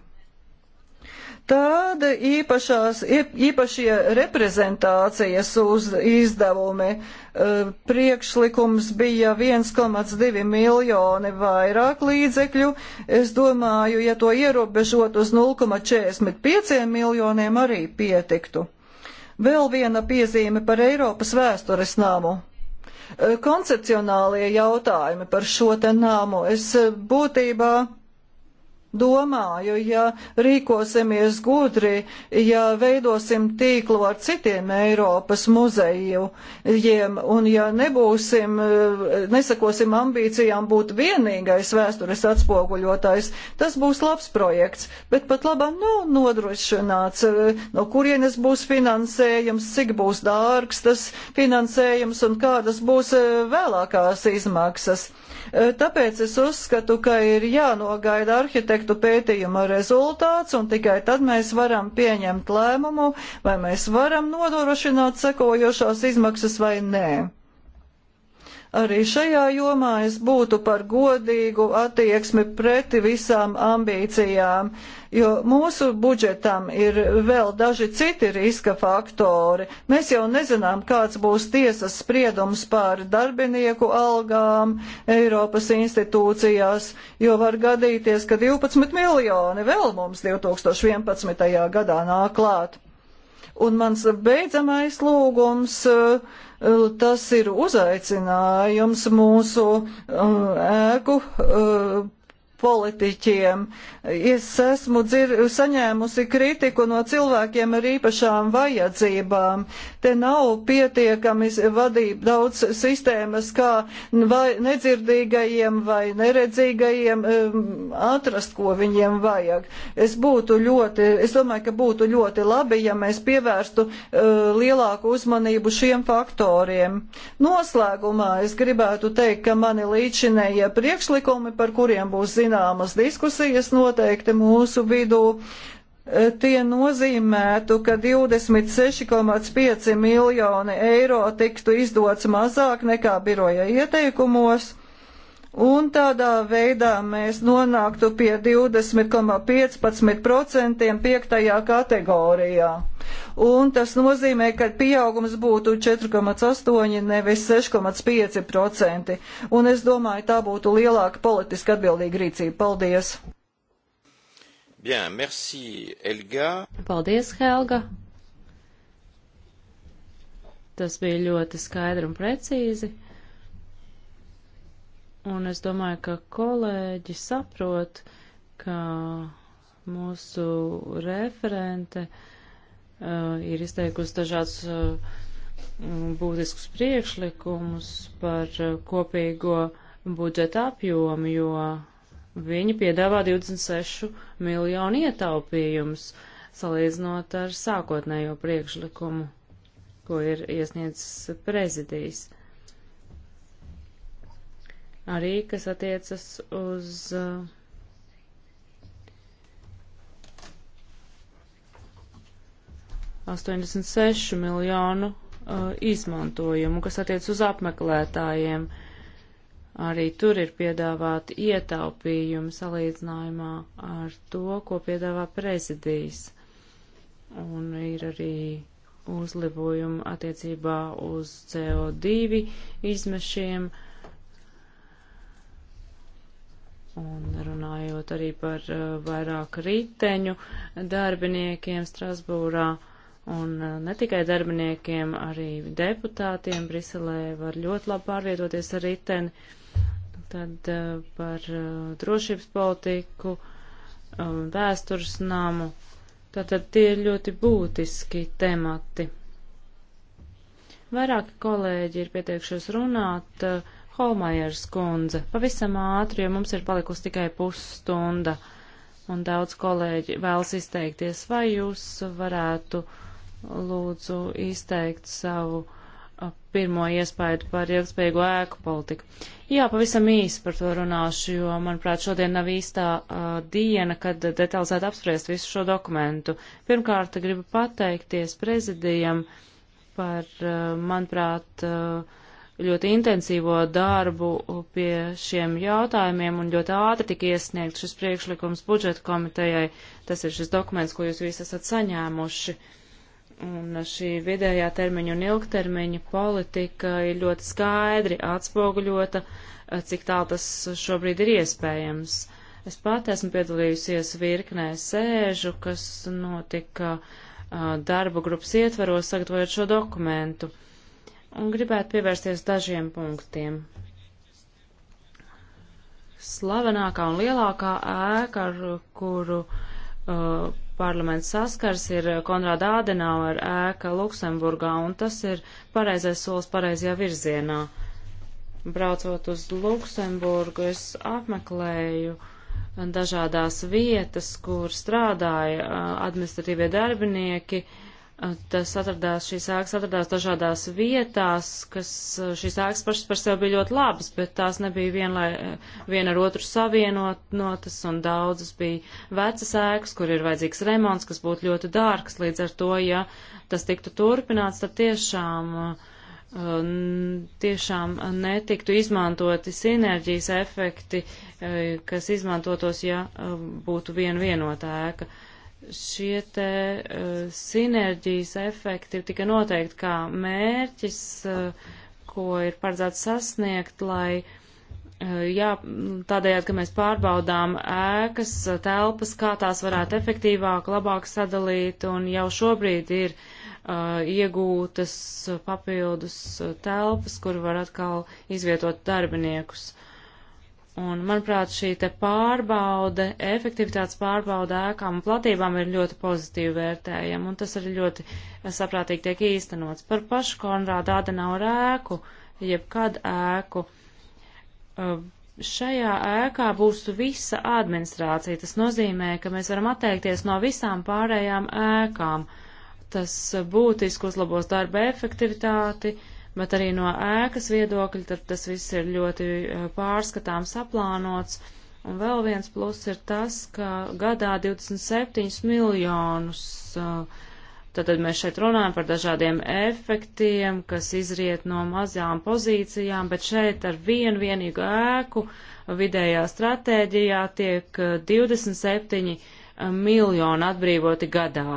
Tāda īpašās, īpašie reprezentācijas uz izdevumi Eh, priekšlikums bija 1,2 miljoni vairāk līdzekļu. Es domāju, ja to ierobežot uz 0,45 miljoniem arī pietiktu. Vēl viena piezīme par Eiropas vēstures nāmu eh, koncepcionālie jautājumi par šo te nāmu. Es eh, būtībā domāju, ja rīkosimies gudri, ja veidosim tīklu ar citiem Eiropas muzejiem un ja nebūsim, eh, nesakosim ambīcijām būt vienīgais vēstures atspoguļotājs, tas būs labs projekts, bet pat labam nav nodrošināts, eh, no kurienes būs finansējums, cik būs dārgs tas finansējums un kādas būs eh, vēlākās izmaksas. Tāpēc es uzskatu, ka ir jānogaida arhitektu pētījuma rezultāts, un tikai tad mēs varam pieņemt lēmumu, vai mēs varam nodrošināt sekojošās izmaksas vai nē arī šajā jomā es būtu par godīgu attieksmi preti visām ambīcijām jo mūsu budžetam ir vēl daži citi riska faktori. Mēs jau nezinām, kāds būs tiesas spriedums par darbinieku algām Eiropas institūcijās, jo var gadīties, ka 12 miljoni vēl mums 2011. gadā nāk klāt. Un mans beidzamais lūgums, eh, tas ir uzaicinājums mūsu eh, ēku eh, politiķiem. Es esmu dzir, saņēmusi kritiku no cilvēkiem ar īpašām vajadzībām. Te nav pietiekami vadība daudz sistēmas, kā vai nedzirdīgajiem vai neredzīgajiem um, atrast, ko viņiem vajag. Es būtu ļoti, es domāju, ka būtu ļoti labi, ja mēs pievērstu uh, lielāku uzmanību šiem faktoriem. Noslēgumā es gribētu teikt, ka mani līdzinējie priekšlikumi, par kuriem būs zināms, zināmas diskusijas noteikti mūsu vidū. E, tie nozīmētu, ka 26,5 miljoni eiro tiktu izdots mazāk nekā biroja ieteikumos Un tādā veidā mēs nonāktu pie 20,15% piektajā kategorijā. Un tas nozīmē, ka pieaugums būtu 4,8 nevis 6,5%. Un es domāju, tā būtu lielāka politiski atbildīga rīcība. Paldies! Bien, merci, Helga. Paldies, Helga! Tas bija ļoti skaidri un precīzi. Un es domāju, ka kolēģi saprot, ka mūsu referente uh, ir izteikusi dažāds uh, būtiskus priekšlikumus par uh, kopīgo budžeta apjomu, jo viņi piedāvā 26 miljonu ietaupījumus salīdzinot ar sākotnējo priekšlikumu, ko ir iesniedzis prezidijs. Uh, arī, kas attiecas uz uh, astoņdesmit sešu miljonu uh, izmantojumu, kas attiec uz apmeklētājiem. Arī tur ir piedāvāti ietaupījumi salīdzinājumā ar to, ko piedāvā prezidijas. Un ir arī uzlibojumi attiecībā uz CO2 izmešiem. Uh, Un runājot arī par uh, vairāk riteņu darbiniekiem Strasbūrā un uh, ne tikai darbiniekiem, arī deputātiem Briselē var ļoti labi pārvietoties ar riteni. Tad uh, par uh, drošības politiku, um, vēstures namu. Tātad tie ir ļoti būtiski temati. Vairāki kolēģi ir pieteikšies runāt uh, Holmajers kundze, pavisam ātri, jo mums ir palikusi tikai pusstunda un daudz kolēģi vēlas izteikties. Vai jūs varētu lūdzu izteikt savu pirmo iespēju par ilgspējīgu ēku politiku? Jā, pavisam īsi par to runāšu, jo, manuprāt, šodien nav īstā uh, diena, kad detalizēt apspriest visu šo dokumentu. Pirmkārt, gribu pateikties prezidijam par, uh, manuprāt, uh, ļoti intensīvo darbu pie šiem jautājumiem un ļoti ātri tika iesniegt šis priekšlikums budžeta komitejai. Tas ir šis dokuments, ko jūs visi esat saņēmuši. Un šī vidējā termiņa un ilgtermiņa politika ir ļoti skaidri atspoguļota, cik tālu tas šobrīd ir iespējams. Es pati esmu piedalījusies virknē sēžu, kas notika darba grupas ietvaros, sagatavojot šo dokumentu un gribētu pievērsties dažiem punktiem. Slavenākā un lielākā ēka, ar kuru uh, parlaments saskars, ir Konrāda Ādenauer ēka Luksemburgā, un tas ir pareizais solis pareizajā virzienā. Braucot uz Luksemburgu, es apmeklēju uh, dažādās vietas, kur strādāja uh, administratīvie darbinieki, uh, tas atradās, šīs ēkas atradās dažādās vietās, kas eh, šīs ēkas pašas par sevi bija ļoti labas, bet tās nebija vienlai, eh, viena ar otru savienotas un daudzas bija vecas ēkas, kur ir vajadzīgs remonts, kas būtu ļoti dārgs. Līdz ar to, ja tas tiktu turpināts, tad tiešām, eh, tiešām netiktu izmantoti sinerģijas efekti, kas izmantotos, ja būtu viena vienota ēka šie te uh, sinerģijas efekti ir tikai noteikti kā mērķis, uh, ko ir paredzēts sasniegt, lai uh, jā, tādējādi, ka mēs pārbaudām ēkas, telpas, kā tās varētu efektīvāk, labāk sadalīt, un jau šobrīd ir iegūtas papildus telpas, kur var atkal izvietot darbiniekus. Uh, Un, manuprāt, šī te pārbaude, efektivitātes pārbaude ēkām un platībām ir ļoti pozitīvi vērtējama, un tas arī ļoti saprātīgi tiek īstenots. Par pašu Konrāda Adenauer ēku, jebkad ēku, uh, šajā ēkā būs visa administrācija. Tas nozīmē, ka mēs varam atteikties no visām pārējām ēkām. Tas būtiski uzlabos darba efektivitāti, uh, bet arī no ēkas viedokļa, tad tas viss ir ļoti eh, pārskatāms, saplānots. Un vēl viens pluss ir tas, ka gadā 27 miljonus, eh, tad mēs šeit runājam par dažādiem efektiem, kas izriet no mazām pozīcijām, bet šeit ar vienu vienīgu ēku vidējā stratēģijā tiek 27 eh, miljoni atbrīvoti gadā.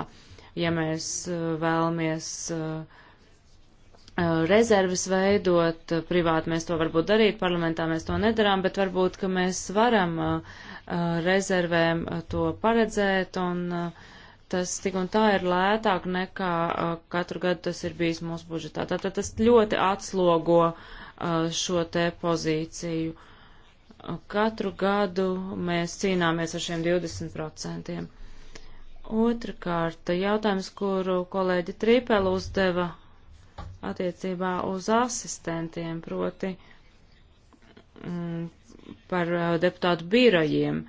Ja mēs vēlamies uh, rezerves veidot, privāti mēs to varbūt darīt, parlamentā mēs to nedarām, bet varbūt, ka mēs varam rezervēm to paredzēt un tas tik un tā ir lētāk nekā katru gadu tas ir bijis mūsu budžetā. Tātad tas ļoti atslogo šo te pozīciju. Katru gadu mēs cīnāmies ar šiem 20%. Otrakārt, jautājums, kuru kolēģi Trīpēl uzdeva attiecībā uz asistentiem, proti mm, par uh, deputātu birojiem.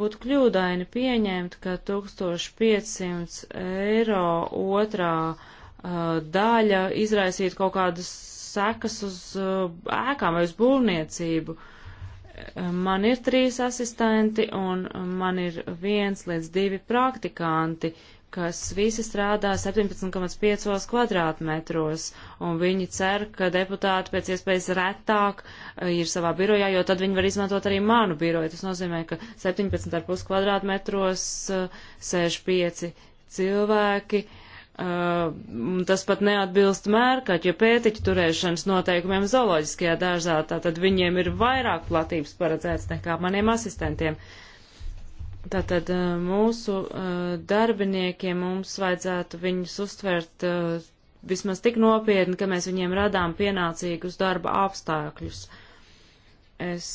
Būtu kļūdaini pieņemt, ka 1500 eiro otrā uh, daļa izraisītu kaut kādas sekas uz uh, ēkām vai uz būvniecību. Man ir trīs asistenti un man ir viens līdz divi praktikanti, kas visi strādā 17,5 kvadrātmetros, un viņi cer, ka deputāti pēc iespējas retāk e, ir savā birojā, jo tad viņi var izmantot arī manu biroju. Tas nozīmē, ka 17,5 kvadrātmetros e, sēž pieci cilvēki. Uh, tas pat neatbilst mērkaķu ja pētiķu turēšanas noteikumiem zooloģiskajā dārzā, tātad viņiem ir vairāk platības paredzēts nekā maniem asistentiem. Uh, Tātad mūsu darbiniekiem mums vajadzētu viņus uztvert vismaz tik nopietni, ka mēs viņiem radām pienācīgus darba apstākļus. Es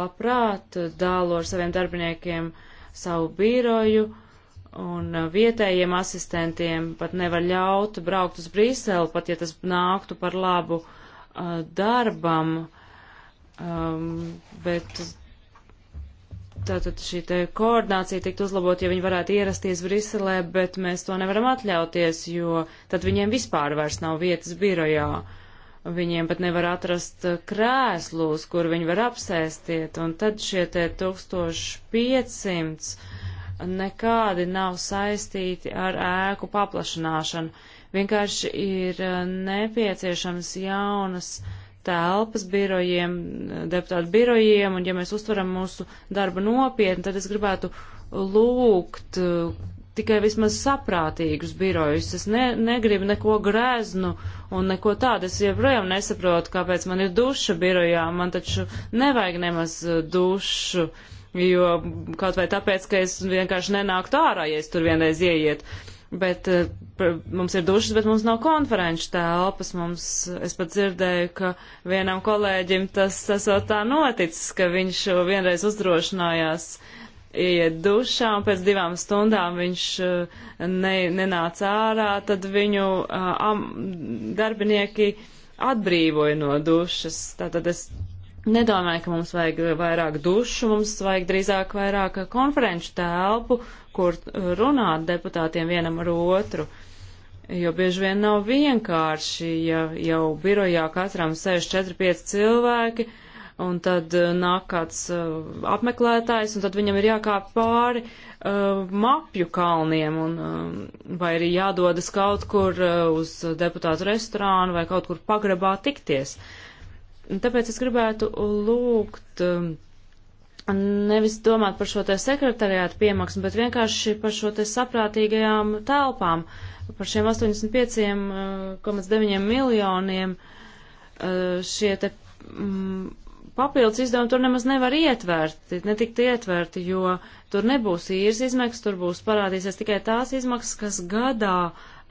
labprāt dālu ar saviem darbiniekiem savu bīroju un vietējiem asistentiem pat nevar ļaut braukt uz Brīseli, pat ja tas nāktu par labu darbam. Um, bet tātad šī te koordinācija tiktu uzlabot, ja viņi varētu ierasties Briselē, bet mēs to nevaram atļauties, jo tad viņiem vispār vairs nav vietas birojā. Viņiem pat nevar atrast krēslus, kur viņi var apsēstiet, un tad šie te 1500 nekādi nav saistīti ar ēku paplašanāšanu. Vienkārši ir eh, nepieciešams jaunas uh, telpas birojiem, deputātu birojiem, un ja mēs uztveram mūsu darbu nopietni, tad es gribētu lūgt uh, tikai vismaz saprātīgus birojus. Es ne, negribu neko grēznu un neko tādu. Es joprojām nesaprotu, kāpēc man ir duša birojā. Man taču nevajag nemaz uh, dušu, jo kaut vai tāpēc, ka es vienkārši nenāktu ārā, ja es tur vienreiz ieietu bet eh, mums ir dušas, bet mums nav konferenču telpas. Mums, es pat dzirdēju, ka vienam kolēģim tas esot tā noticis, ka viņš vienreiz uzdrošinājās iet dušā un pēc divām stundām viņš eh, ne, nenāca ārā, tad viņu eh, am, darbinieki atbrīvoja no dušas. Tātad es nedomāju, ka mums vajag vairāk dušu, mums vajag drīzāk vairāk konferenču telpu, kur runāt deputātiem vienam ar otru, jo bieži vien nav vienkārši, ja jau birojā katram sēž 4-5 cilvēki, un tad uh, nāk kāds uh, apmeklētājs, un tad viņam ir jākāp pāri uh, mapju kalniem, un, uh, vai arī jādodas kaut kur uh, uz deputātu restorānu vai kaut kur pagrabā tikties. Un tāpēc es gribētu lūgt. Uh, nevis domāt par šo te sekretariātu piemaksu, bet vienkārši par šo te saprātīgajām telpām, par šiem 85,9 eh, miljoniem eh, šie te mm, papildus izdevumi tur nemaz nevar ietverti, netikt ietverti, jo tur nebūs īres izmaksas, tur būs parādīsies tikai tās izmaksas, kas gadā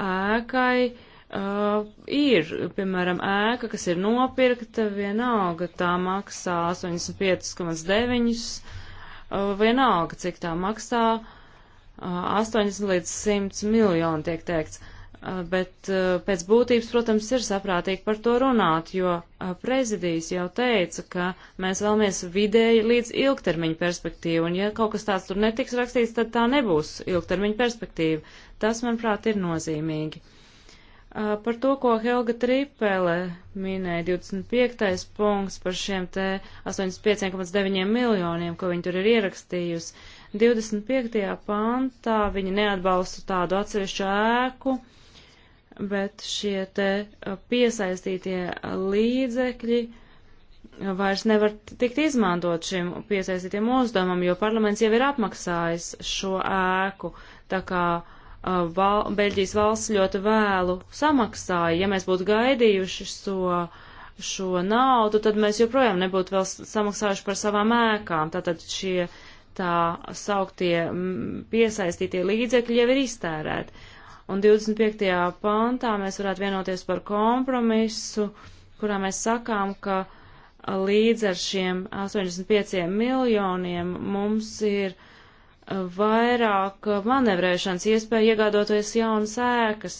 ēkai uh, uh, ir, piemēram, ēka, kas ir nopirkta, vienalga tā maksā 85,9, uh, vienalga cik tā maksā, uh, 80 līdz 100 miljoni tiek teikts. Uh, bet uh, pēc būtības, protams, ir saprātīgi par to runāt, jo uh, prezidijs jau teica, ka mēs vēlamies vidēji līdz ilgtermiņa perspektīvu, un ja kaut kas tāds tur netiks rakstīts, tad tā nebūs ilgtermiņa perspektīva. Tas, manuprāt, ir nozīmīgi. Uh, par to, ko Helga Trīpele minēja, 25. punkts par šiem te 85,9 miljoniem, ko viņi tur ir ierakstījusi. 25. pantā viņi neatbalsta tādu atsevišķu ēku, bet šie te uh, piesaistītie līdzekļi vairs nevar tikt izmantot šim piesaistītiem uzdevumam, jo parlaments jau ir apmaksājis šo ēku. Tā kā uh, val, Beļģijas valsts ļoti vēlu samaksāja. Ja mēs būtu gaidījuši šo, šo naudu, tad mēs joprojām nebūtu vēl samaksājuši par savām ēkām. Tātad šie tā sauktie piesaistītie līdzekļi jau ir iztērēti. Un 25. pantā mēs varētu vienoties par kompromisu, kurā mēs sakām, ka līdz ar šiem 85 miljoniem mums ir vairāk manevrēšanas iespēju iegādoties jaunas ēkas.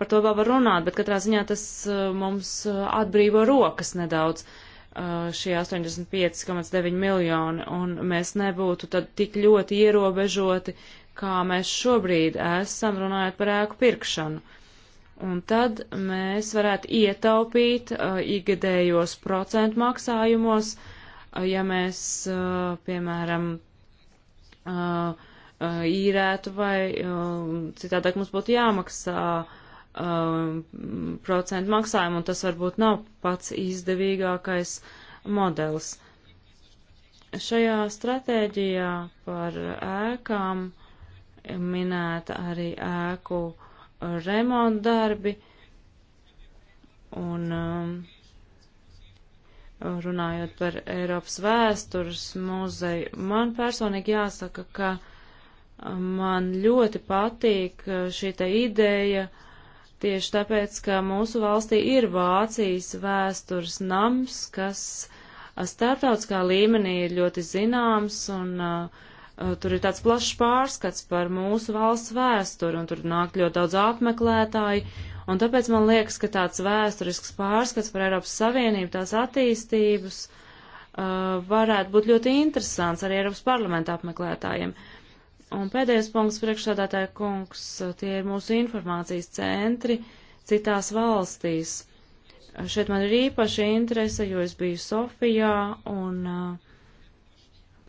Par to vēl var runāt, bet katrā ziņā tas uh, mums uh, atbrīvo rokas nedaudz uh, šie 85,9 miljoni, un mēs nebūtu tad tik ļoti ierobežoti, kā mēs šobrīd esam runājot par ēku pirkšanu. Un tad mēs varētu ietaupīt uh, ikgadējos procentu maksājumos, uh, ja mēs, uh, piemēram, uh, īrētu vai uh, citādāk mums būtu jāmaksā uh, procentu maksājumu, un tas varbūt nav pats izdevīgākais modelis. Šajā stratēģijā par ēkām minēta arī ēku remontdarbi un uh, runājot par Eiropas vēstures muzeju. Man personīgi jāsaka, ka uh, man ļoti patīk uh, šī te ideja tieši tāpēc, ka mūsu valstī ir Vācijas vēstures nams, kas uh, starptautiskā līmenī ir ļoti zināms un uh, tur ir tāds plašs pārskats par mūsu valsts vēsturi un tur nāk ļoti daudz apmeklētāju Un tāpēc man liekas, ka tāds vēsturisks pārskats par Eiropas Savienību, tās attīstības uh, varētu būt ļoti interesants arī Eiropas parlamenta apmeklētājiem. Un pēdējais punkts priekšsādātāja kungs, tie ir mūsu informācijas centri citās valstīs. Šeit man ir īpaša interese, jo es biju Sofijā un uh,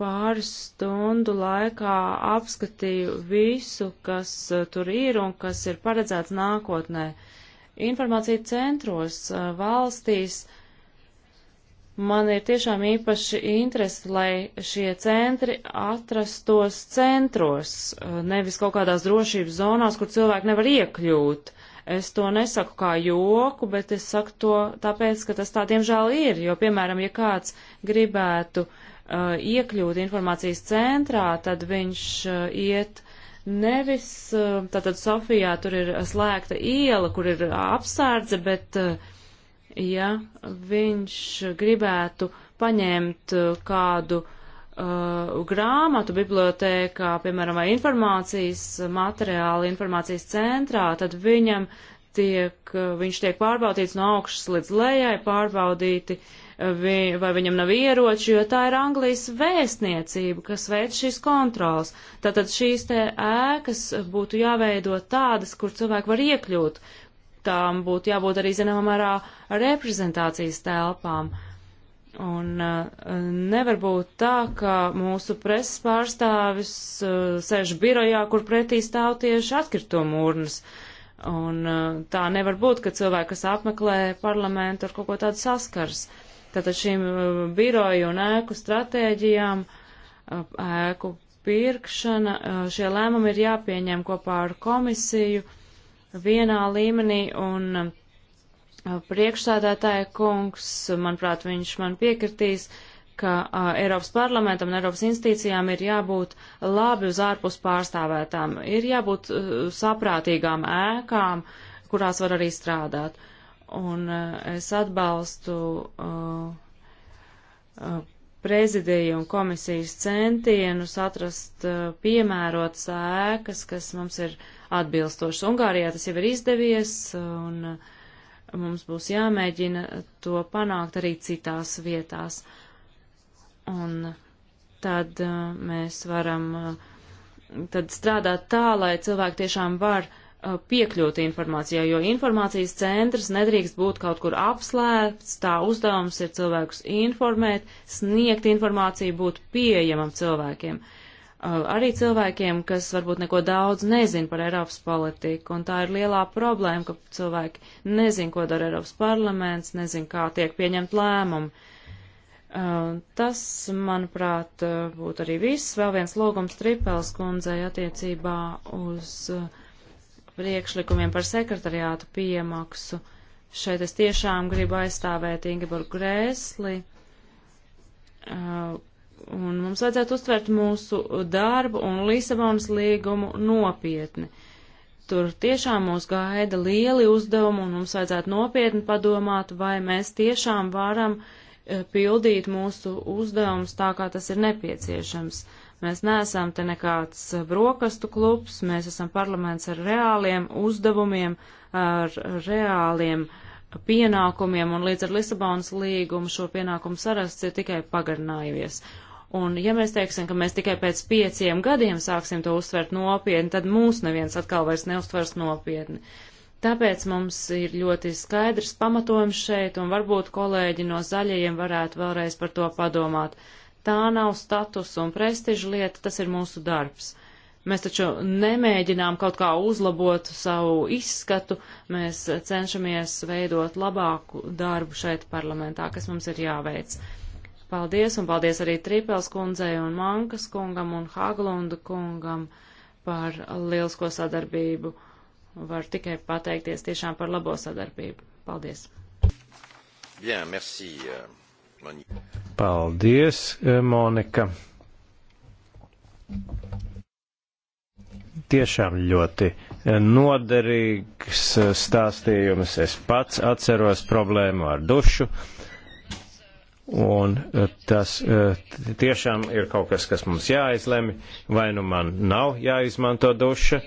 pāris stundu laikā apskatīju visu, kas uh, tur ir un kas ir paredzēts nākotnē. Informācija centros uh, valstīs man ir tiešām īpaši interesi, lai šie centri atrastos centros, uh, nevis kaut kādās drošības zonās, kur cilvēki nevar iekļūt. Es to nesaku kā joku, bet es saku to tāpēc, ka tas tā diemžēl ir, jo, piemēram, ja kāds gribētu uh, Uh, iekļūt informācijas centrā, tad viņš uh, iet nevis, uh, tātad Sofijā tur ir slēgta iela, kur ir apsārdze, bet ja viņš gribētu paņemt kādu uh, grāmatu bibliotēkā, piemēram, vai informācijas materiālu informācijas centrā, tad viņam tiek, viņš tiek pārbaudīts no augšas līdz lejai, pārbaudīti uh, vi, vai viņam nav ieroči, jo tā ir Anglijas vēstniecība, kas veic šīs kontrols. Tātad šīs te ēkas būtu jāveido tādas, kur cilvēki var iekļūt. Tām būtu jābūt arī, zināmā mērā, reprezentācijas telpām. Un uh, nevar būt tā, ka mūsu preses pārstāvis uh, sēž birojā, kur pretī stāv tieši atkritumu urnas. Un uh, tā nevar būt, ka cilvēki, kas apmeklē parlamentu, ar kaut ko tādu saskars. Uh, Tātad šīm uh, biroju un ēku stratēģijām, uh, ēku pirkšana, uh, šie lēmumi ir jāpieņem kopā ar komisiju vienā līmenī un priekšsādātāja kungs, manuprāt, viņš man piekritīs, ka uh, Eiropas parlamentam un Eiropas institīcijām ir jābūt labi uz ārpus pārstāvētām, ir jābūt uh, saprātīgām ēkām, kurās var arī strādāt un uh, es atbalstu uh, uh, prezidiju un komisijas centienus atrast piemērotas ēkas, kas mums ir atbilstošas. Ungārijā tas jau ir izdevies, un mums būs jāmēģina to panākt arī citās vietās. Un tad mēs varam tad strādāt tā, lai cilvēki tiešām var uh, Uh, piekļūt informācijai, jo informācijas centrs nedrīkst būt kaut kur apslēpts, tā uzdevums ir cilvēkus informēt, sniegt informāciju, būt pieejamam cilvēkiem. Uh, arī cilvēkiem, kas varbūt neko daudz nezin par Eiropas politiku, un tā ir lielā problēma, ka cilvēki nezin, ko dara Eiropas parlaments, nezin, kā tiek pieņemt lēmumu. Uh, tas, manuprāt, būtu arī viss. Vēl viens lūgums Tripels kundzei attiecībā uz uh, priekšlikumiem par sekretariātu piemaksu. Šeit es tiešām gribu aizstāvēt Ingeborg Grēsli. Uh, un mums vajadzētu uztvert mūsu darbu un Lisabonas līgumu nopietni. Tur tiešām mūs gaida lieli uzdevumi, un mums vajadzētu nopietni padomāt, vai mēs tiešām varam uh, pildīt mūsu uzdevumus tā, kā tas ir nepieciešams. Uh, Mēs neesam te nekāds brokastu klubs, mēs esam parlaments ar reāliem uzdevumiem, ar reāliem pienākumiem, un līdz ar Lisabonas līgumu šo pienākumu sarasts ir tikai pagarinājies. Un, ja mēs teiksim, ka mēs tikai pēc pieciem gadiem sāksim to uztvert nopietni, tad mūs neviens atkal vairs neuztvers nopietni. Tāpēc mums ir ļoti skaidrs pamatojums šeit, un varbūt kolēģi no zaļajiem varētu vēlreiz par to padomāt. Tā nav status un prestiža lieta, tas ir mūsu darbs. Mēs taču nemēģinām kaut kā uzlabot savu izskatu, mēs cenšamies veidot labāku darbu šeit parlamentā, kas mums ir jāveic. Paldies, un paldies arī Trīpels kundzei un Mankas kungam un Haglundu kungam par lielisko sadarbību. Var tikai pateikties tiešām par labo sadarbību. Paldies! Bien, merci. Euh, Paldies, eh, Monika. Tiešām ļoti eh, noderīgs eh, stāstījums. Es pats atceros problēmu ar dušu. Un tas tiešām ir kaut kas, kas mums jāizlemj. Vai nu man nav jāizmanto duša,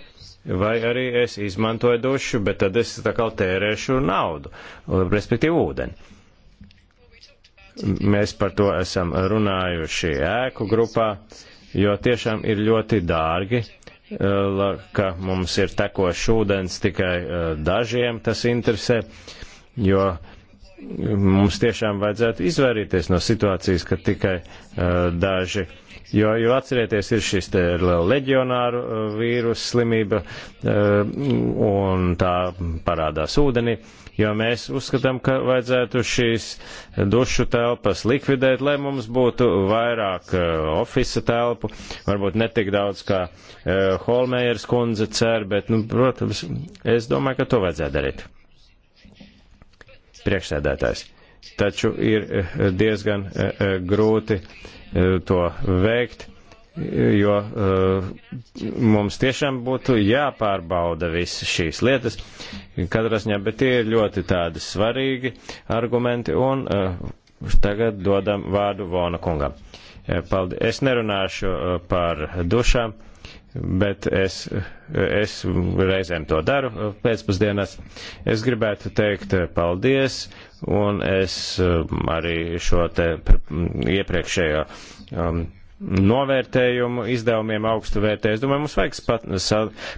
vai arī es izmantoju dušu, bet tad es tā kā tērēšu naudu, respektīvi ūdeni. Mēs par to esam runājuši ēku grupā, jo tiešām ir ļoti dārgi, eh, ka mums ir tekošs ūdens tikai eh, dažiem tas interesē, jo mums tiešām vajadzētu izvairīties no situācijas, ka tikai eh, daži. Jo, jo atcerieties, ir šis te leģionāru vīrusu slimība, un tā parādās ūdenī jo mēs uzskatām, ka vajadzētu šīs dušu telpas likvidēt, lai mums būtu vairāk uh, ofisa telpu, varbūt netik daudz, kā uh, eh, Holmējers kundze cer, bet, nu, protams, es domāju, ka to vajadzētu darīt. Priekšsēdētājs. Taču ir eh, diezgan uh, grūti uh, to veikt jo uh, mums tiešām būtu jāpārbauda visas šīs lietas. Katrā ziņā, bet tie ir ļoti tādi svarīgi argumenti, un uh, tagad dodam vārdu Vona kungam. Eh, paldies. Es nerunāšu par dušām, bet es, es reizēm to daru pēcpusdienās. Es gribētu teikt paldies, un es arī šo te mm, iepriekšējo um, novērtējumu izdevumiem augstu vērtē. Es domāju, mums vajag pat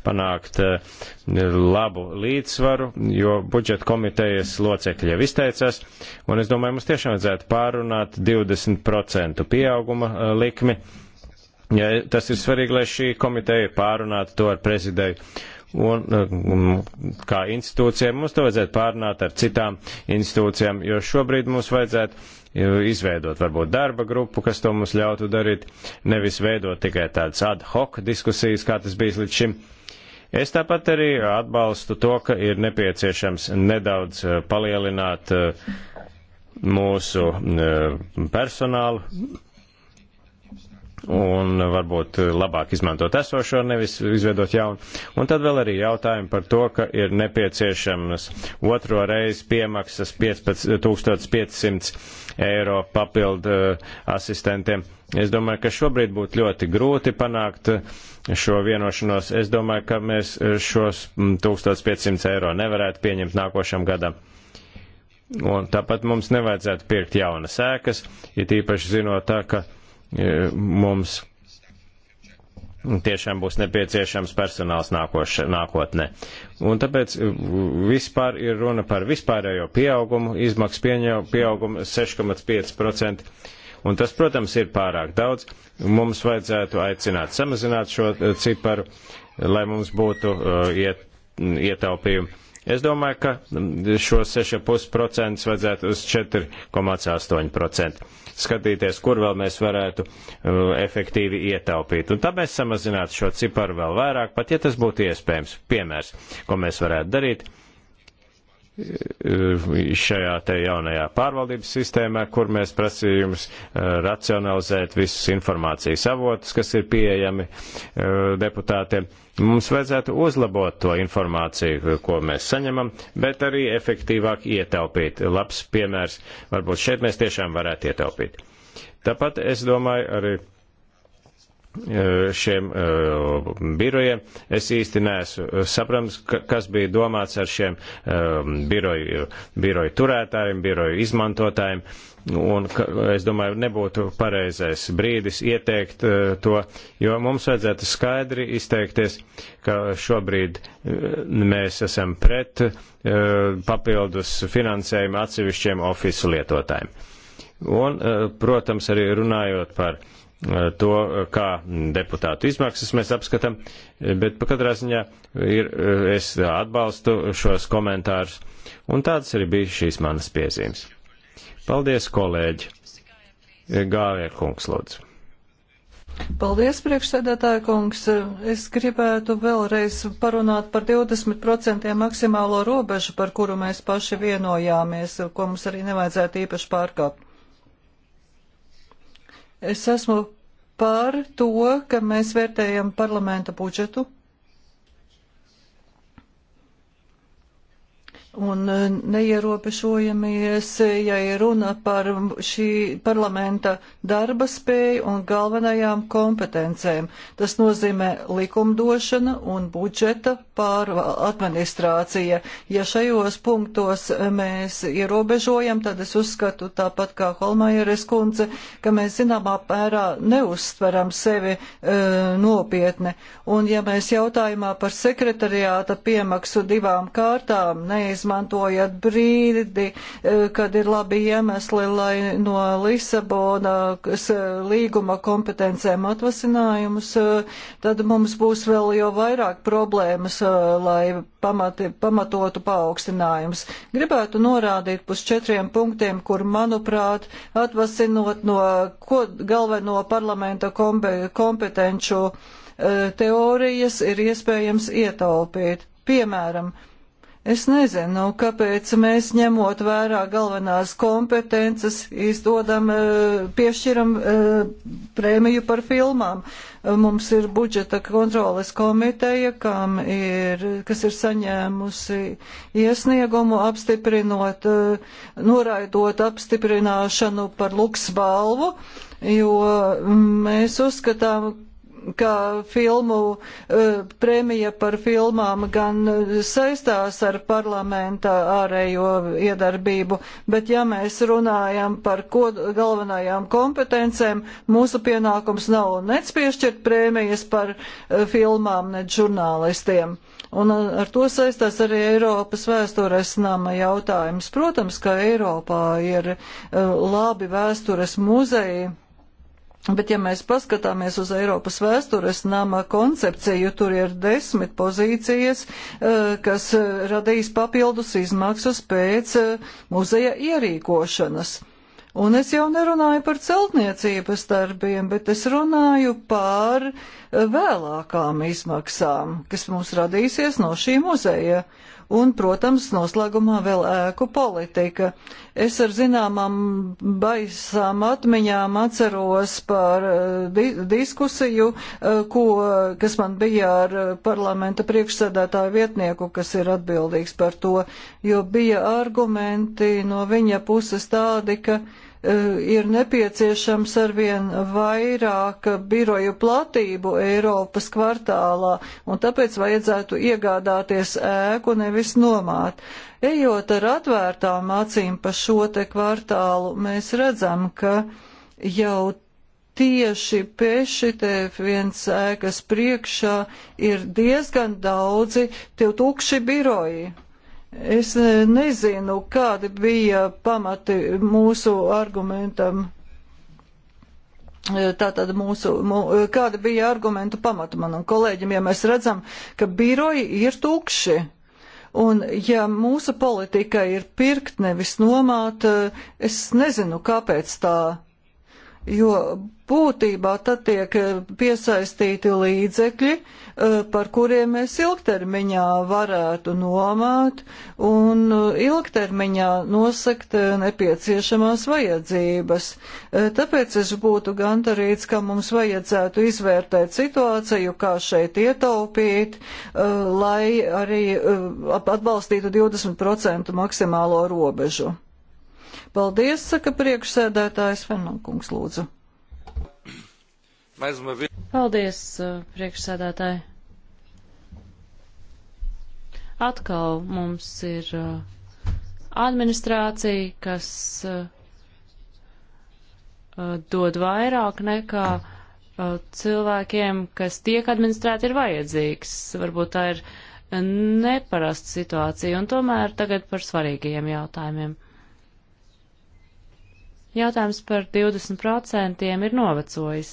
panākt eh, labu līdzsvaru, jo budžeta komitejas locekļi jau izteicās, un es domāju, mums tiešām vajadzētu pārunāt 20% pieauguma eh, likmi. Ja, tas ir svarīgi, lai šī komiteja pārunātu to ar prezidēju un mm, kā institūcijai mums to vajadzētu pārnāt ar citām institūcijām, jo šobrīd mums vajadzētu izveidot varbūt darba grupu, kas to mums ļautu darīt, nevis veidot tikai tādas ad hoc diskusijas, kā tas bijis līdz šim. Es tāpat arī atbalstu to, ka ir nepieciešams nedaudz eh, palielināt eh, mūsu eh, personālu un varbūt labāk izmantot esošo, nevis izveidot jaunu. Un tad vēl arī jautājumi par to, ka ir nepieciešams otro reizi piemaksas 15, 1500 eiro papildu eh, asistentiem. Es domāju, ka šobrīd būtu ļoti grūti panākt eh, šo vienošanos. Es domāju, ka mēs eh, šos 1500 mm, eiro nevarētu pieņemt nākošam gadam. Un tāpat mums nevajadzētu pirkt jaunas ēkas, it īpaši zinot tā, ka E, mums tiešām būs nepieciešams personāls nākoš, nākotnē. Un tāpēc e, vispār ir runa par vispārējo pieaugumu, izmaksu pieaugumu 6,5%. Un tas, protams, ir pārāk daudz. Mums vajadzētu aicināt samazināt šo ciparu, lai mums būtu e, iet, ietaupījumi Es domāju, ka šo 6,5% vajadzētu uz 4,8% skatīties, kur vēl mēs varētu efektīvi ietaupīt. Un tā mēs samazinātu šo ciparu vēl vairāk, pat ja tas būtu iespējams. Piemērs, ko mēs varētu darīt Eh, šajā te jaunajā pārvaldības sistēmā, kur mēs prasījums eh, racionalizēt visus informācijas avotus, kas ir pieejami eh, deputātiem. Mums vajadzētu uzlabot to informāciju, ko mēs saņemam, bet arī efektīvāk ietaupīt. Labs piemērs, varbūt šeit mēs tiešām varētu ietaupīt. Tāpat es domāju arī E, šiem uh, birojiem. Es īsti neesmu e, saprams, ka, kas bija domāts ar šiem uh, biroju, biroju turētājiem, biroju izmantotājiem. Un ka, es domāju, nebūtu pareizais brīdis ieteikt uh, to, jo mums vajadzētu skaidri izteikties, ka šobrīd mēs esam pret papildus finansējumu atsevišķiem ofisu lietotājiem. Un, protams, arī runājot par uh, Eh, to, kā deputātu izmaksas mēs apskatām, bet katrā ziņā ir, eh, es atbalstu šos komentārus, un tādas arī bija šīs manas piezīmes. Paldies, kolēģi! Eh, Gāvēr kungs, lūdzu! Paldies, priekšsēdētāja kungs. Es gribētu vēlreiz parunāt par 20% maksimālo robežu, par kuru mēs paši vienojāmies, ko mums arī nevajadzētu īpaši pārkāpt. Es esmu par to, ka mēs vērtējam parlamenta budžetu un e, neierobežojamies, ja ir runa par šī parlamenta darba spēju un galvenajām kompetencēm. Tas nozīmē likumdošana un budžeta pāradministrācija. Ja šajos punktos mēs ierobežojam, tad es uzskatu tāpat kā Holmajeres kundze, ka mēs zināmā pērā neuztveram sevi e, nopietni. Un ja mēs jautājumā par sekretariāta piemaksu divām kārtām neiz izmantojat brīdi, e, kad ir labi iemesli, lai no Lisabonas e, līguma kompetencēm atvasinājumus, e, tad mums būs vēl jau vairāk problēmas, lai pamati, pamatotu paaugstinājums. Gribētu norādīt pus četriem punktiem, kur, manuprāt, atvasinot no galveno parlamenta kompetenču teorijas ir iespējams ietaupīt. Piemēram, Es nezinu, kāpēc mēs ņemot vērā galvenās kompetences, izdodam, eh, piešķiram eh, prēmiju par filmām. Eh, mums ir budžeta kontroles komiteja, ir, kas ir saņēmusi iesniegumu apstiprinot, noraidot apstiprināšanu par luksbalvu, jo mm, mēs uzskatām, ka filmu eh, prēmija par filmām gan eh, saistās ar parlamenta ārējo iedarbību, bet ja mēs runājam par kod, galvenajām kompetencēm, mūsu pienākums nav nec piešķirt prēmijas par eh, filmām, ne žurnālistiem. Un ar to saistās arī Eiropas vēstures nama jautājums. Protams, ka Eiropā ir labi vēstures muzeji Bet, ja mēs paskatāmies uz Eiropas vēstures nama koncepciju, tur ir desmit pozīcijas, eh, kas eh, radīs papildus izmaksas pēc eh, muzeja ierīkošanas. Un es jau nerunāju par celtniecības darbiem, bet es runāju par vēlākām izmaksām, kas mums radīsies no šī muzeja. Un, protams, noslēgumā vēl ēku politika. Es ar zināmām baisām atmiņām atceros par eh, di diskusiju, eh, ko, kas man bija ar parlamenta priekšsēdētāju vietnieku, kas ir atbildīgs par to, jo bija argumenti no viņa puses tādi, ka uh, E, ir nepieciešams arvien vairāk biroju platību Eiropas kvartālā, un tāpēc vajadzētu iegādāties ēku, nevis nomāt. Ejot ar atvērtām acīm pa šo te kvartālu, mēs redzam, ka jau tieši peši te viens ēkas priekšā ir diezgan daudzi tie tukši biroji. Es e, nezinu, kādi bija pamati mūsu argumentam. E, tātad mūsu, mū, e, kāda bija argumentu pamata manam kolēģim, ja mēs redzam, ka biroji ir tukši. Un ja mūsu politika ir pirkt, nevis nomāt, es nezinu, kāpēc tā jo būtībā tad tiek eh, piesaistīti līdzekļi, eh, par kuriem mēs ilgtermiņā varētu nomāt un eh, ilgtermiņā nosakt nepieciešamās vajadzības. Tāpēc es būtu gandarīts, ka mums vajadzētu izvērtēt situāciju, kā šeit ietaupīt, lai arī atbalstītu 20% maksimālo robežu. Paldies, saka priekšsēdētājs Fenmankungs, lūdzu. Paldies, uh, priekšsēdētāji. Atkal mums ir uh, administrācija, kas uh, dod vairāk nekā cilvēkiem, kas tiek administrēti, ir vajadzīgs. Varbūt tā ir neparasta situācija, un tomēr tagad par svarīgajiem jautājumiem. Jautājums par 20% ir novecojis.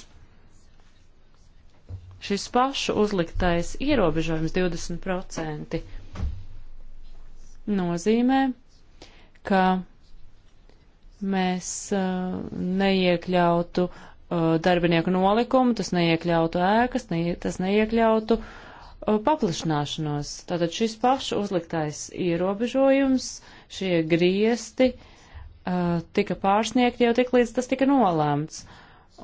Šis pašu uzliktais ierobežojums 20% nozīmē, ka mēs uh, neiekļautu uh, darbinieku nolikumu, tas neiekļautu ēkas, ne, tas neiekļautu uh, paplašināšanos. Tātad šis pašu uzliktais ierobežojums, šie griesti uh, uh, tika pārsniegti jau tik līdz tas tika nolēmts.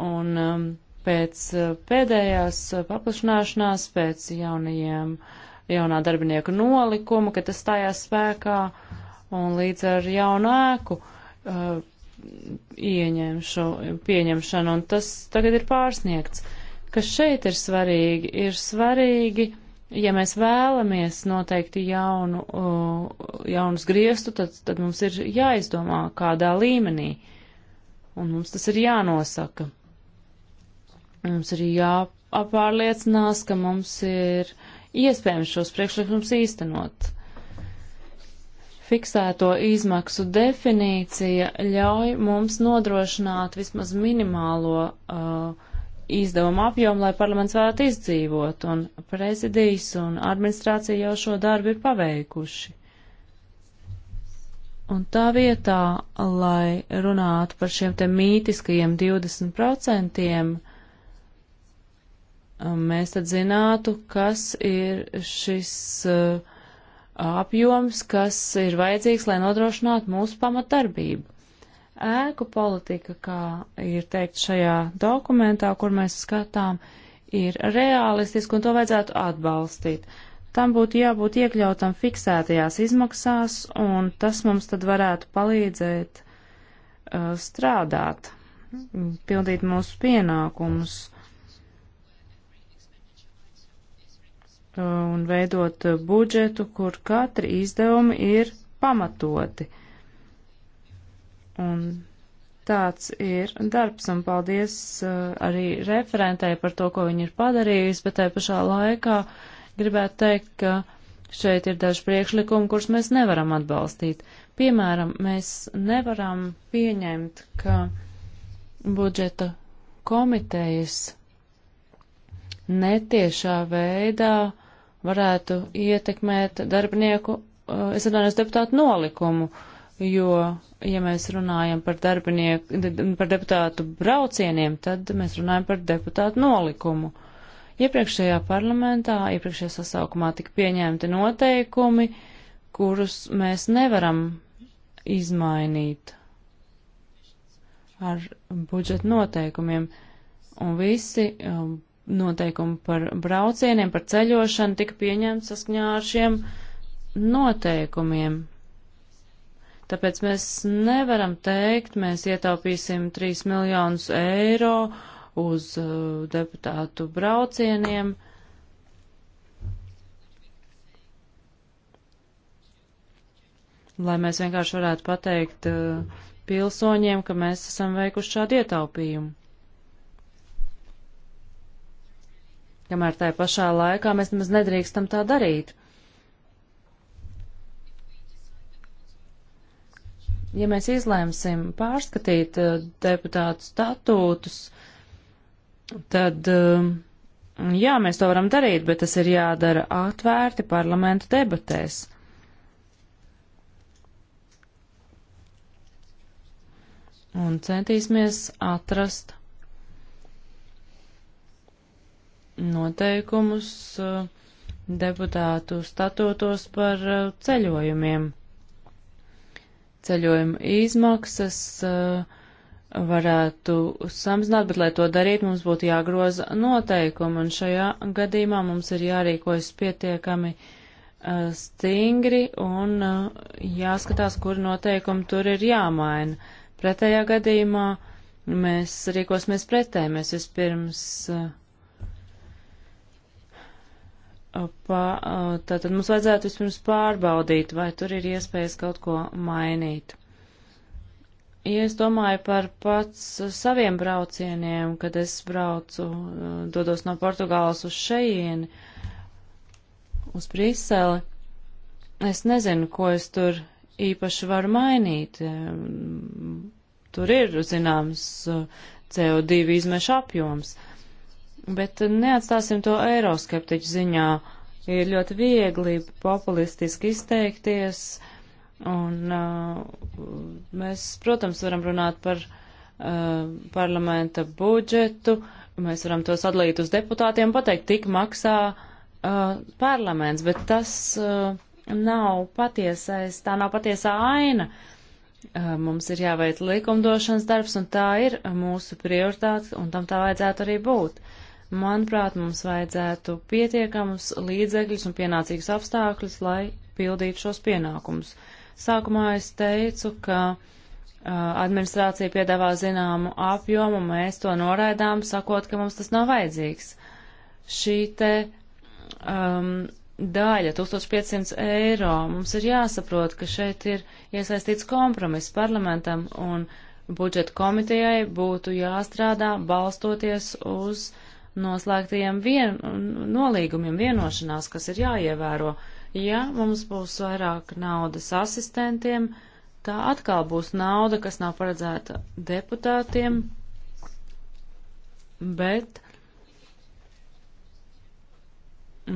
Un um, pēc uh, pēdējās uh, eh, paplašanāšanās, pēc jaunajiem, jaunā darbinieku nolikuma, kad tas stājās spēkā un līdz ar jaunu ēku uh, ieņemšu, pieņemšanu, un tas tagad ir pārsniegts. Kas šeit ir svarīgi? Ir svarīgi ja mēs vēlamies noteikti jaunu, jaunus griestu, tad, tad mums ir jāizdomā, kādā līmenī. Un mums tas ir jānosaka. Mums ir jāpārliecinās, ka mums ir iespējams šos priekšlikumus īstenot. Fiksēto izmaksu definīcija ļauj mums nodrošināt vismaz minimālo uh, izdevuma apjomu, lai parlaments varētu izdzīvot, un prezidijs un administrācija jau šo darbu ir paveikuši. Un tā vietā, lai runātu par šiem te mītiskajiem 20%, mēs tad zinātu, kas ir šis uh, apjoms, kas ir vajadzīgs, lai nodrošinātu mūsu pamatdarbību ēku politika, kā ir teikt šajā dokumentā, kur mēs skatām, ir realistiska un to vajadzētu atbalstīt. Tam būtu jābūt iekļautam fiksētajās izmaksās, un tas mums tad varētu palīdzēt uh, strādāt, pildīt mūsu pienākumus uh, un veidot budžetu, kur katri izdevumi ir pamatoti. Uh, Un tāds ir darbs, un paldies uh, arī referentei par to, ko viņi ir padarījusi, bet tai pašā laikā gribētu teikt, ka šeit ir daži priekšlikumi, kurus mēs nevaram atbalstīt. Piemēram, mēs nevaram pieņemt, ka budžeta komitejas netiešā veidā varētu ietekmēt darbinieku, uh, es atvainojos deputātu nolikumu. Uh, jo, ja mēs runājam par darbinieku, par deputātu braucieniem, tad mēs runājam par deputātu nolikumu. Iepriekšējā parlamentā, iepriekšējā sasaukumā tika pieņemti noteikumi, kurus mēs nevaram izmainīt ar budžeta noteikumiem. Un visi um, noteikumi par braucieniem, par ceļošanu tika pieņemti saskaņā ar šiem noteikumiem. Tāpēc mēs nevaram teikt, mēs ietaupīsim 3 miljonus eiro uz uh, deputātu braucieniem. Lai mēs vienkārši varētu pateikt uh, pilsoņiem, ka mēs esam veikuši šādu ietaupījumu. Kamēr tajā pašā laikā mēs nemaz nedrīkstam tā darīt. ja mēs izlēmsim pārskatīt uh, deputātu statūtus, tad, uh, jā, mēs to varam darīt, bet tas ir jādara atvērti parlamentu debatēs. Un centīsimies atrast noteikumus uh, deputātu statūtos par ceļojumiem ceļojuma izmaksas uh, varētu samazināt, bet, lai to darītu, mums būtu jāgroza noteikumi, un šajā gadījumā mums ir jārīkojas pietiekami uh, stingri un uh, jāskatās, kur noteikumi tur ir jāmaina. Pretējā gadījumā mēs rīkosimies pretēji, mēs vispirms uh, Uh, pa, uh, tātad mums vajadzētu vispirms pārbaudīt, vai tur ir iespējas kaut ko mainīt. Ja es domāju par pats uh, saviem braucieniem, kad es braucu, dodos no Portugāles uz šeieni, uz Briseli, es nezinu, ko es tur īpaši varu mainīt. Um, tur ir zināms CO2 izmeša apjoms. Uh, Bet neatstāsim to eiroskeptiķu ziņā. Ir ļoti viegli populistiski izteikties, un uh, mēs, protams, varam runāt par uh, parlamenta budžetu, mēs varam to sadalīt uz deputātiem, pateikt, tik maksā uh, parlaments, bet tas uh, nav patiesais, tā nav patiesā aina. Uh, Mums ir jāveic likumdošanas darbs, un tā ir mūsu prioritāte, un tam tā vajadzētu arī būt. Manuprāt, mums vajadzētu pietiekamus līdzekļus un pienācīgus apstākļus, lai pildītu šos pienākumus. Sākumā es teicu, ka administrācija piedāvā zināmu apjomu, mēs to noraidām, sakot, ka mums tas nav vajadzīgs. Šī te um, daļa, 1500 eiro, mums ir jāsaprot, ka šeit ir iesaistīts kompromiss parlamentam un budžeta komitejai būtu jāstrādā balstoties uz noslēgtajiem vien, nolīgumiem, vienošanās, kas ir jāievēro. Ja mums būs vairāk naudas asistentiem, tā atkal būs nauda, kas nav paredzēta deputātiem, bet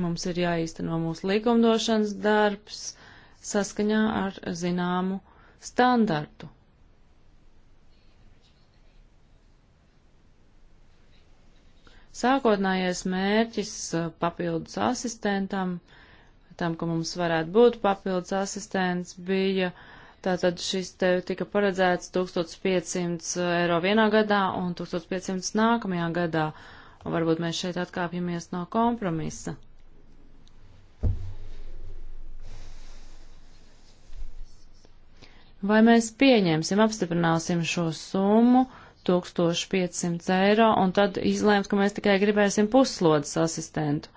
mums ir jāīsteno mūsu likumdošanas darbs saskaņā ar zināmu standartu. Sākotnējais mērķis papildus asistentam, tam, ka mums varētu būt papildus asistents, bija tātad šis te tika paredzēts 1500 eiro vienā gadā un 1500 nākamajā gadā. Un varbūt mēs šeit atkāpjamies no kompromisa. Vai mēs pieņemsim, apstiprināsim šo summu? 1500 eiro, un tad izlēms, ka mēs tikai gribēsim puslodes asistentu.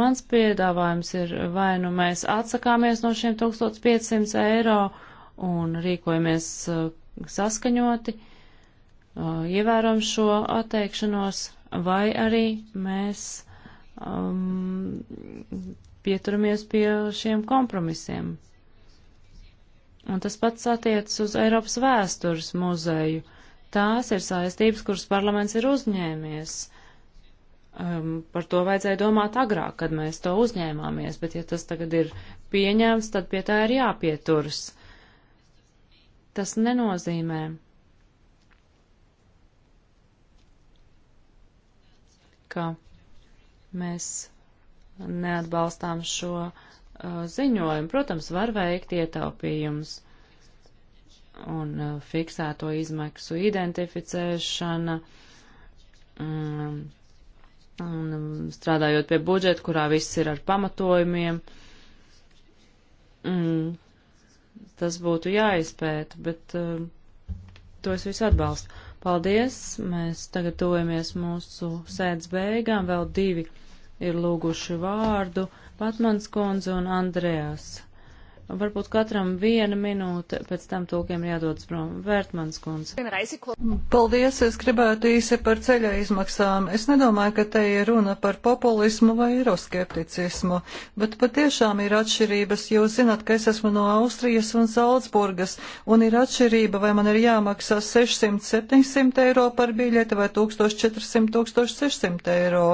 Mans piedāvājums ir, vai nu mēs atsakāmies no šiem 1500 eiro un rīkojamies uh, saskaņoti, uh, ievērojam šo atteikšanos, vai arī mēs um, pieturamies pie šiem kompromisiem. Un tas pats attiecas uz Eiropas vēstures muzeju. Tās ir saistības, kuras parlaments ir uzņēmies. Um, par to vajadzēja domāt agrāk, kad mēs to uzņēmāmies, bet ja tas tagad ir pieņēmts, tad pie tā ir jāpieturas. Tas nenozīmē, ka mēs neatbalstām šo uh, ziņojumu. Protams, var veikt ietaupījums un fiksēto izmaksu identificēšana. Un, un strādājot pie budžeta, kurā viss ir ar pamatojumiem, un, tas būtu jāizpēta, bet uh, to es visu atbalstu. Paldies! Mēs tagad tojamies mūsu sēdes beigām. Vēl divi ir lūguši vārdu. Batmans kundze un Andrejas. Varbūt katram viena minūte, pēc tam tūkiem jādodas prom. Vērtmans kundze. Paldies, es gribētu īsi par ceļa izmaksām. Es nedomāju, ka te ir runa par populismu vai eiroskepticismu, bet patiešām ir atšķirības. Jūs zināt, ka es esmu no Austrijas un Salzburgas, un ir atšķirība, vai man ir jāmaksā 600-700 eiro par biļeti vai 1400-1600 eiro.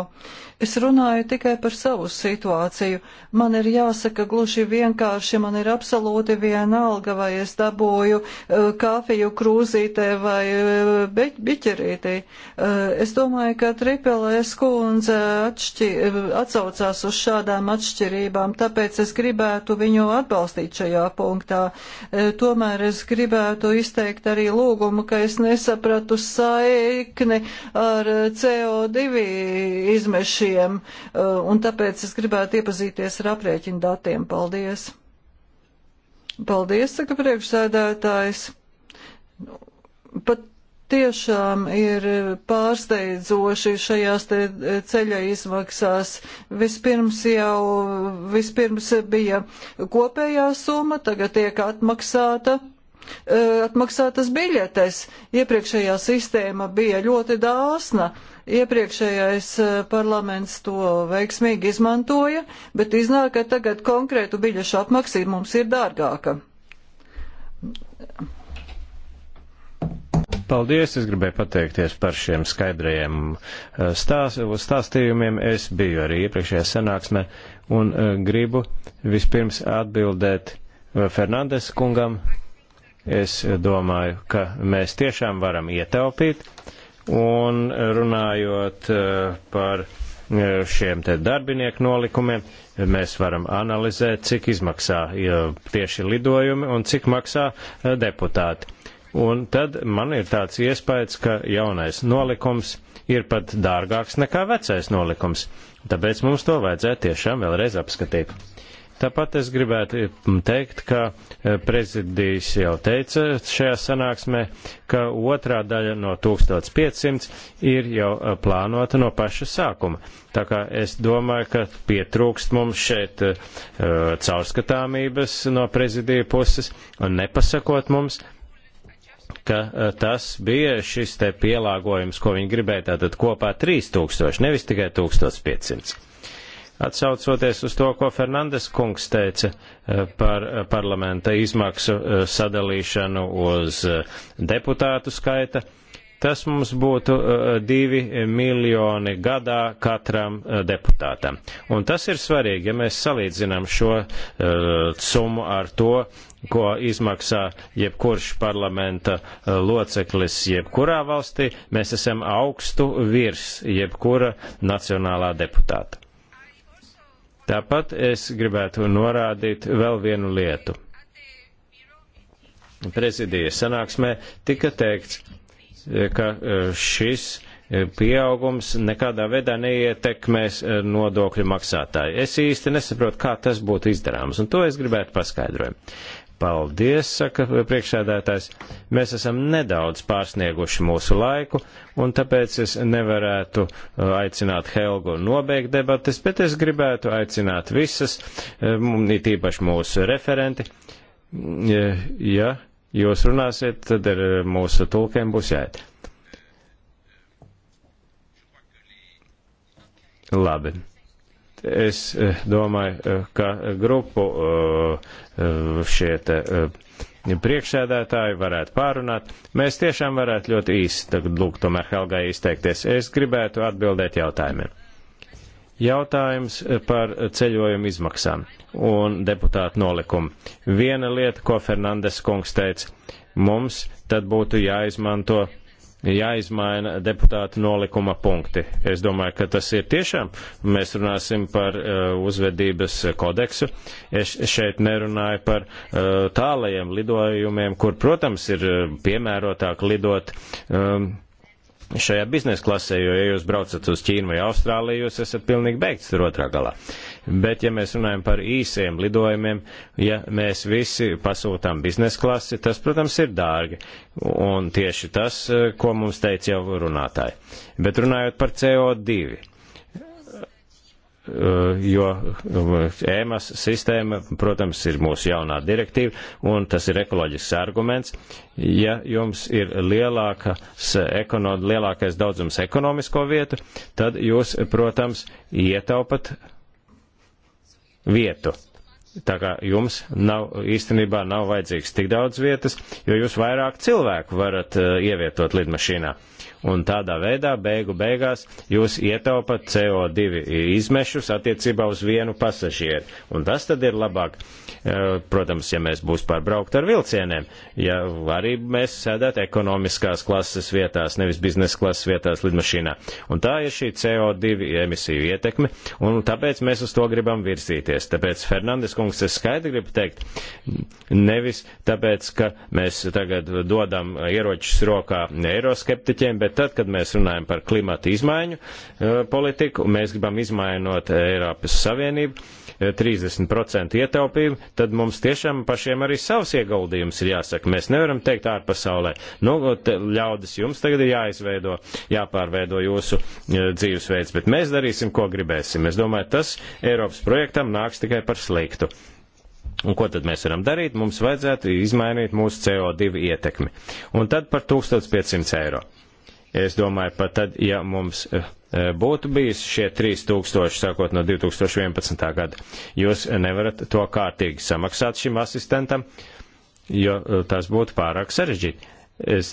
Es runāju tikai par savu situāciju. Man ir jāsaka gluži vienkārši, man ir absolūti vienalga, vai es dabūju uh, kafiju krūzītē vai uh, eh, be, biķerītī. Uh, es domāju, ka Tripelēs kundze atšķir, atsaucās uz šādām atšķirībām, tāpēc es gribētu viņu atbalstīt šajā punktā. Uh, tomēr es gribētu izteikt arī lūgumu, ka es nesapratu saikni ar CO2 izmešiem pašiem, uh, un tāpēc es gribētu iepazīties ar aprēķinu datiem. Paldies! Paldies, saka priekšsēdētājs. Pat tiešām ir pārsteidzoši šajās ceļa izmaksās. Vispirms jau, vispirms bija kopējā summa, tagad tiek atmaksāta Eh, atmaksātas biļetes. Iepriekšējā sistēma bija ļoti dāsna. Iepriekšējais eh, parlaments to veiksmīgi izmantoja, bet iznāk, ka tagad konkrētu biļešu apmaksī mums ir dārgāka. Paldies! Es gribēju pateikties par šiem skaidrajiem eh, stās, stāstījumiem. Es biju arī iepriekšējā sanāksmē un gribu vispirms atbildēt Fernandes kungam Es domāju, ka mēs tiešām varam ietaupīt, un runājot eh, par eh, šiem te darbinieku nolikumiem, mēs varam analizēt, cik izmaksā tieši lidojumi un cik maksā eh, deputāti. Un tad man ir tāds iespējas, ka jaunais nolikums ir pat dārgāks nekā vecais nolikums. Tāpēc mums to vajadzētu tiešām vēlreiz apskatīt. Tāpat es gribētu teikt, ka eh, prezidijs jau teica šajā sanāksmē, ka otrā daļa no 1500 ir jau eh, plānota no paša sākuma. Tā kā es domāju, ka pietrūkst mums šeit uh, caurskatāmības no prezidija puses un nepasakot mums, ka tas bija šis te pielāgojums, ko viņi gribēja, tātad kopā 3000, nevis tikai 1500 atsaucoties uz to, ko Fernandes kungs teica eh, par eh, parlamenta izmaksu eh, sadalīšanu uz deputātu skaita. Tas mums būtu divi miljoni gadā katram deputātam. Un tas ir svarīgi, ja mēs salīdzinām šo summu ar to, ko izmaksā jebkurš parlamenta loceklis jebkurā valstī, mēs esam augstu virs jebkura nacionālā deputāta. Tāpat es gribētu norādīt vēl vienu lietu. Prezidijas sanāksmē tika teikts, ka e, šis e, pieaugums nekādā veidā neietekmēs e, nodokļu maksātāju. Es īsti nesaprotu, kā tas būtu izdarāms, un to es gribētu paskaidrojumu. Paldies, saka priekšsēdētājs. Mēs esam nedaudz pārsnieguši mūsu laiku, un tāpēc es nevarētu uh, aicināt Helgu nobeigt debates, bet es gribētu aicināt visas, uh, it īpaši mūsu referenti. Mm, ja jūs runāsiet, tad ar uh, mūsu tulkiem būs jāiet. Labi. Es eh, domāju, eh, ka grupu eh, šie te priekšsēdētāji varētu pārunāt. Mēs tiešām varētu ļoti īsti tagad lūgt tomēr Helgai izteikties. Es gribētu atbildēt jautājumiem. Jautājums par ceļojumu izmaksām un deputātu nolikumu. Viena lieta, ko Fernandes kungs teica, mums tad būtu jāizmanto jāizmaina deputātu nolikuma punkti. Es domāju, ka tas ir tiešām, mēs runāsim par uh, uzvedības kodeksu. Es šeit nerunāju par uh, tālajiem lidojumiem, kur, protams, ir uh, piemērotāk lidot. Um, šajā biznesa klasē, jo, ja jūs braucat uz Ķīnu vai Austrāliju, jūs esat pilnīgi beigts tur otrā galā. Bet, ja mēs runājam par īsiem lidojumiem, ja mēs visi pasūtām biznesa klasi, tas, protams, ir dārgi. Un tieši tas, eh, ko mums teica jau runātāji. Bet runājot par CO2 Eh, jo eh, ēmas sistēma, protams, ir mūsu jaunā direktīva, un tas ir ekoloģisks arguments. Ja jums ir lielākas, ekono, lielākais daudzums ekonomisko vietu, tad jūs, protams, ietaupat vietu. Tā kā jums nav, īstenībā nav vajadzīgs tik daudz vietas, jo jūs vairāk cilvēku varat eh, ievietot lidmašīnā. Uh, un tādā veidā beigu beigās jūs ietaupat CO2 izmešus attiecībā uz vienu pasažieru. Un tas tad ir labāk, eh, protams, ja mēs būs pārbraukt ar vilcieniem, ja arī mēs sēdēt ekonomiskās klases vietās, nevis biznesa klases vietās lidmašīnā. Un tā ir šī CO2 emisiju ietekme, un tāpēc mēs uz to gribam virzīties. Tāpēc, Fernandes kungs, es skaidri gribu teikt, nevis tāpēc, ka mēs tagad dodam ieročus rokā eiroskeptiķiem, bet bet tad, kad mēs runājam par klimata izmaiņu eh, politiku, mēs gribam izmainot Eiropas Savienību, 30% eh, ietaupījumu, tad mums tiešām pašiem arī savs ieguldījums ir jāsaka. Mēs nevaram teikt ārpasaulē, nu, ļaudis jums tagad ir jāizveido, jāpārveido jūsu eh, dzīvesveids, bet mēs darīsim, ko gribēsim. Es domāju, tas Eiropas projektam nāks tikai par sliktu. Un ko tad mēs varam darīt? Mums vajadzētu izmainīt mūsu CO2 ietekmi. Un tad par 1500 eiro. Es domāju, pat tad, ja mums eh, eh, būtu bijis šie 3000, sākot no 2011. gada, jūs nevarat to kārtīgi samaksāt šim asistentam, jo eh, tas būtu pārāk sarežģīti. Es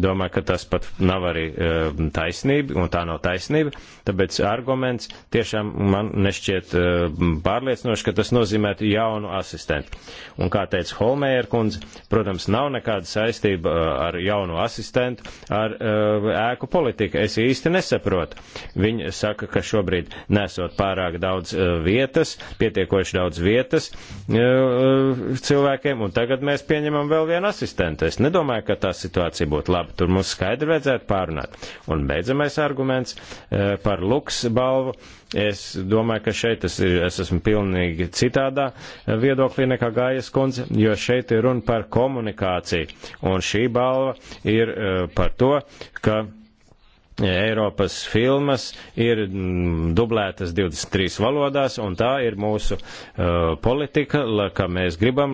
domāju, ka tas pat nav arī e, taisnība, un tā nav taisnība, tāpēc arguments tiešām man nešķiet e, pārliecinoši, ka tas nozīmētu jaunu asistentu. Un kā teica Holmējer kundze, protams, nav nekāda saistība e, ar jaunu asistentu, ar ēku politiku. Es īsti nesaprotu. Viņi saka, ka šobrīd nesot pārāk daudz vietas, pietiekoši daudz vietas cilvēkiem, un tagad mēs pieņemam vēl vienu asistentu. Es nedomāju, ka tā situācija būtu laba labi, tur mums skaidri vajadzētu pārunāt. Un beidzamais arguments eh, par luks balvu. Es domāju, ka šeit es, ir, es esmu pilnīgi citādā eh, viedoklī nekā Gājas kundze, jo šeit ir runa par komunikāciju. Un šī balva ir eh, par to, ka. Eiropas filmas ir mm, dublētas 23 valodās, un tā ir mūsu uh, politika, la, ka mēs gribam,